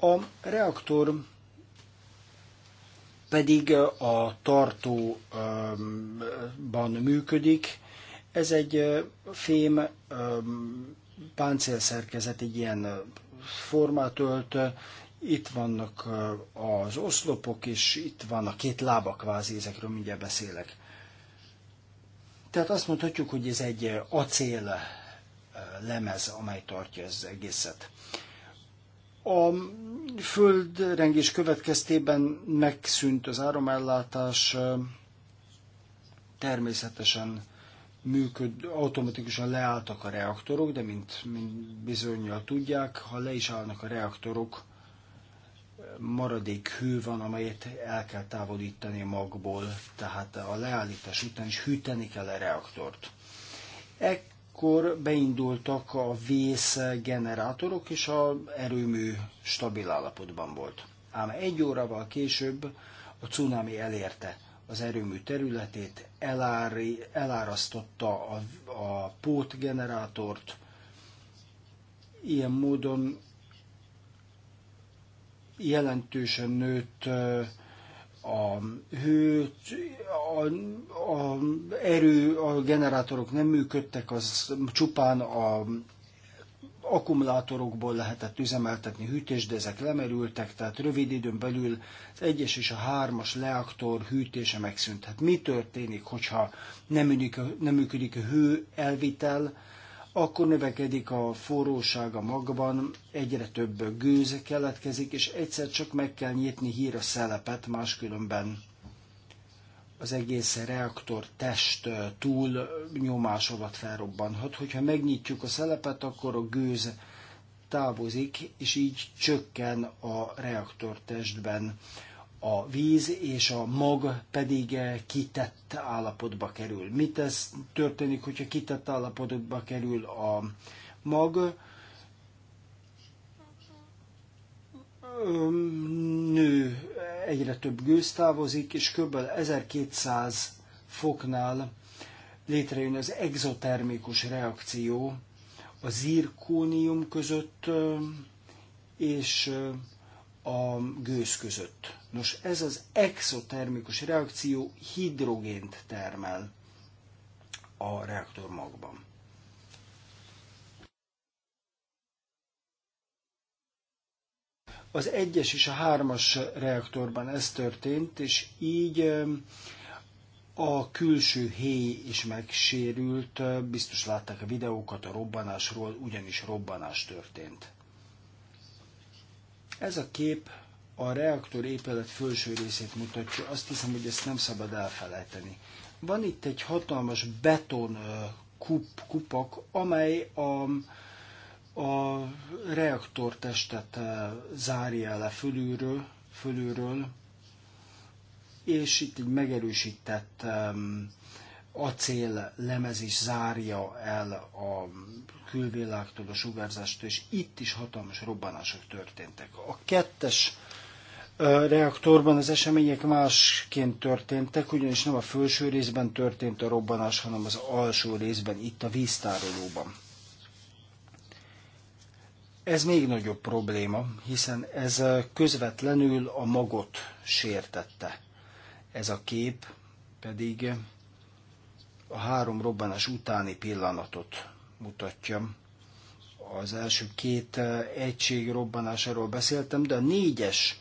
A reaktor pedig a tartóban működik. Ez egy fém páncélszerkezet, egy ilyen formát ölt, itt vannak az oszlopok, és itt van a két lába kvázi, ezekről mindjárt beszélek. Tehát azt mondhatjuk, hogy ez egy acél lemez, amely tartja az egészet. A földrengés következtében megszűnt az áramellátás, természetesen működ, automatikusan leálltak a reaktorok, de mint, mint bizonyal tudják, ha le is állnak a reaktorok, maradék hő van, amelyet el kell távolítani magból, tehát a leállítás után is hűteni kell a reaktort. E akkor beindultak a vészgenerátorok, és a erőmű stabil állapotban volt. Ám egy órával később a cunami elérte az erőmű területét, elári, elárasztotta a, a pótgenerátort, ilyen módon jelentősen nőtt a hőt, a, a erő, a generátorok nem működtek, az csupán a akkumulátorokból lehetett üzemeltetni hűtés, de ezek lemerültek, tehát rövid időn belül az egyes és a hármas reaktor hűtése megszűnt. Hát mi történik, hogyha nem működik, nem működik a hő elvitel, akkor növekedik a forróság a magban, egyre több gőz keletkezik, és egyszer csak meg kell nyitni hír a szelepet, máskülönben az egész reaktor test túl nyomás alatt felrobbanhat. Hogyha megnyitjuk a szelepet, akkor a gőz távozik, és így csökken a reaktor testben a víz és a mag pedig eh, kitett állapotba kerül. Mi tesz, történik, hogyha kitett állapotba kerül a mag? Nő, egyre több gőz távozik, és kb. 1200 foknál létrejön az exotermikus reakció a zirkónium között és a gőz között Nos, ez az exotermikus reakció hidrogént termel a reaktor magban. Az egyes és a hármas reaktorban ez történt, és így a külső héj is megsérült, biztos látták a videókat a robbanásról, ugyanis robbanás történt. Ez a kép a reaktor épület felső részét mutatja. Azt hiszem, hogy ezt nem szabad elfelejteni. Van itt egy hatalmas beton kup, kupak, amely a, a reaktortestet zárja le fölülről, fölülről, és itt egy megerősített acél lemez is zárja el a külvilágtól a sugárzást, és itt is hatalmas robbanások történtek. A kettes reaktorban az események másként történtek, ugyanis nem a felső részben történt a robbanás, hanem az alsó részben, itt a víztárolóban. Ez még nagyobb probléma, hiszen ez közvetlenül a magot sértette. Ez a kép pedig a három robbanás utáni pillanatot mutatja. Az első két egység robbanásáról beszéltem, de a négyes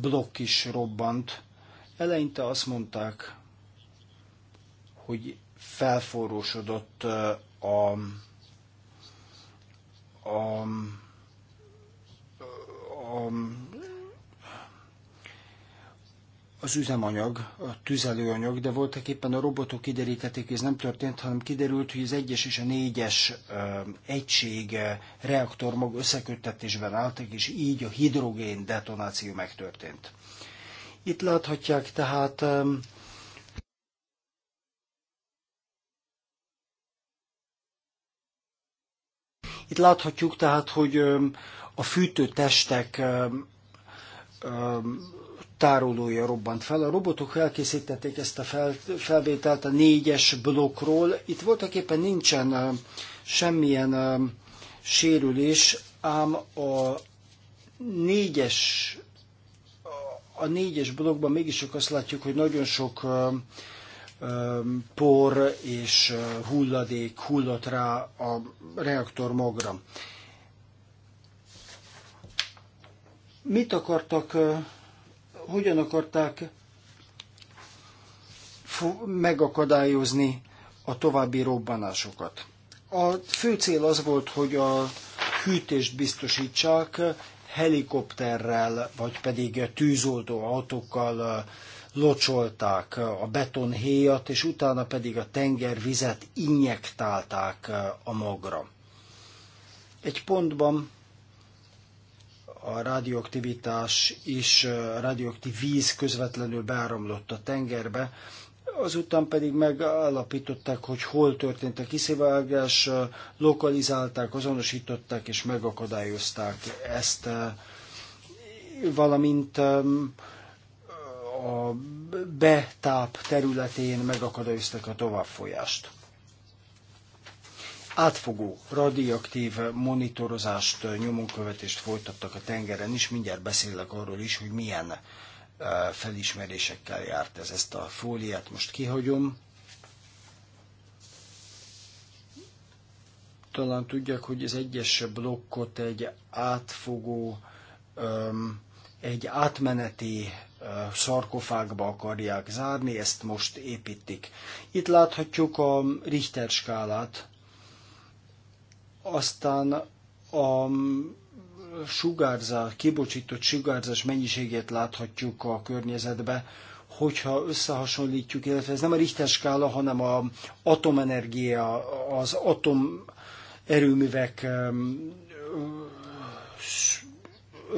blokk is robbant. Eleinte azt mondták, hogy felforrósodott a, a, a az üzemanyag, a tüzelőanyag, de voltak éppen a robotok kiderítették, ez nem történt, hanem kiderült, hogy az egyes és a négyes egység reaktormag összeköttetésben álltak, és így a hidrogén detonáció megtörtént. Itt láthatják tehát Itt láthatjuk tehát, hogy a fűtőtestek tárolója robbant fel. A robotok elkészítették ezt a fel, felvételt a négyes blokkról. Itt voltak éppen nincsen uh, semmilyen uh, sérülés, ám a négyes, a négyes blokkban mégis csak azt látjuk, hogy nagyon sok uh, por és hulladék hullott rá a reaktor magra. Mit akartak hogyan akarták megakadályozni a további robbanásokat. A fő cél az volt, hogy a hűtést biztosítsák helikopterrel, vagy pedig tűzoldó autókkal locsolták a betonhéjat, és utána pedig a tengervizet injektálták a magra. Egy pontban a radioaktivitás és a radioaktív víz közvetlenül beáramlott a tengerbe, azután pedig megállapították, hogy hol történt a kiszivárgás, lokalizálták, azonosították és megakadályozták ezt, valamint a betáp területén megakadályozták a továbbfolyást átfogó radioaktív monitorozást, nyomonkövetést folytattak a tengeren is, mindjárt beszélek arról is, hogy milyen e, felismerésekkel járt ez. Ezt a fóliát most kihagyom. Talán tudják, hogy az egyes blokkot egy átfogó, egy átmeneti szarkofágba akarják zárni, ezt most építik. Itt láthatjuk a Richter skálát, aztán a sugárzás, kibocsított sugárzás mennyiségét láthatjuk a környezetbe, hogyha összehasonlítjuk, illetve ez nem a Richter skála, hanem a atomenergia, az atomerőművek um,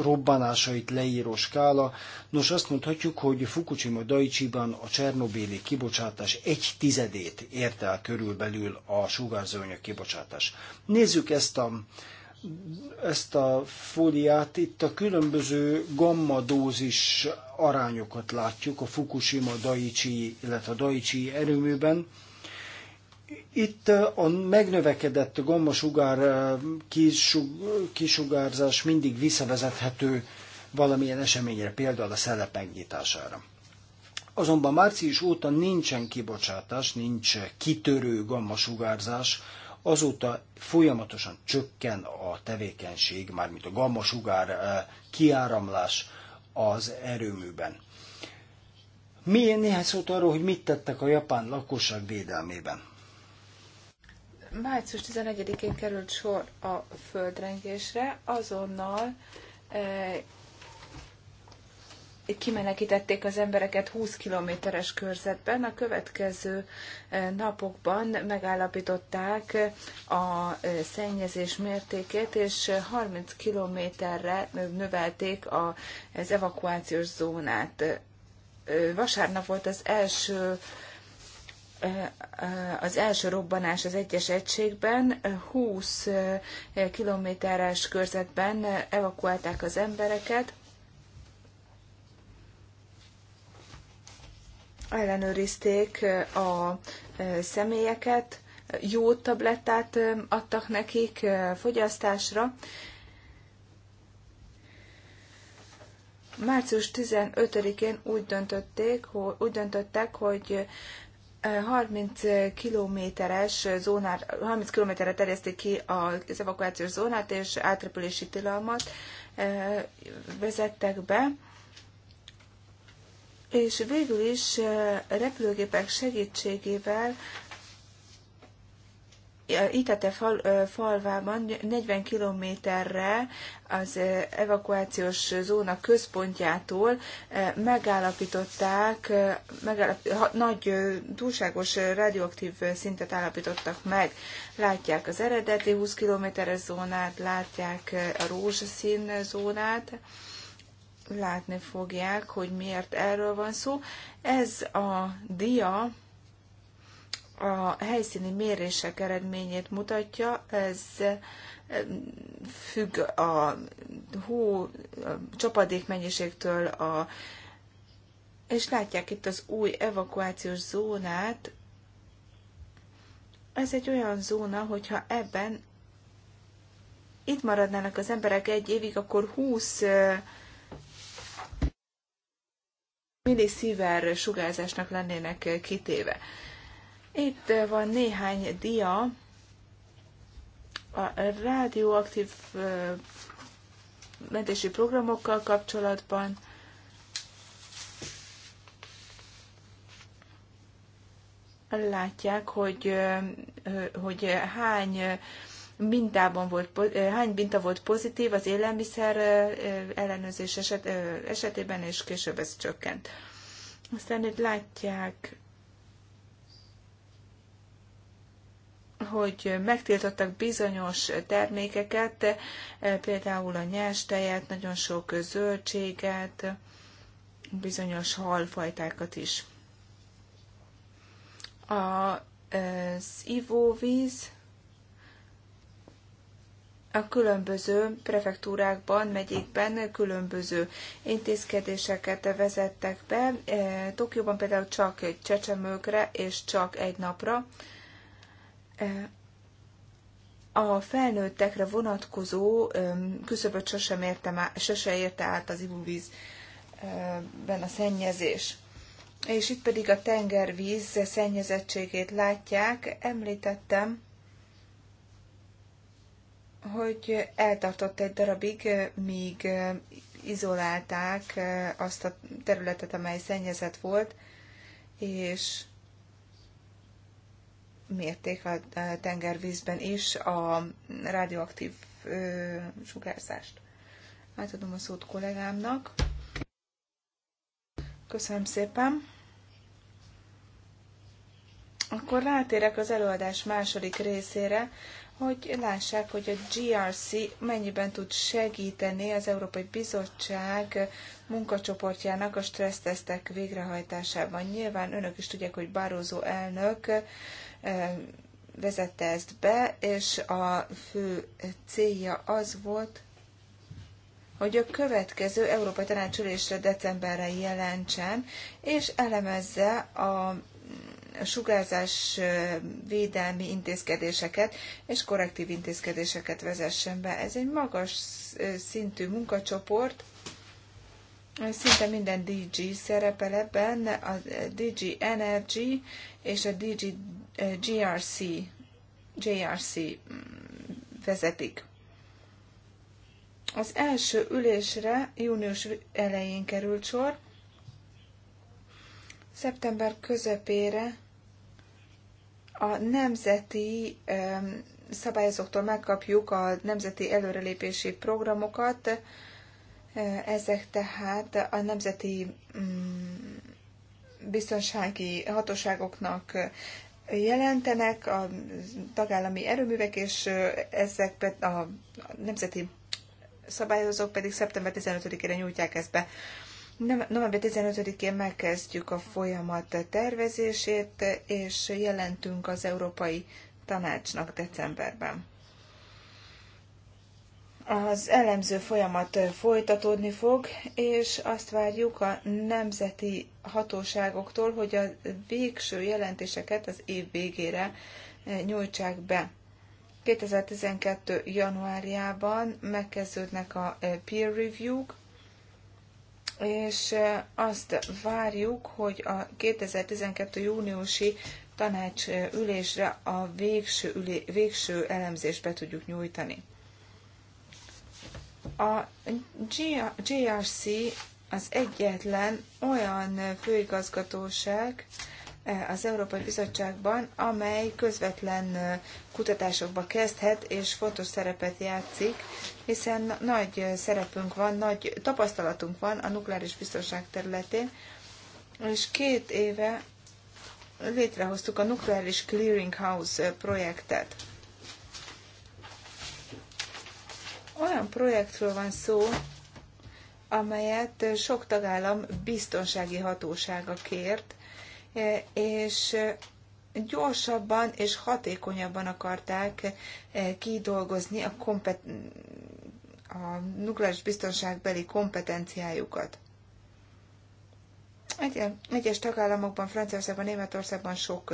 robbanásait leíró skála. Nos, azt mondhatjuk, hogy Fukushima Daiichi-ban a Csernobéli kibocsátás egy tizedét ért el körülbelül a sugárzóanyag kibocsátás. Nézzük ezt a ezt a fóliát, itt a különböző gamma dózis arányokat látjuk a Fukushima Daiichi, illetve a Daiichi erőműben. Itt a megnövekedett gammasugár kisugárzás mindig visszavezethető valamilyen eseményre, például a szelep megnyitására. Azonban március óta nincsen kibocsátás, nincs kitörő gammasugárzás, azóta folyamatosan csökken a tevékenység, mármint a gammasugár kiáramlás az erőműben. Milyen néhány szót arról, hogy mit tettek a japán lakosság védelmében? Március 11-én került sor a földrengésre, azonnal eh, kimenekítették az embereket 20 kilométeres körzetben. A következő eh, napokban megállapították eh, a szennyezés mértékét, és 30 kilométerre növelték a az evakuációs zónát. Vasárnap volt az első az első robbanás az egyes egységben, 20 kilométeres körzetben evakuálták az embereket, ellenőrizték a személyeket, jó tablettát adtak nekik fogyasztásra. Március 15-én úgy, döntötték, úgy döntöttek, hogy 30 kilométeres zónár, 30 kilométerre terjeszték ki az evakuációs zónát, és átrepülési tilalmat eh, vezettek be. És végül is eh, repülőgépek segítségével Itate fal, falvában 40 kilométerre az evakuációs zóna központjától megállapították, megállap, nagy túlságos radioaktív szintet állapítottak meg. Látják az eredeti 20 kilométeres zónát, látják a rózsaszín zónát, látni fogják, hogy miért erről van szó. Ez a dia a helyszíni mérések eredményét mutatja, ez eh, függ a hó csapadék mennyiségtől, a, és látják itt az új evakuációs zónát. Ez egy olyan zóna, hogyha ebben itt maradnának az emberek egy évig, akkor 20 eh, milliszíver sugárzásnak lennének kitéve. Itt van néhány dia a rádióaktív mentési programokkal kapcsolatban. Látják, hogy, hogy hány mintában volt, hány minta volt pozitív az élelmiszer ellenőrzés eset, esetében, és később ez csökkent. Aztán itt látják hogy megtiltottak bizonyos termékeket, eh, például a nyers tejet, nagyon sok zöldséget, bizonyos halfajtákat is. Eh, az ivóvíz a különböző prefektúrákban, megyékben különböző intézkedéseket vezettek be. Eh, Tokióban például csak csecsemőkre és csak egy napra a felnőttekre vonatkozó küszöböt sosem érte, sose érte át az ivóvízben a szennyezés. És itt pedig a tengervíz szennyezettségét látják. Említettem, hogy eltartott egy darabig, míg izolálták azt a területet, amely szennyezett volt, és mérték a tengervízben is a radioaktív sugárzást. Átadom a szót kollégámnak. Köszönöm szépen. Akkor rátérek az előadás második részére, hogy lássák, hogy a GRC mennyiben tud segíteni az Európai Bizottság munkacsoportjának a stressztesztek végrehajtásában. Nyilván önök is tudják, hogy Barroso elnök vezette ezt be, és a fő célja az volt, hogy a következő Európai Tanácsülésre decemberre jelentsen, és elemezze a sugárzás védelmi intézkedéseket és korrektív intézkedéseket vezessen be. Ez egy magas szintű munkacsoport, szinte minden DG szerepel ebben, a DG Energy, és a DG, eh, GRC, GRC mm, vezetik. Az első ülésre június elején került sor, szeptember közepére a nemzeti szabályozóktól megkapjuk a nemzeti előrelépési programokat, ezek tehát a nemzeti mm, biztonsági hatóságoknak jelentenek a tagállami erőművek, és ezek a nemzeti szabályozók pedig szeptember 15-ére nyújtják ezt be. November 15-én megkezdjük a folyamat tervezését, és jelentünk az Európai Tanácsnak decemberben az elemző folyamat folytatódni fog, és azt várjuk a nemzeti hatóságoktól, hogy a végső jelentéseket az év végére nyújtsák be. 2012. januárjában megkezdődnek a peer review-k, és azt várjuk, hogy a 2012. júniusi tanács ülésre a végső, ülé, végső elemzést be tudjuk nyújtani. A GRC az egyetlen olyan főigazgatóság eh, az Európai Bizottságban, amely közvetlen eh, kutatásokba kezdhet, és fontos szerepet játszik, hiszen nagy eh, szerepünk van, nagy tapasztalatunk van a nukleáris biztonság területén, és két éve létrehoztuk a Nukleáris Clearing House projektet. Olyan projektről van szó, amelyet sok tagállam biztonsági hatósága kért, e, és gyorsabban és hatékonyabban akarták e, kidolgozni a, kompet- a nukleáris biztonságbeli kompetenciájukat. Egy- egyes tagállamokban, Franciaországban, Németországban sok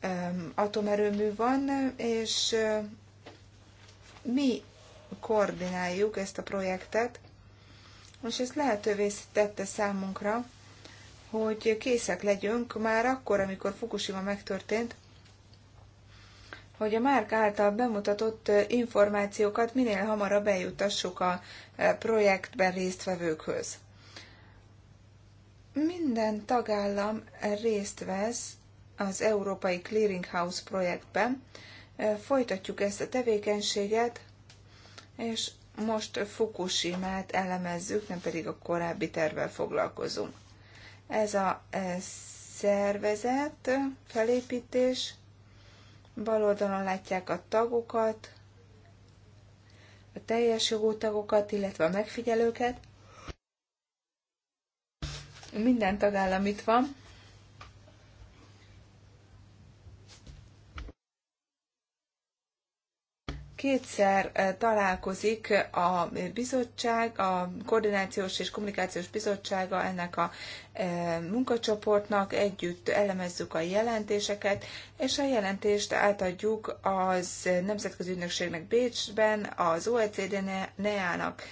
e, atomerőmű van, és mi koordináljuk ezt a projektet, és ez lehetővé tette számunkra, hogy készek legyünk már akkor, amikor Fukushima megtörtént, hogy a Márk által bemutatott információkat minél hamarabb eljutassuk a projektben résztvevőkhöz. Minden tagállam részt vesz az Európai Clearinghouse projektben. Folytatjuk ezt a tevékenységet, és most fukushima elemezzük, nem pedig a korábbi tervvel foglalkozunk. Ez a e, szervezet, felépítés, bal oldalon látják a tagokat, a teljes jogú tagokat, illetve a megfigyelőket. Minden tagállam itt van. kétszer találkozik a bizottság, a koordinációs és kommunikációs bizottsága ennek a munkacsoportnak, együtt elemezzük a jelentéseket, és a jelentést átadjuk az Nemzetközi Ügynökségnek Bécsben, az OECD NEA-nak.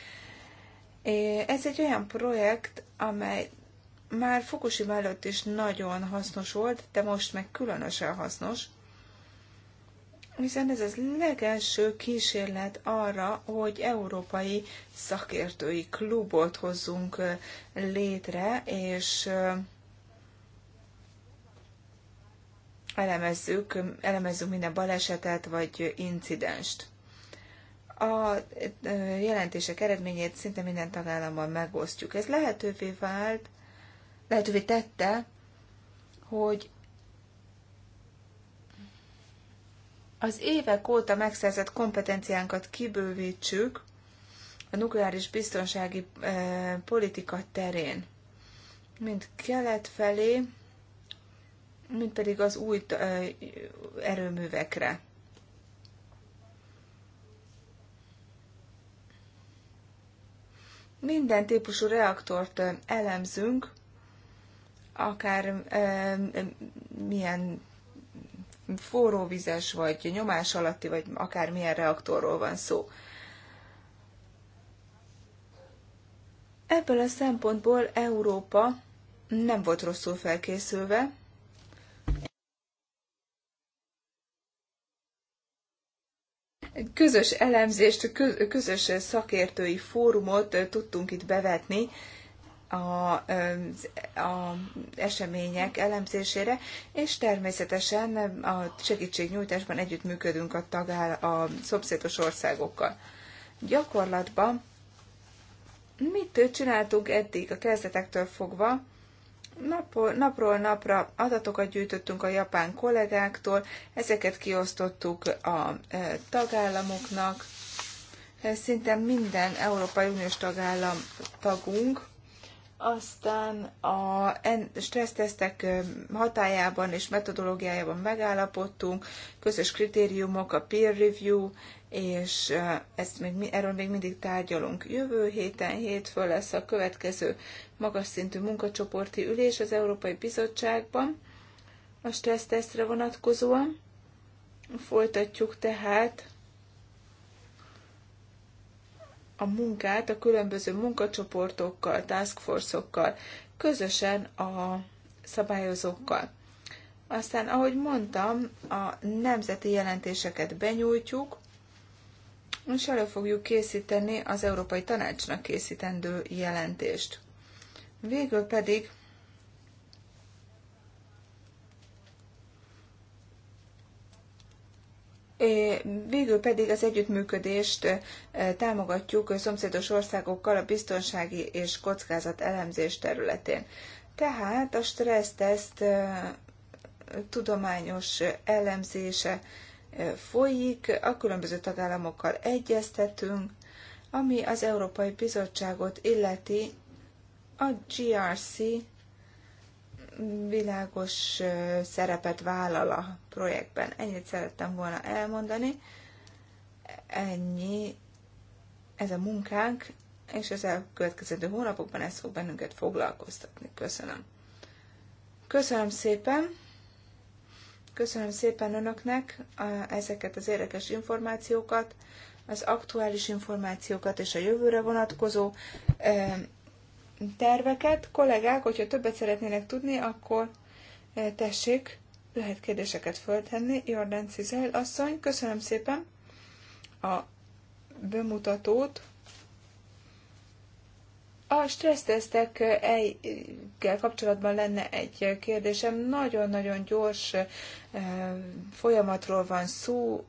E ez egy olyan projekt, amely már Fukushima előtt is nagyon hasznos volt, de most meg különösen hasznos, hiszen ez az legelső kísérlet arra, hogy európai szakértői klubot hozzunk létre, és elemezzük, elemezzük minden balesetet vagy incidenst. A jelentések eredményét szinte minden tagállamban megosztjuk. Ez lehetővé vált, lehetővé tette, hogy az évek óta megszerzett kompetenciánkat kibővítsük a nukleáris biztonsági eh, politika terén, mint kelet felé, mint pedig az új eh, erőművekre. Minden típusú reaktort eh, elemzünk, akár eh, milyen forróvizes, vagy nyomás alatti, vagy akármilyen reaktorról van szó. Ebből a szempontból Európa nem volt rosszul felkészülve, közös elemzést, közös szakértői fórumot tudtunk itt bevetni, a, a események elemzésére, és természetesen a segítségnyújtásban együttműködünk a tagáll a szomszédos országokkal. Gyakorlatban mit csináltuk eddig a kezdetektől fogva? Napról, napról napra adatokat gyűjtöttünk a japán kollégáktól, ezeket kiosztottuk a tagállamoknak. Szinte minden Európai Uniós tagállam tagunk, aztán a stressztesztek hatájában és metodológiájában megállapodtunk, közös kritériumok, a peer review, és ezt még, erről még mindig tárgyalunk. Jövő héten, hétfő lesz a következő magas szintű munkacsoporti ülés az Európai Bizottságban a stressztesztre vonatkozóan. Folytatjuk tehát a munkát a különböző munkacsoportokkal, taskforce-okkal, közösen a szabályozókkal. Aztán, ahogy mondtam, a nemzeti jelentéseket benyújtjuk, és elő fogjuk készíteni az Európai Tanácsnak készítendő jelentést. Végül pedig végül pedig az együttműködést e, támogatjuk szomszédos országokkal a biztonsági és kockázat elemzés területén. Tehát a stresszteszt e, tudományos elemzése e, folyik, a különböző tagállamokkal egyeztetünk, ami az Európai Bizottságot illeti, a GRC világos szerepet vállal a projektben. Ennyit szerettem volna elmondani. Ennyi ez a munkánk, és az elkövetkező hónapokban ez fog bennünket foglalkoztatni. Köszönöm. Köszönöm szépen. Köszönöm szépen Önöknek ezeket az érdekes információkat, az aktuális információkat és a jövőre vonatkozó terveket. Kollégák, hogyha többet szeretnének tudni, akkor eh, tessék, lehet kérdéseket föltenni. Jordan Cizel asszony, köszönöm szépen a bemutatót. A stressztesztekkel eh, kapcsolatban lenne egy kérdésem. Nagyon-nagyon gyors eh, folyamatról van szó.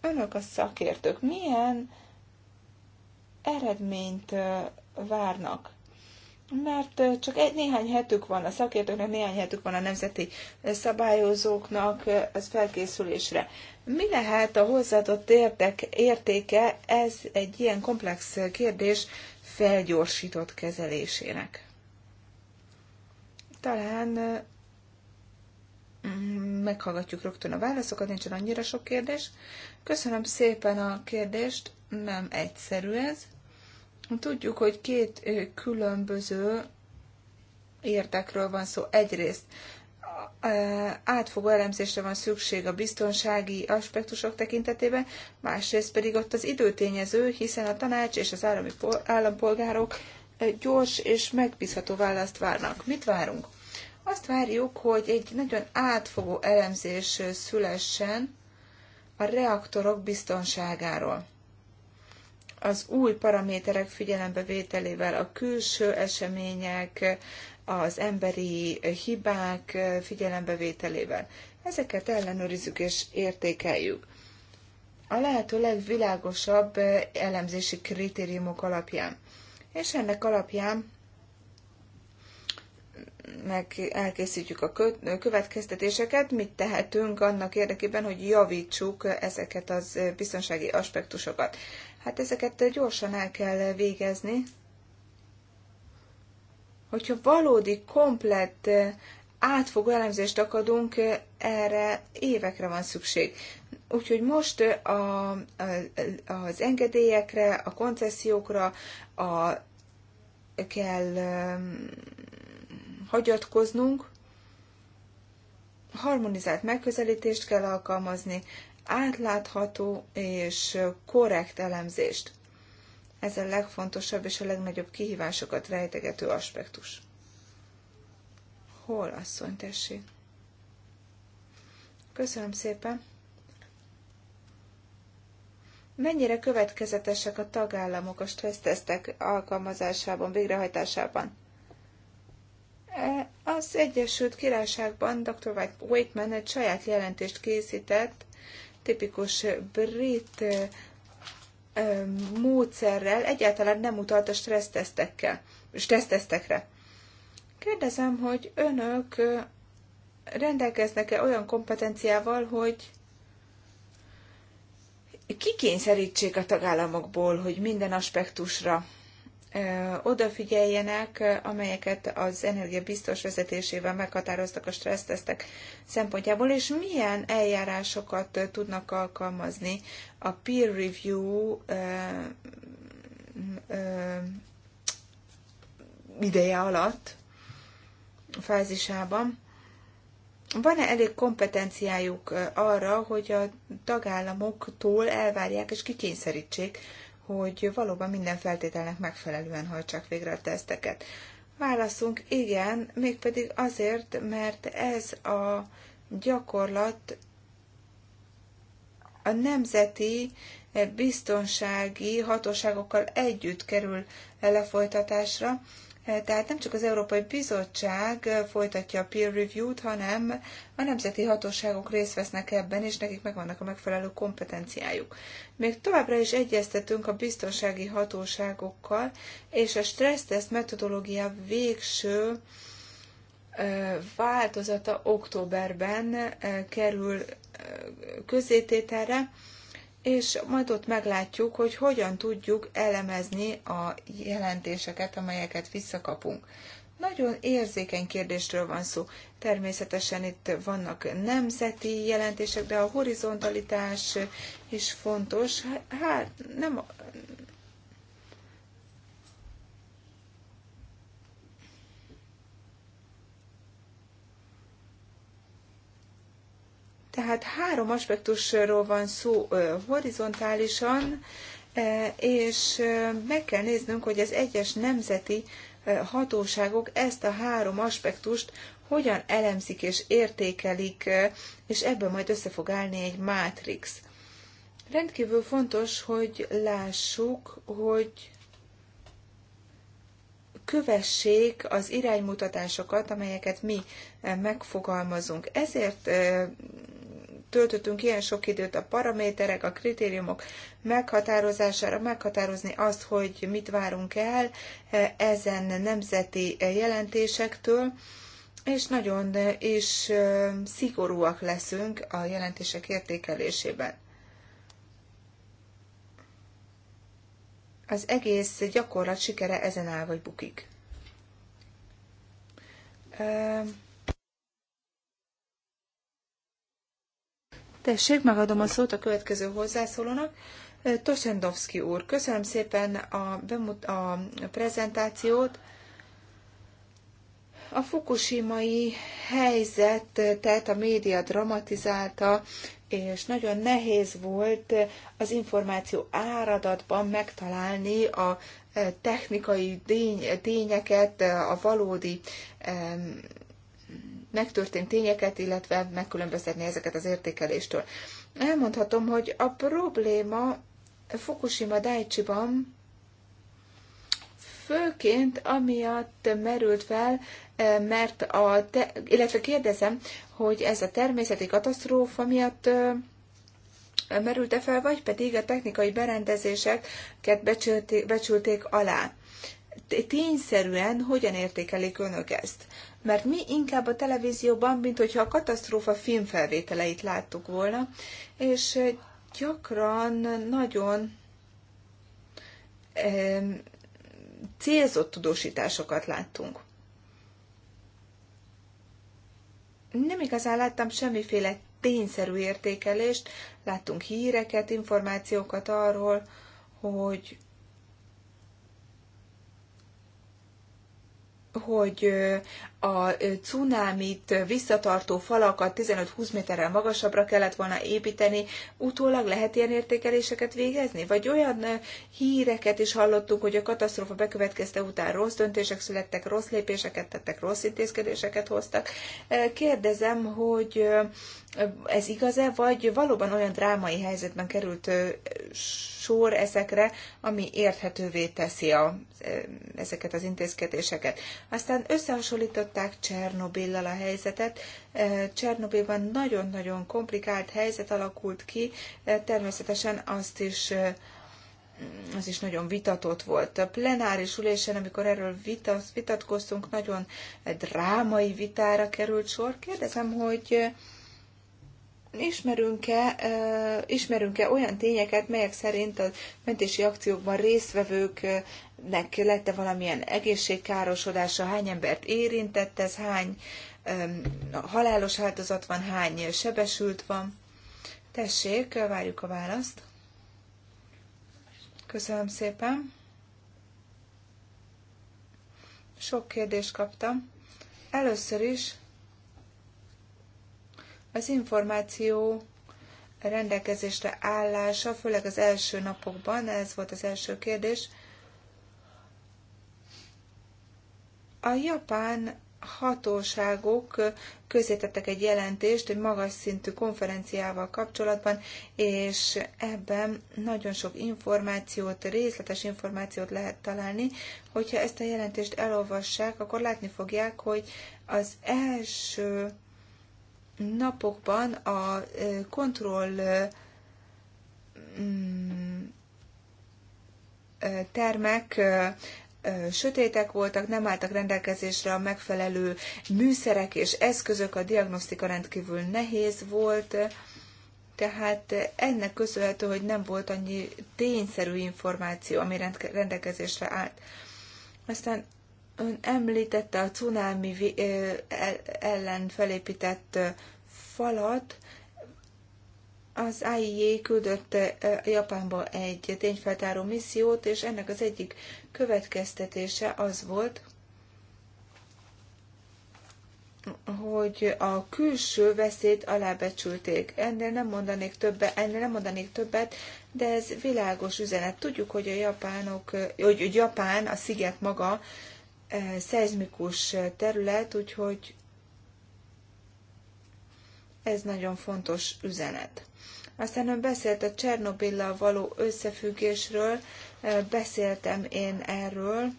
Önök a szakértők. Milyen eredményt várnak. Mert csak egy néhány hetük van a szakértőknek, néhány hetük van a nemzeti szabályozóknak az felkészülésre. Mi lehet a hozzáadott értek, értéke ez egy ilyen komplex kérdés felgyorsított kezelésének? Talán mm, meghallgatjuk rögtön a válaszokat, nincsen annyira sok kérdés. Köszönöm szépen a kérdést, nem egyszerű ez. Tudjuk, hogy két különböző érdekről van szó. Egyrészt átfogó elemzésre van szükség a biztonsági aspektusok tekintetében, másrészt pedig ott az időtényező, hiszen a tanács és az állami állampolgárok gyors és megbízható választ várnak. Mit várunk? Azt várjuk, hogy egy nagyon átfogó elemzés szülessen a reaktorok biztonságáról az új paraméterek figyelembevételével, a külső események, az emberi hibák figyelembevételével. Ezeket ellenőrizzük és értékeljük. A lehető legvilágosabb elemzési kritériumok alapján. És ennek alapján meg elkészítjük a következtetéseket, mit tehetünk annak érdekében, hogy javítsuk ezeket az biztonsági aspektusokat hát ezeket gyorsan el kell végezni. Hogyha valódi, komplett, átfogó elemzést akadunk, erre évekre van szükség. Úgyhogy most a, a, az engedélyekre, a koncesziókra a, kell um, hagyatkoznunk, harmonizált megközelítést kell alkalmazni, átlátható és korrekt elemzést. Ez a legfontosabb és a legnagyobb kihívásokat rejtegető aspektus. Hol asszony, tessék? Köszönöm szépen. Mennyire következetesek a tagállamok a stressztesztek alkalmazásában, végrehajtásában? E, az Egyesült Királyságban dr. Waitman egy saját jelentést készített tipikus brit módszerrel egyáltalán nem utalt a stressztesztekre. Kérdezem, hogy önök rendelkeznek-e olyan kompetenciával, hogy kikényszerítsék a tagállamokból, hogy minden aspektusra odafigyeljenek, amelyeket az energia biztos vezetésével meghatároztak a stressztesztek szempontjából, és milyen eljárásokat tudnak alkalmazni a peer review ideje alatt, fázisában. Van-e elég kompetenciájuk arra, hogy a tagállamoktól elvárják és kikényszerítsék hogy valóban minden feltételnek megfelelően hajtsák végre a teszteket. Válaszunk igen, mégpedig azért, mert ez a gyakorlat a nemzeti biztonsági hatóságokkal együtt kerül lefolytatásra, Eh, tehát nem csak az Európai Bizottság eh, folytatja a peer review-t, hanem a nemzeti hatóságok részt vesznek ebben, és nekik megvannak a megfelelő kompetenciájuk. Még továbbra is egyeztetünk a biztonsági hatóságokkal, és a stresszteszt metodológia végső eh, változata októberben kerül közététerre és majd ott meglátjuk, hogy hogyan tudjuk elemezni a jelentéseket, amelyeket visszakapunk. Nagyon érzékeny kérdésről van szó. Természetesen itt vannak nemzeti jelentések, de a horizontalitás is fontos. Hát nem, Tehát három aspektusról van szó horizontálisan, és meg kell néznünk, hogy az egyes nemzeti hatóságok ezt a három aspektust hogyan elemzik és értékelik, és ebből majd össze fog állni egy mátrix. Rendkívül fontos, hogy lássuk, hogy kövessék az iránymutatásokat, amelyeket mi megfogalmazunk. Ezért töltöttünk ilyen sok időt a paraméterek, a kritériumok meghatározására, meghatározni azt, hogy mit várunk el e, ezen nemzeti jelentésektől, és nagyon is e, szigorúak leszünk a jelentések értékelésében. Az egész gyakorlat sikere ezen áll vagy bukik. E, Tessék, megadom a szót a következő hozzászólónak. Tosendovski úr, köszönöm szépen a, bemut- a prezentációt. A fukushimai helyzetet a média dramatizálta, és nagyon nehéz volt az információ áradatban megtalálni a technikai tény, tényeket, a valódi megtörtént tényeket, illetve megkülönböztetni ezeket az értékeléstől. Elmondhatom, hogy a probléma Fukushima Daiichi-ban főként amiatt merült fel, eh, mert a, te, illetve kérdezem, hogy ez a természeti katasztrófa miatt eh, merült-e fel, vagy pedig a technikai berendezéseket becsülték, becsülték alá. Tényszerűen hogyan értékelik önök ezt? mert mi inkább a televízióban, mint hogyha a katasztrófa filmfelvételeit láttuk volna, és eh, gyakran nagyon célzott tudósításokat láttunk. Nem igazán láttam semmiféle tényszerű értékelést, láttunk híreket, információkat arról, hogy hogy eh, a cunámit visszatartó falakat 15-20 méterrel magasabbra kellett volna építeni, utólag lehet ilyen értékeléseket végezni? Vagy olyan híreket is hallottunk, hogy a katasztrófa bekövetkezte után rossz döntések születtek, rossz lépéseket tettek, rossz intézkedéseket hoztak. Kérdezem, hogy ez igaz-e, vagy valóban olyan drámai helyzetben került sor ezekre, ami érthetővé teszi a, ezeket az intézkedéseket. Aztán összehasonlított folytatták Csernobillal a helyzetet. Csernobilban nagyon-nagyon komplikált helyzet alakult ki, természetesen azt is az is nagyon vitatott volt. A plenáris ülésen, amikor erről vitat, vitatkoztunk, nagyon drámai vitára került sor. Kérdezem, hogy ismerünk-e, ismerünk-e olyan tényeket, melyek szerint a mentési akciókban résztvevőknek lett-e valamilyen egészségkárosodása, hány embert érintett ez, hány halálos áldozat van, hány sebesült van. Tessék, várjuk a választ. Köszönöm szépen. Sok kérdést kaptam. Először is az információ rendelkezésre állása, főleg az első napokban, ez volt az első kérdés, a japán hatóságok közzétettek egy jelentést egy magas szintű konferenciával kapcsolatban, és ebben nagyon sok információt, részletes információt lehet találni. Hogyha ezt a jelentést elolvassák, akkor látni fogják, hogy az első napokban a kontroll mm, termek sötétek voltak, nem álltak rendelkezésre a megfelelő műszerek és eszközök, a diagnosztika rendkívül nehéz volt, tehát ennek köszönhető, hogy nem volt annyi tényszerű információ, ami rendelkezésre állt. Aztán ön említette a cunámi ellen felépített falat az IIA küldötte eh, Japánba egy tényfeltáró missziót, és ennek az egyik következtetése az volt, hogy a külső veszélyt alábecsülték. Ennél nem mondanék többet, ennél nem mondanék többet, de ez világos üzenet. Tudjuk, hogy a japánok, eh, hogy Japán, a sziget maga, eh, szeizmikus terület, úgyhogy ez nagyon fontos üzenet. Aztán ön beszélt a Csernobillal való összefüggésről, beszéltem én erről,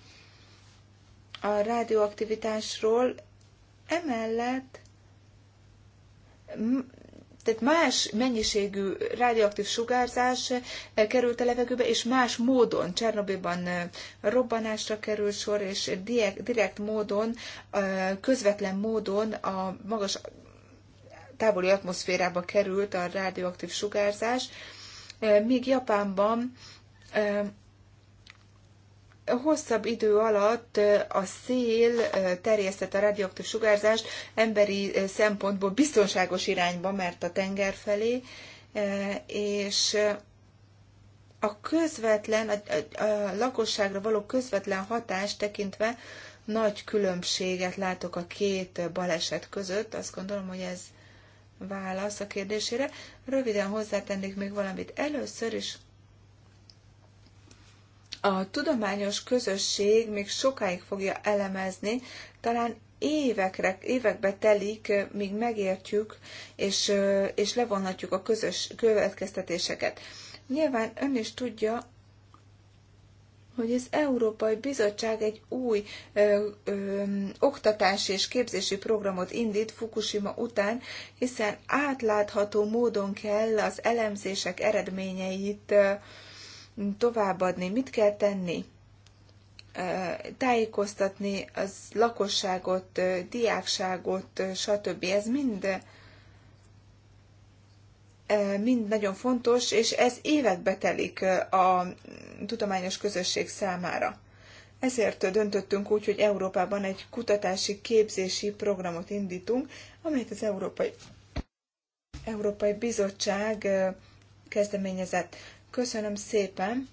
a rádióaktivitásról, emellett tehát más mennyiségű radioaktív sugárzás került a levegőbe, és más módon, Csernobilban robbanásra kerül sor, és direkt, direkt módon, közvetlen módon a magas távoli atmoszférába került a rádióaktív sugárzás, míg Japánban hosszabb idő alatt a szél terjesztett a radioaktív sugárzást emberi szempontból biztonságos irányba, mert a tenger felé, és a közvetlen, a, lakosságra való közvetlen hatást tekintve nagy különbséget látok a két baleset között. Azt gondolom, hogy ez válasz a kérdésére. Röviden hozzátennék még valamit. Először is a tudományos közösség még sokáig fogja elemezni, talán évekre, évekbe telik, míg megértjük, és, és levonhatjuk a közös következtetéseket. Nyilván ön is tudja, hogy az Európai Bizottság egy új ö, ö, oktatási és képzési programot indít Fukushima után, hiszen átlátható módon kell az elemzések eredményeit ö, továbbadni. Mit kell tenni? Ö, tájékoztatni az lakosságot, ö, diákságot, ö, stb. Ez mind mind nagyon fontos, és ez évekbe telik a tudományos közösség számára. Ezért döntöttünk úgy, hogy Európában egy kutatási képzési programot indítunk, amelyet az Európai, Európai Bizottság kezdeményezett. Köszönöm szépen!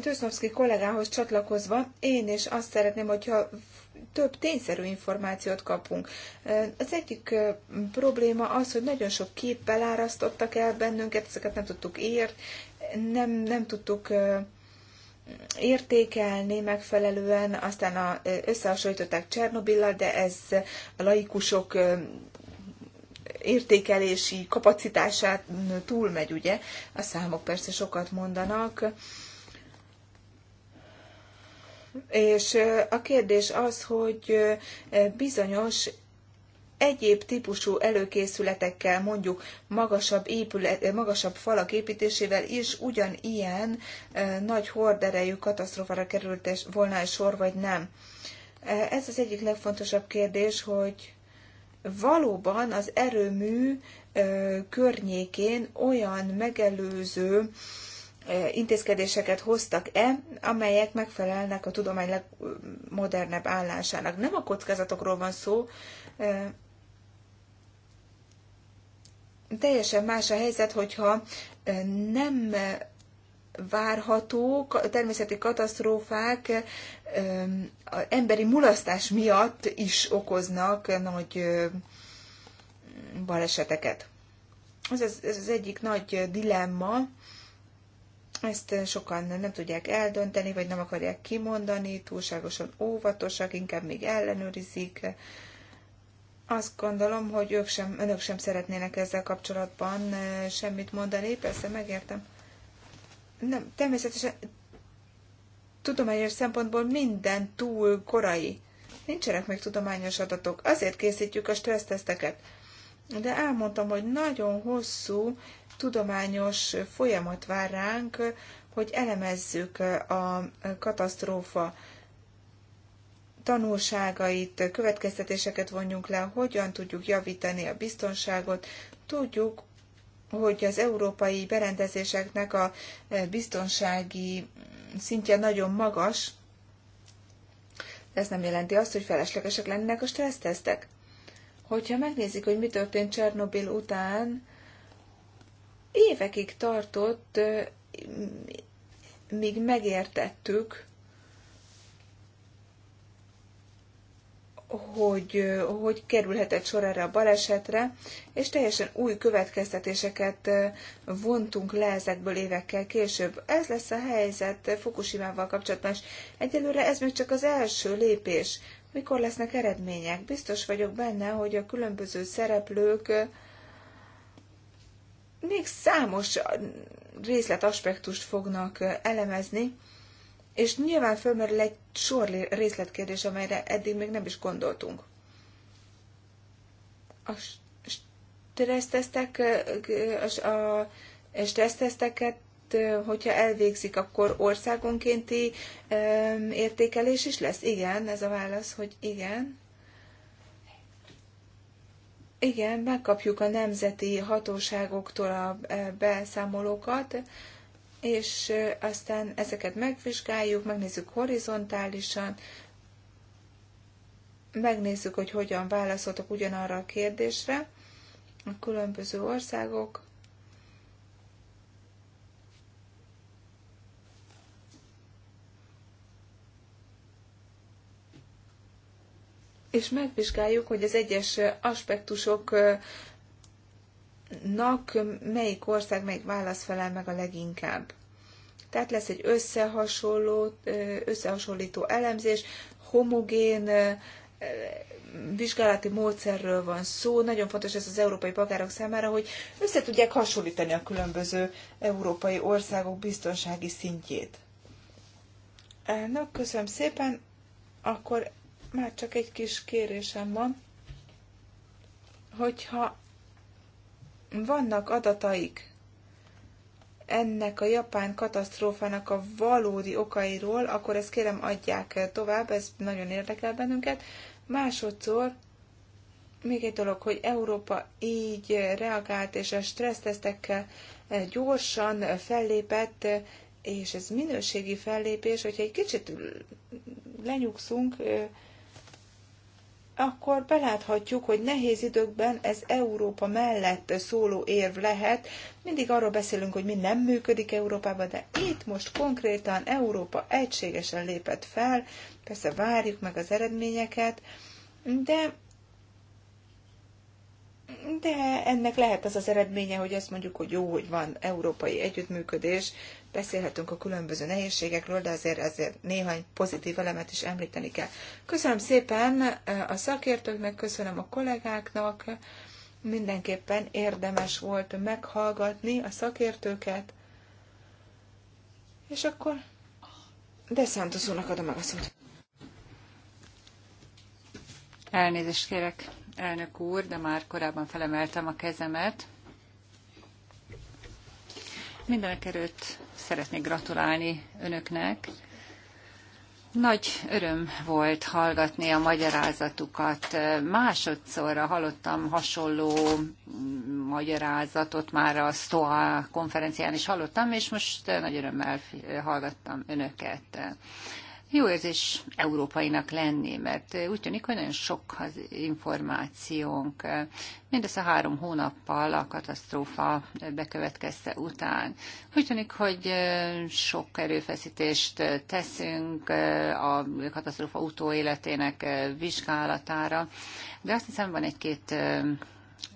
Tősznovszki kollégához csatlakozva, én is azt szeretném, hogyha több tényszerű információt kapunk. Az egyik probléma az, hogy nagyon sok képpel árasztottak el bennünket, ezeket nem tudtuk ért, nem, nem tudtuk értékelni megfelelően, aztán a, összehasonlították Csernobillal, de ez a laikusok értékelési kapacitását túlmegy, ugye? A számok persze sokat mondanak, és a kérdés az, hogy bizonyos egyéb típusú előkészületekkel, mondjuk magasabb, épület, magasabb falak építésével is ugyanilyen nagy horderejű katasztrófára került volna sor, vagy nem. Ez az egyik legfontosabb kérdés, hogy valóban az erőmű környékén olyan megelőző intézkedéseket hoztak-e, amelyek megfelelnek a tudomány legmodernebb állásának. Nem a kockázatokról van szó, teljesen más a helyzet, hogyha nem várható természeti katasztrófák emberi mulasztás miatt is okoznak nagy baleseteket. Ez az, ez az egyik nagy dilemma, ezt sokan nem tudják eldönteni, vagy nem akarják kimondani, túlságosan óvatosak, inkább még ellenőrizik. Azt gondolom, hogy ők sem, önök sem szeretnének ezzel kapcsolatban eh, semmit mondani, persze megértem. Nem, természetesen tudományos szempontból minden túl korai. Nincsenek még tudományos adatok, azért készítjük a stresszteszteket. De elmondtam, hogy nagyon hosszú tudományos folyamat vár ránk, hogy elemezzük a katasztrófa tanulságait, következtetéseket vonjunk le, hogyan tudjuk javítani a biztonságot. Tudjuk, hogy az európai berendezéseknek a biztonsági szintje nagyon magas, ez nem jelenti azt, hogy feleslegesek lennének a stressztesztek. Hogyha megnézik, hogy mi történt Csernobil után, évekig tartott, míg megértettük, hogy, hogy kerülhetett sor erre a balesetre, és teljesen új következtetéseket vontunk le ezekből évekkel később. Ez lesz a helyzet Fukushima-val kapcsolatban, és egyelőre ez még csak az első lépés. Mikor lesznek eredmények? Biztos vagyok benne, hogy a különböző szereplők még számos részletaspektust fognak elemezni, és nyilván fölmerül egy sor részletkérdés, amelyre eddig még nem is gondoltunk. A stressztesteket, hogyha elvégzik, akkor országonkénti értékelés is lesz? Igen, ez a válasz, hogy igen. Igen, megkapjuk a nemzeti hatóságoktól a e, beszámolókat, és e, aztán ezeket megvizsgáljuk, megnézzük horizontálisan, megnézzük, hogy hogyan válaszoltak ugyanarra a kérdésre a különböző országok, és megvizsgáljuk, hogy az egyes aspektusoknak melyik ország, melyik válasz felel meg a leginkább. Tehát lesz egy összehasonló, összehasonlító elemzés, homogén vizsgálati módszerről van szó. Nagyon fontos ez az európai polgárok számára, hogy össze tudják hasonlítani a különböző európai országok biztonsági szintjét. Na, köszönöm szépen. Akkor már csak egy kis kérésem van, hogyha vannak adataik ennek a japán katasztrófának a valódi okairól, akkor ezt kérem adják tovább, ez nagyon érdekel bennünket. Másodszor, még egy dolog, hogy Európa így reagált, és a stressztesztekkel gyorsan fellépett, és ez minőségi fellépés, hogyha egy kicsit lenyugszunk, akkor beláthatjuk, hogy nehéz időkben ez Európa mellett szóló érv lehet. Mindig arról beszélünk, hogy mi nem működik Európában, de itt most konkrétan Európa egységesen lépett fel, persze várjuk meg az eredményeket, de de ennek lehet az az eredménye, hogy azt mondjuk, hogy jó, hogy van európai együttműködés, beszélhetünk a különböző nehézségekről, de azért, azért néhány pozitív elemet is említeni kell. Köszönöm szépen eh, a szakértőknek, köszönöm a kollégáknak, mindenképpen érdemes volt meghallgatni a szakértőket, és akkor De Santos úrnak adom meg a szót. Elnézést kérek, elnök úr, de már korábban felemeltem a kezemet. Mindenek előtt szeretnék gratulálni önöknek. Nagy öröm volt hallgatni a magyarázatukat. Másodszorra hallottam hasonló magyarázatot, már a STOA konferencián is hallottam, és most nagy örömmel hallgattam önöket. Jó érzés európainak lenni, mert úgy tűnik, hogy nagyon sok az információnk, mindössze három hónappal a katasztrófa bekövetkezte után. Úgy tűnik, hogy sok erőfeszítést teszünk a katasztrófa utóéletének vizsgálatára, de azt hiszem van egy-két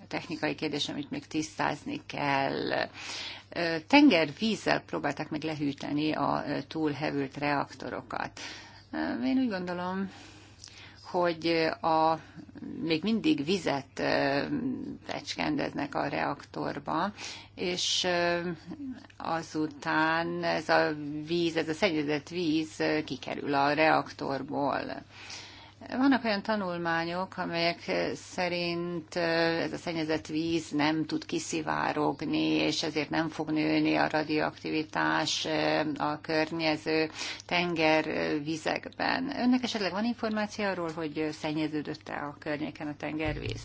technikai kérdés, amit még tisztázni kell tengervízzel próbálták meg lehűteni a túlhevült reaktorokat. Én úgy gondolom, hogy a, még mindig vizet fecskendeznek a reaktorba, és azután ez a víz, ez a szennyezett víz kikerül a reaktorból. Vannak olyan tanulmányok, amelyek eh, szerint eh, ez a szennyezett víz nem tud kiszivárogni, és ezért nem fog nőni a radioaktivitás eh, a környező tengervizekben. Önnek esetleg van információ arról, hogy szennyeződött-e a környéken a tengervíz?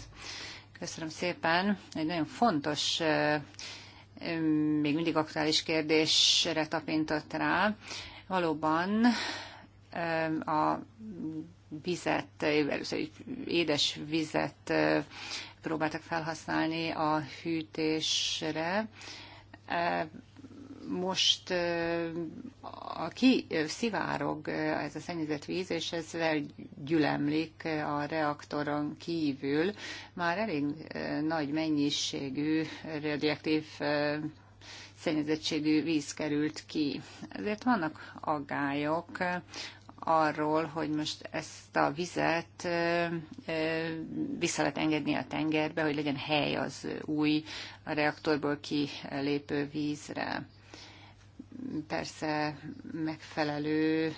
Köszönöm szépen. Egy nagyon fontos, még mindig aktuális kérdésre tapintott rá. Valóban a vizet, először édes vizet próbáltak felhasználni a hűtésre. Most ki szivárog ez a szennyezett víz, és ez gyülemlik a reaktoron kívül. Már elég nagy mennyiségű radioaktív szennyezettségű víz került ki. Ezért vannak aggályok arról, hogy most ezt a vizet vissza lehet engedni a tengerbe, hogy legyen hely az új a reaktorból kilépő vízre. Persze megfelelő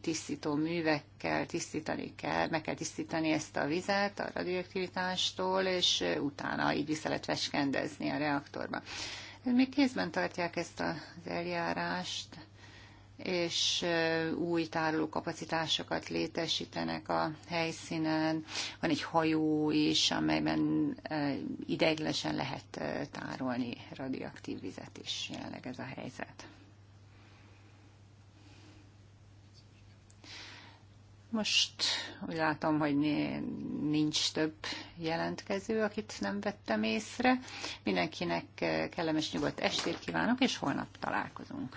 tisztító művekkel tisztítani kell, meg kell tisztítani ezt a vizet a radioaktivitástól, és utána így vissza lehet veskendezni a reaktorba. Még kézben tartják ezt az eljárást, és új tárolókapacitásokat létesítenek a helyszínen. Van egy hajó is, amelyben ideiglenesen lehet tárolni radioaktív vizet is. Jelenleg ez a helyzet. Most úgy látom, hogy nincs több jelentkező, akit nem vettem észre. Mindenkinek kellemes nyugodt estét kívánok, és holnap találkozunk.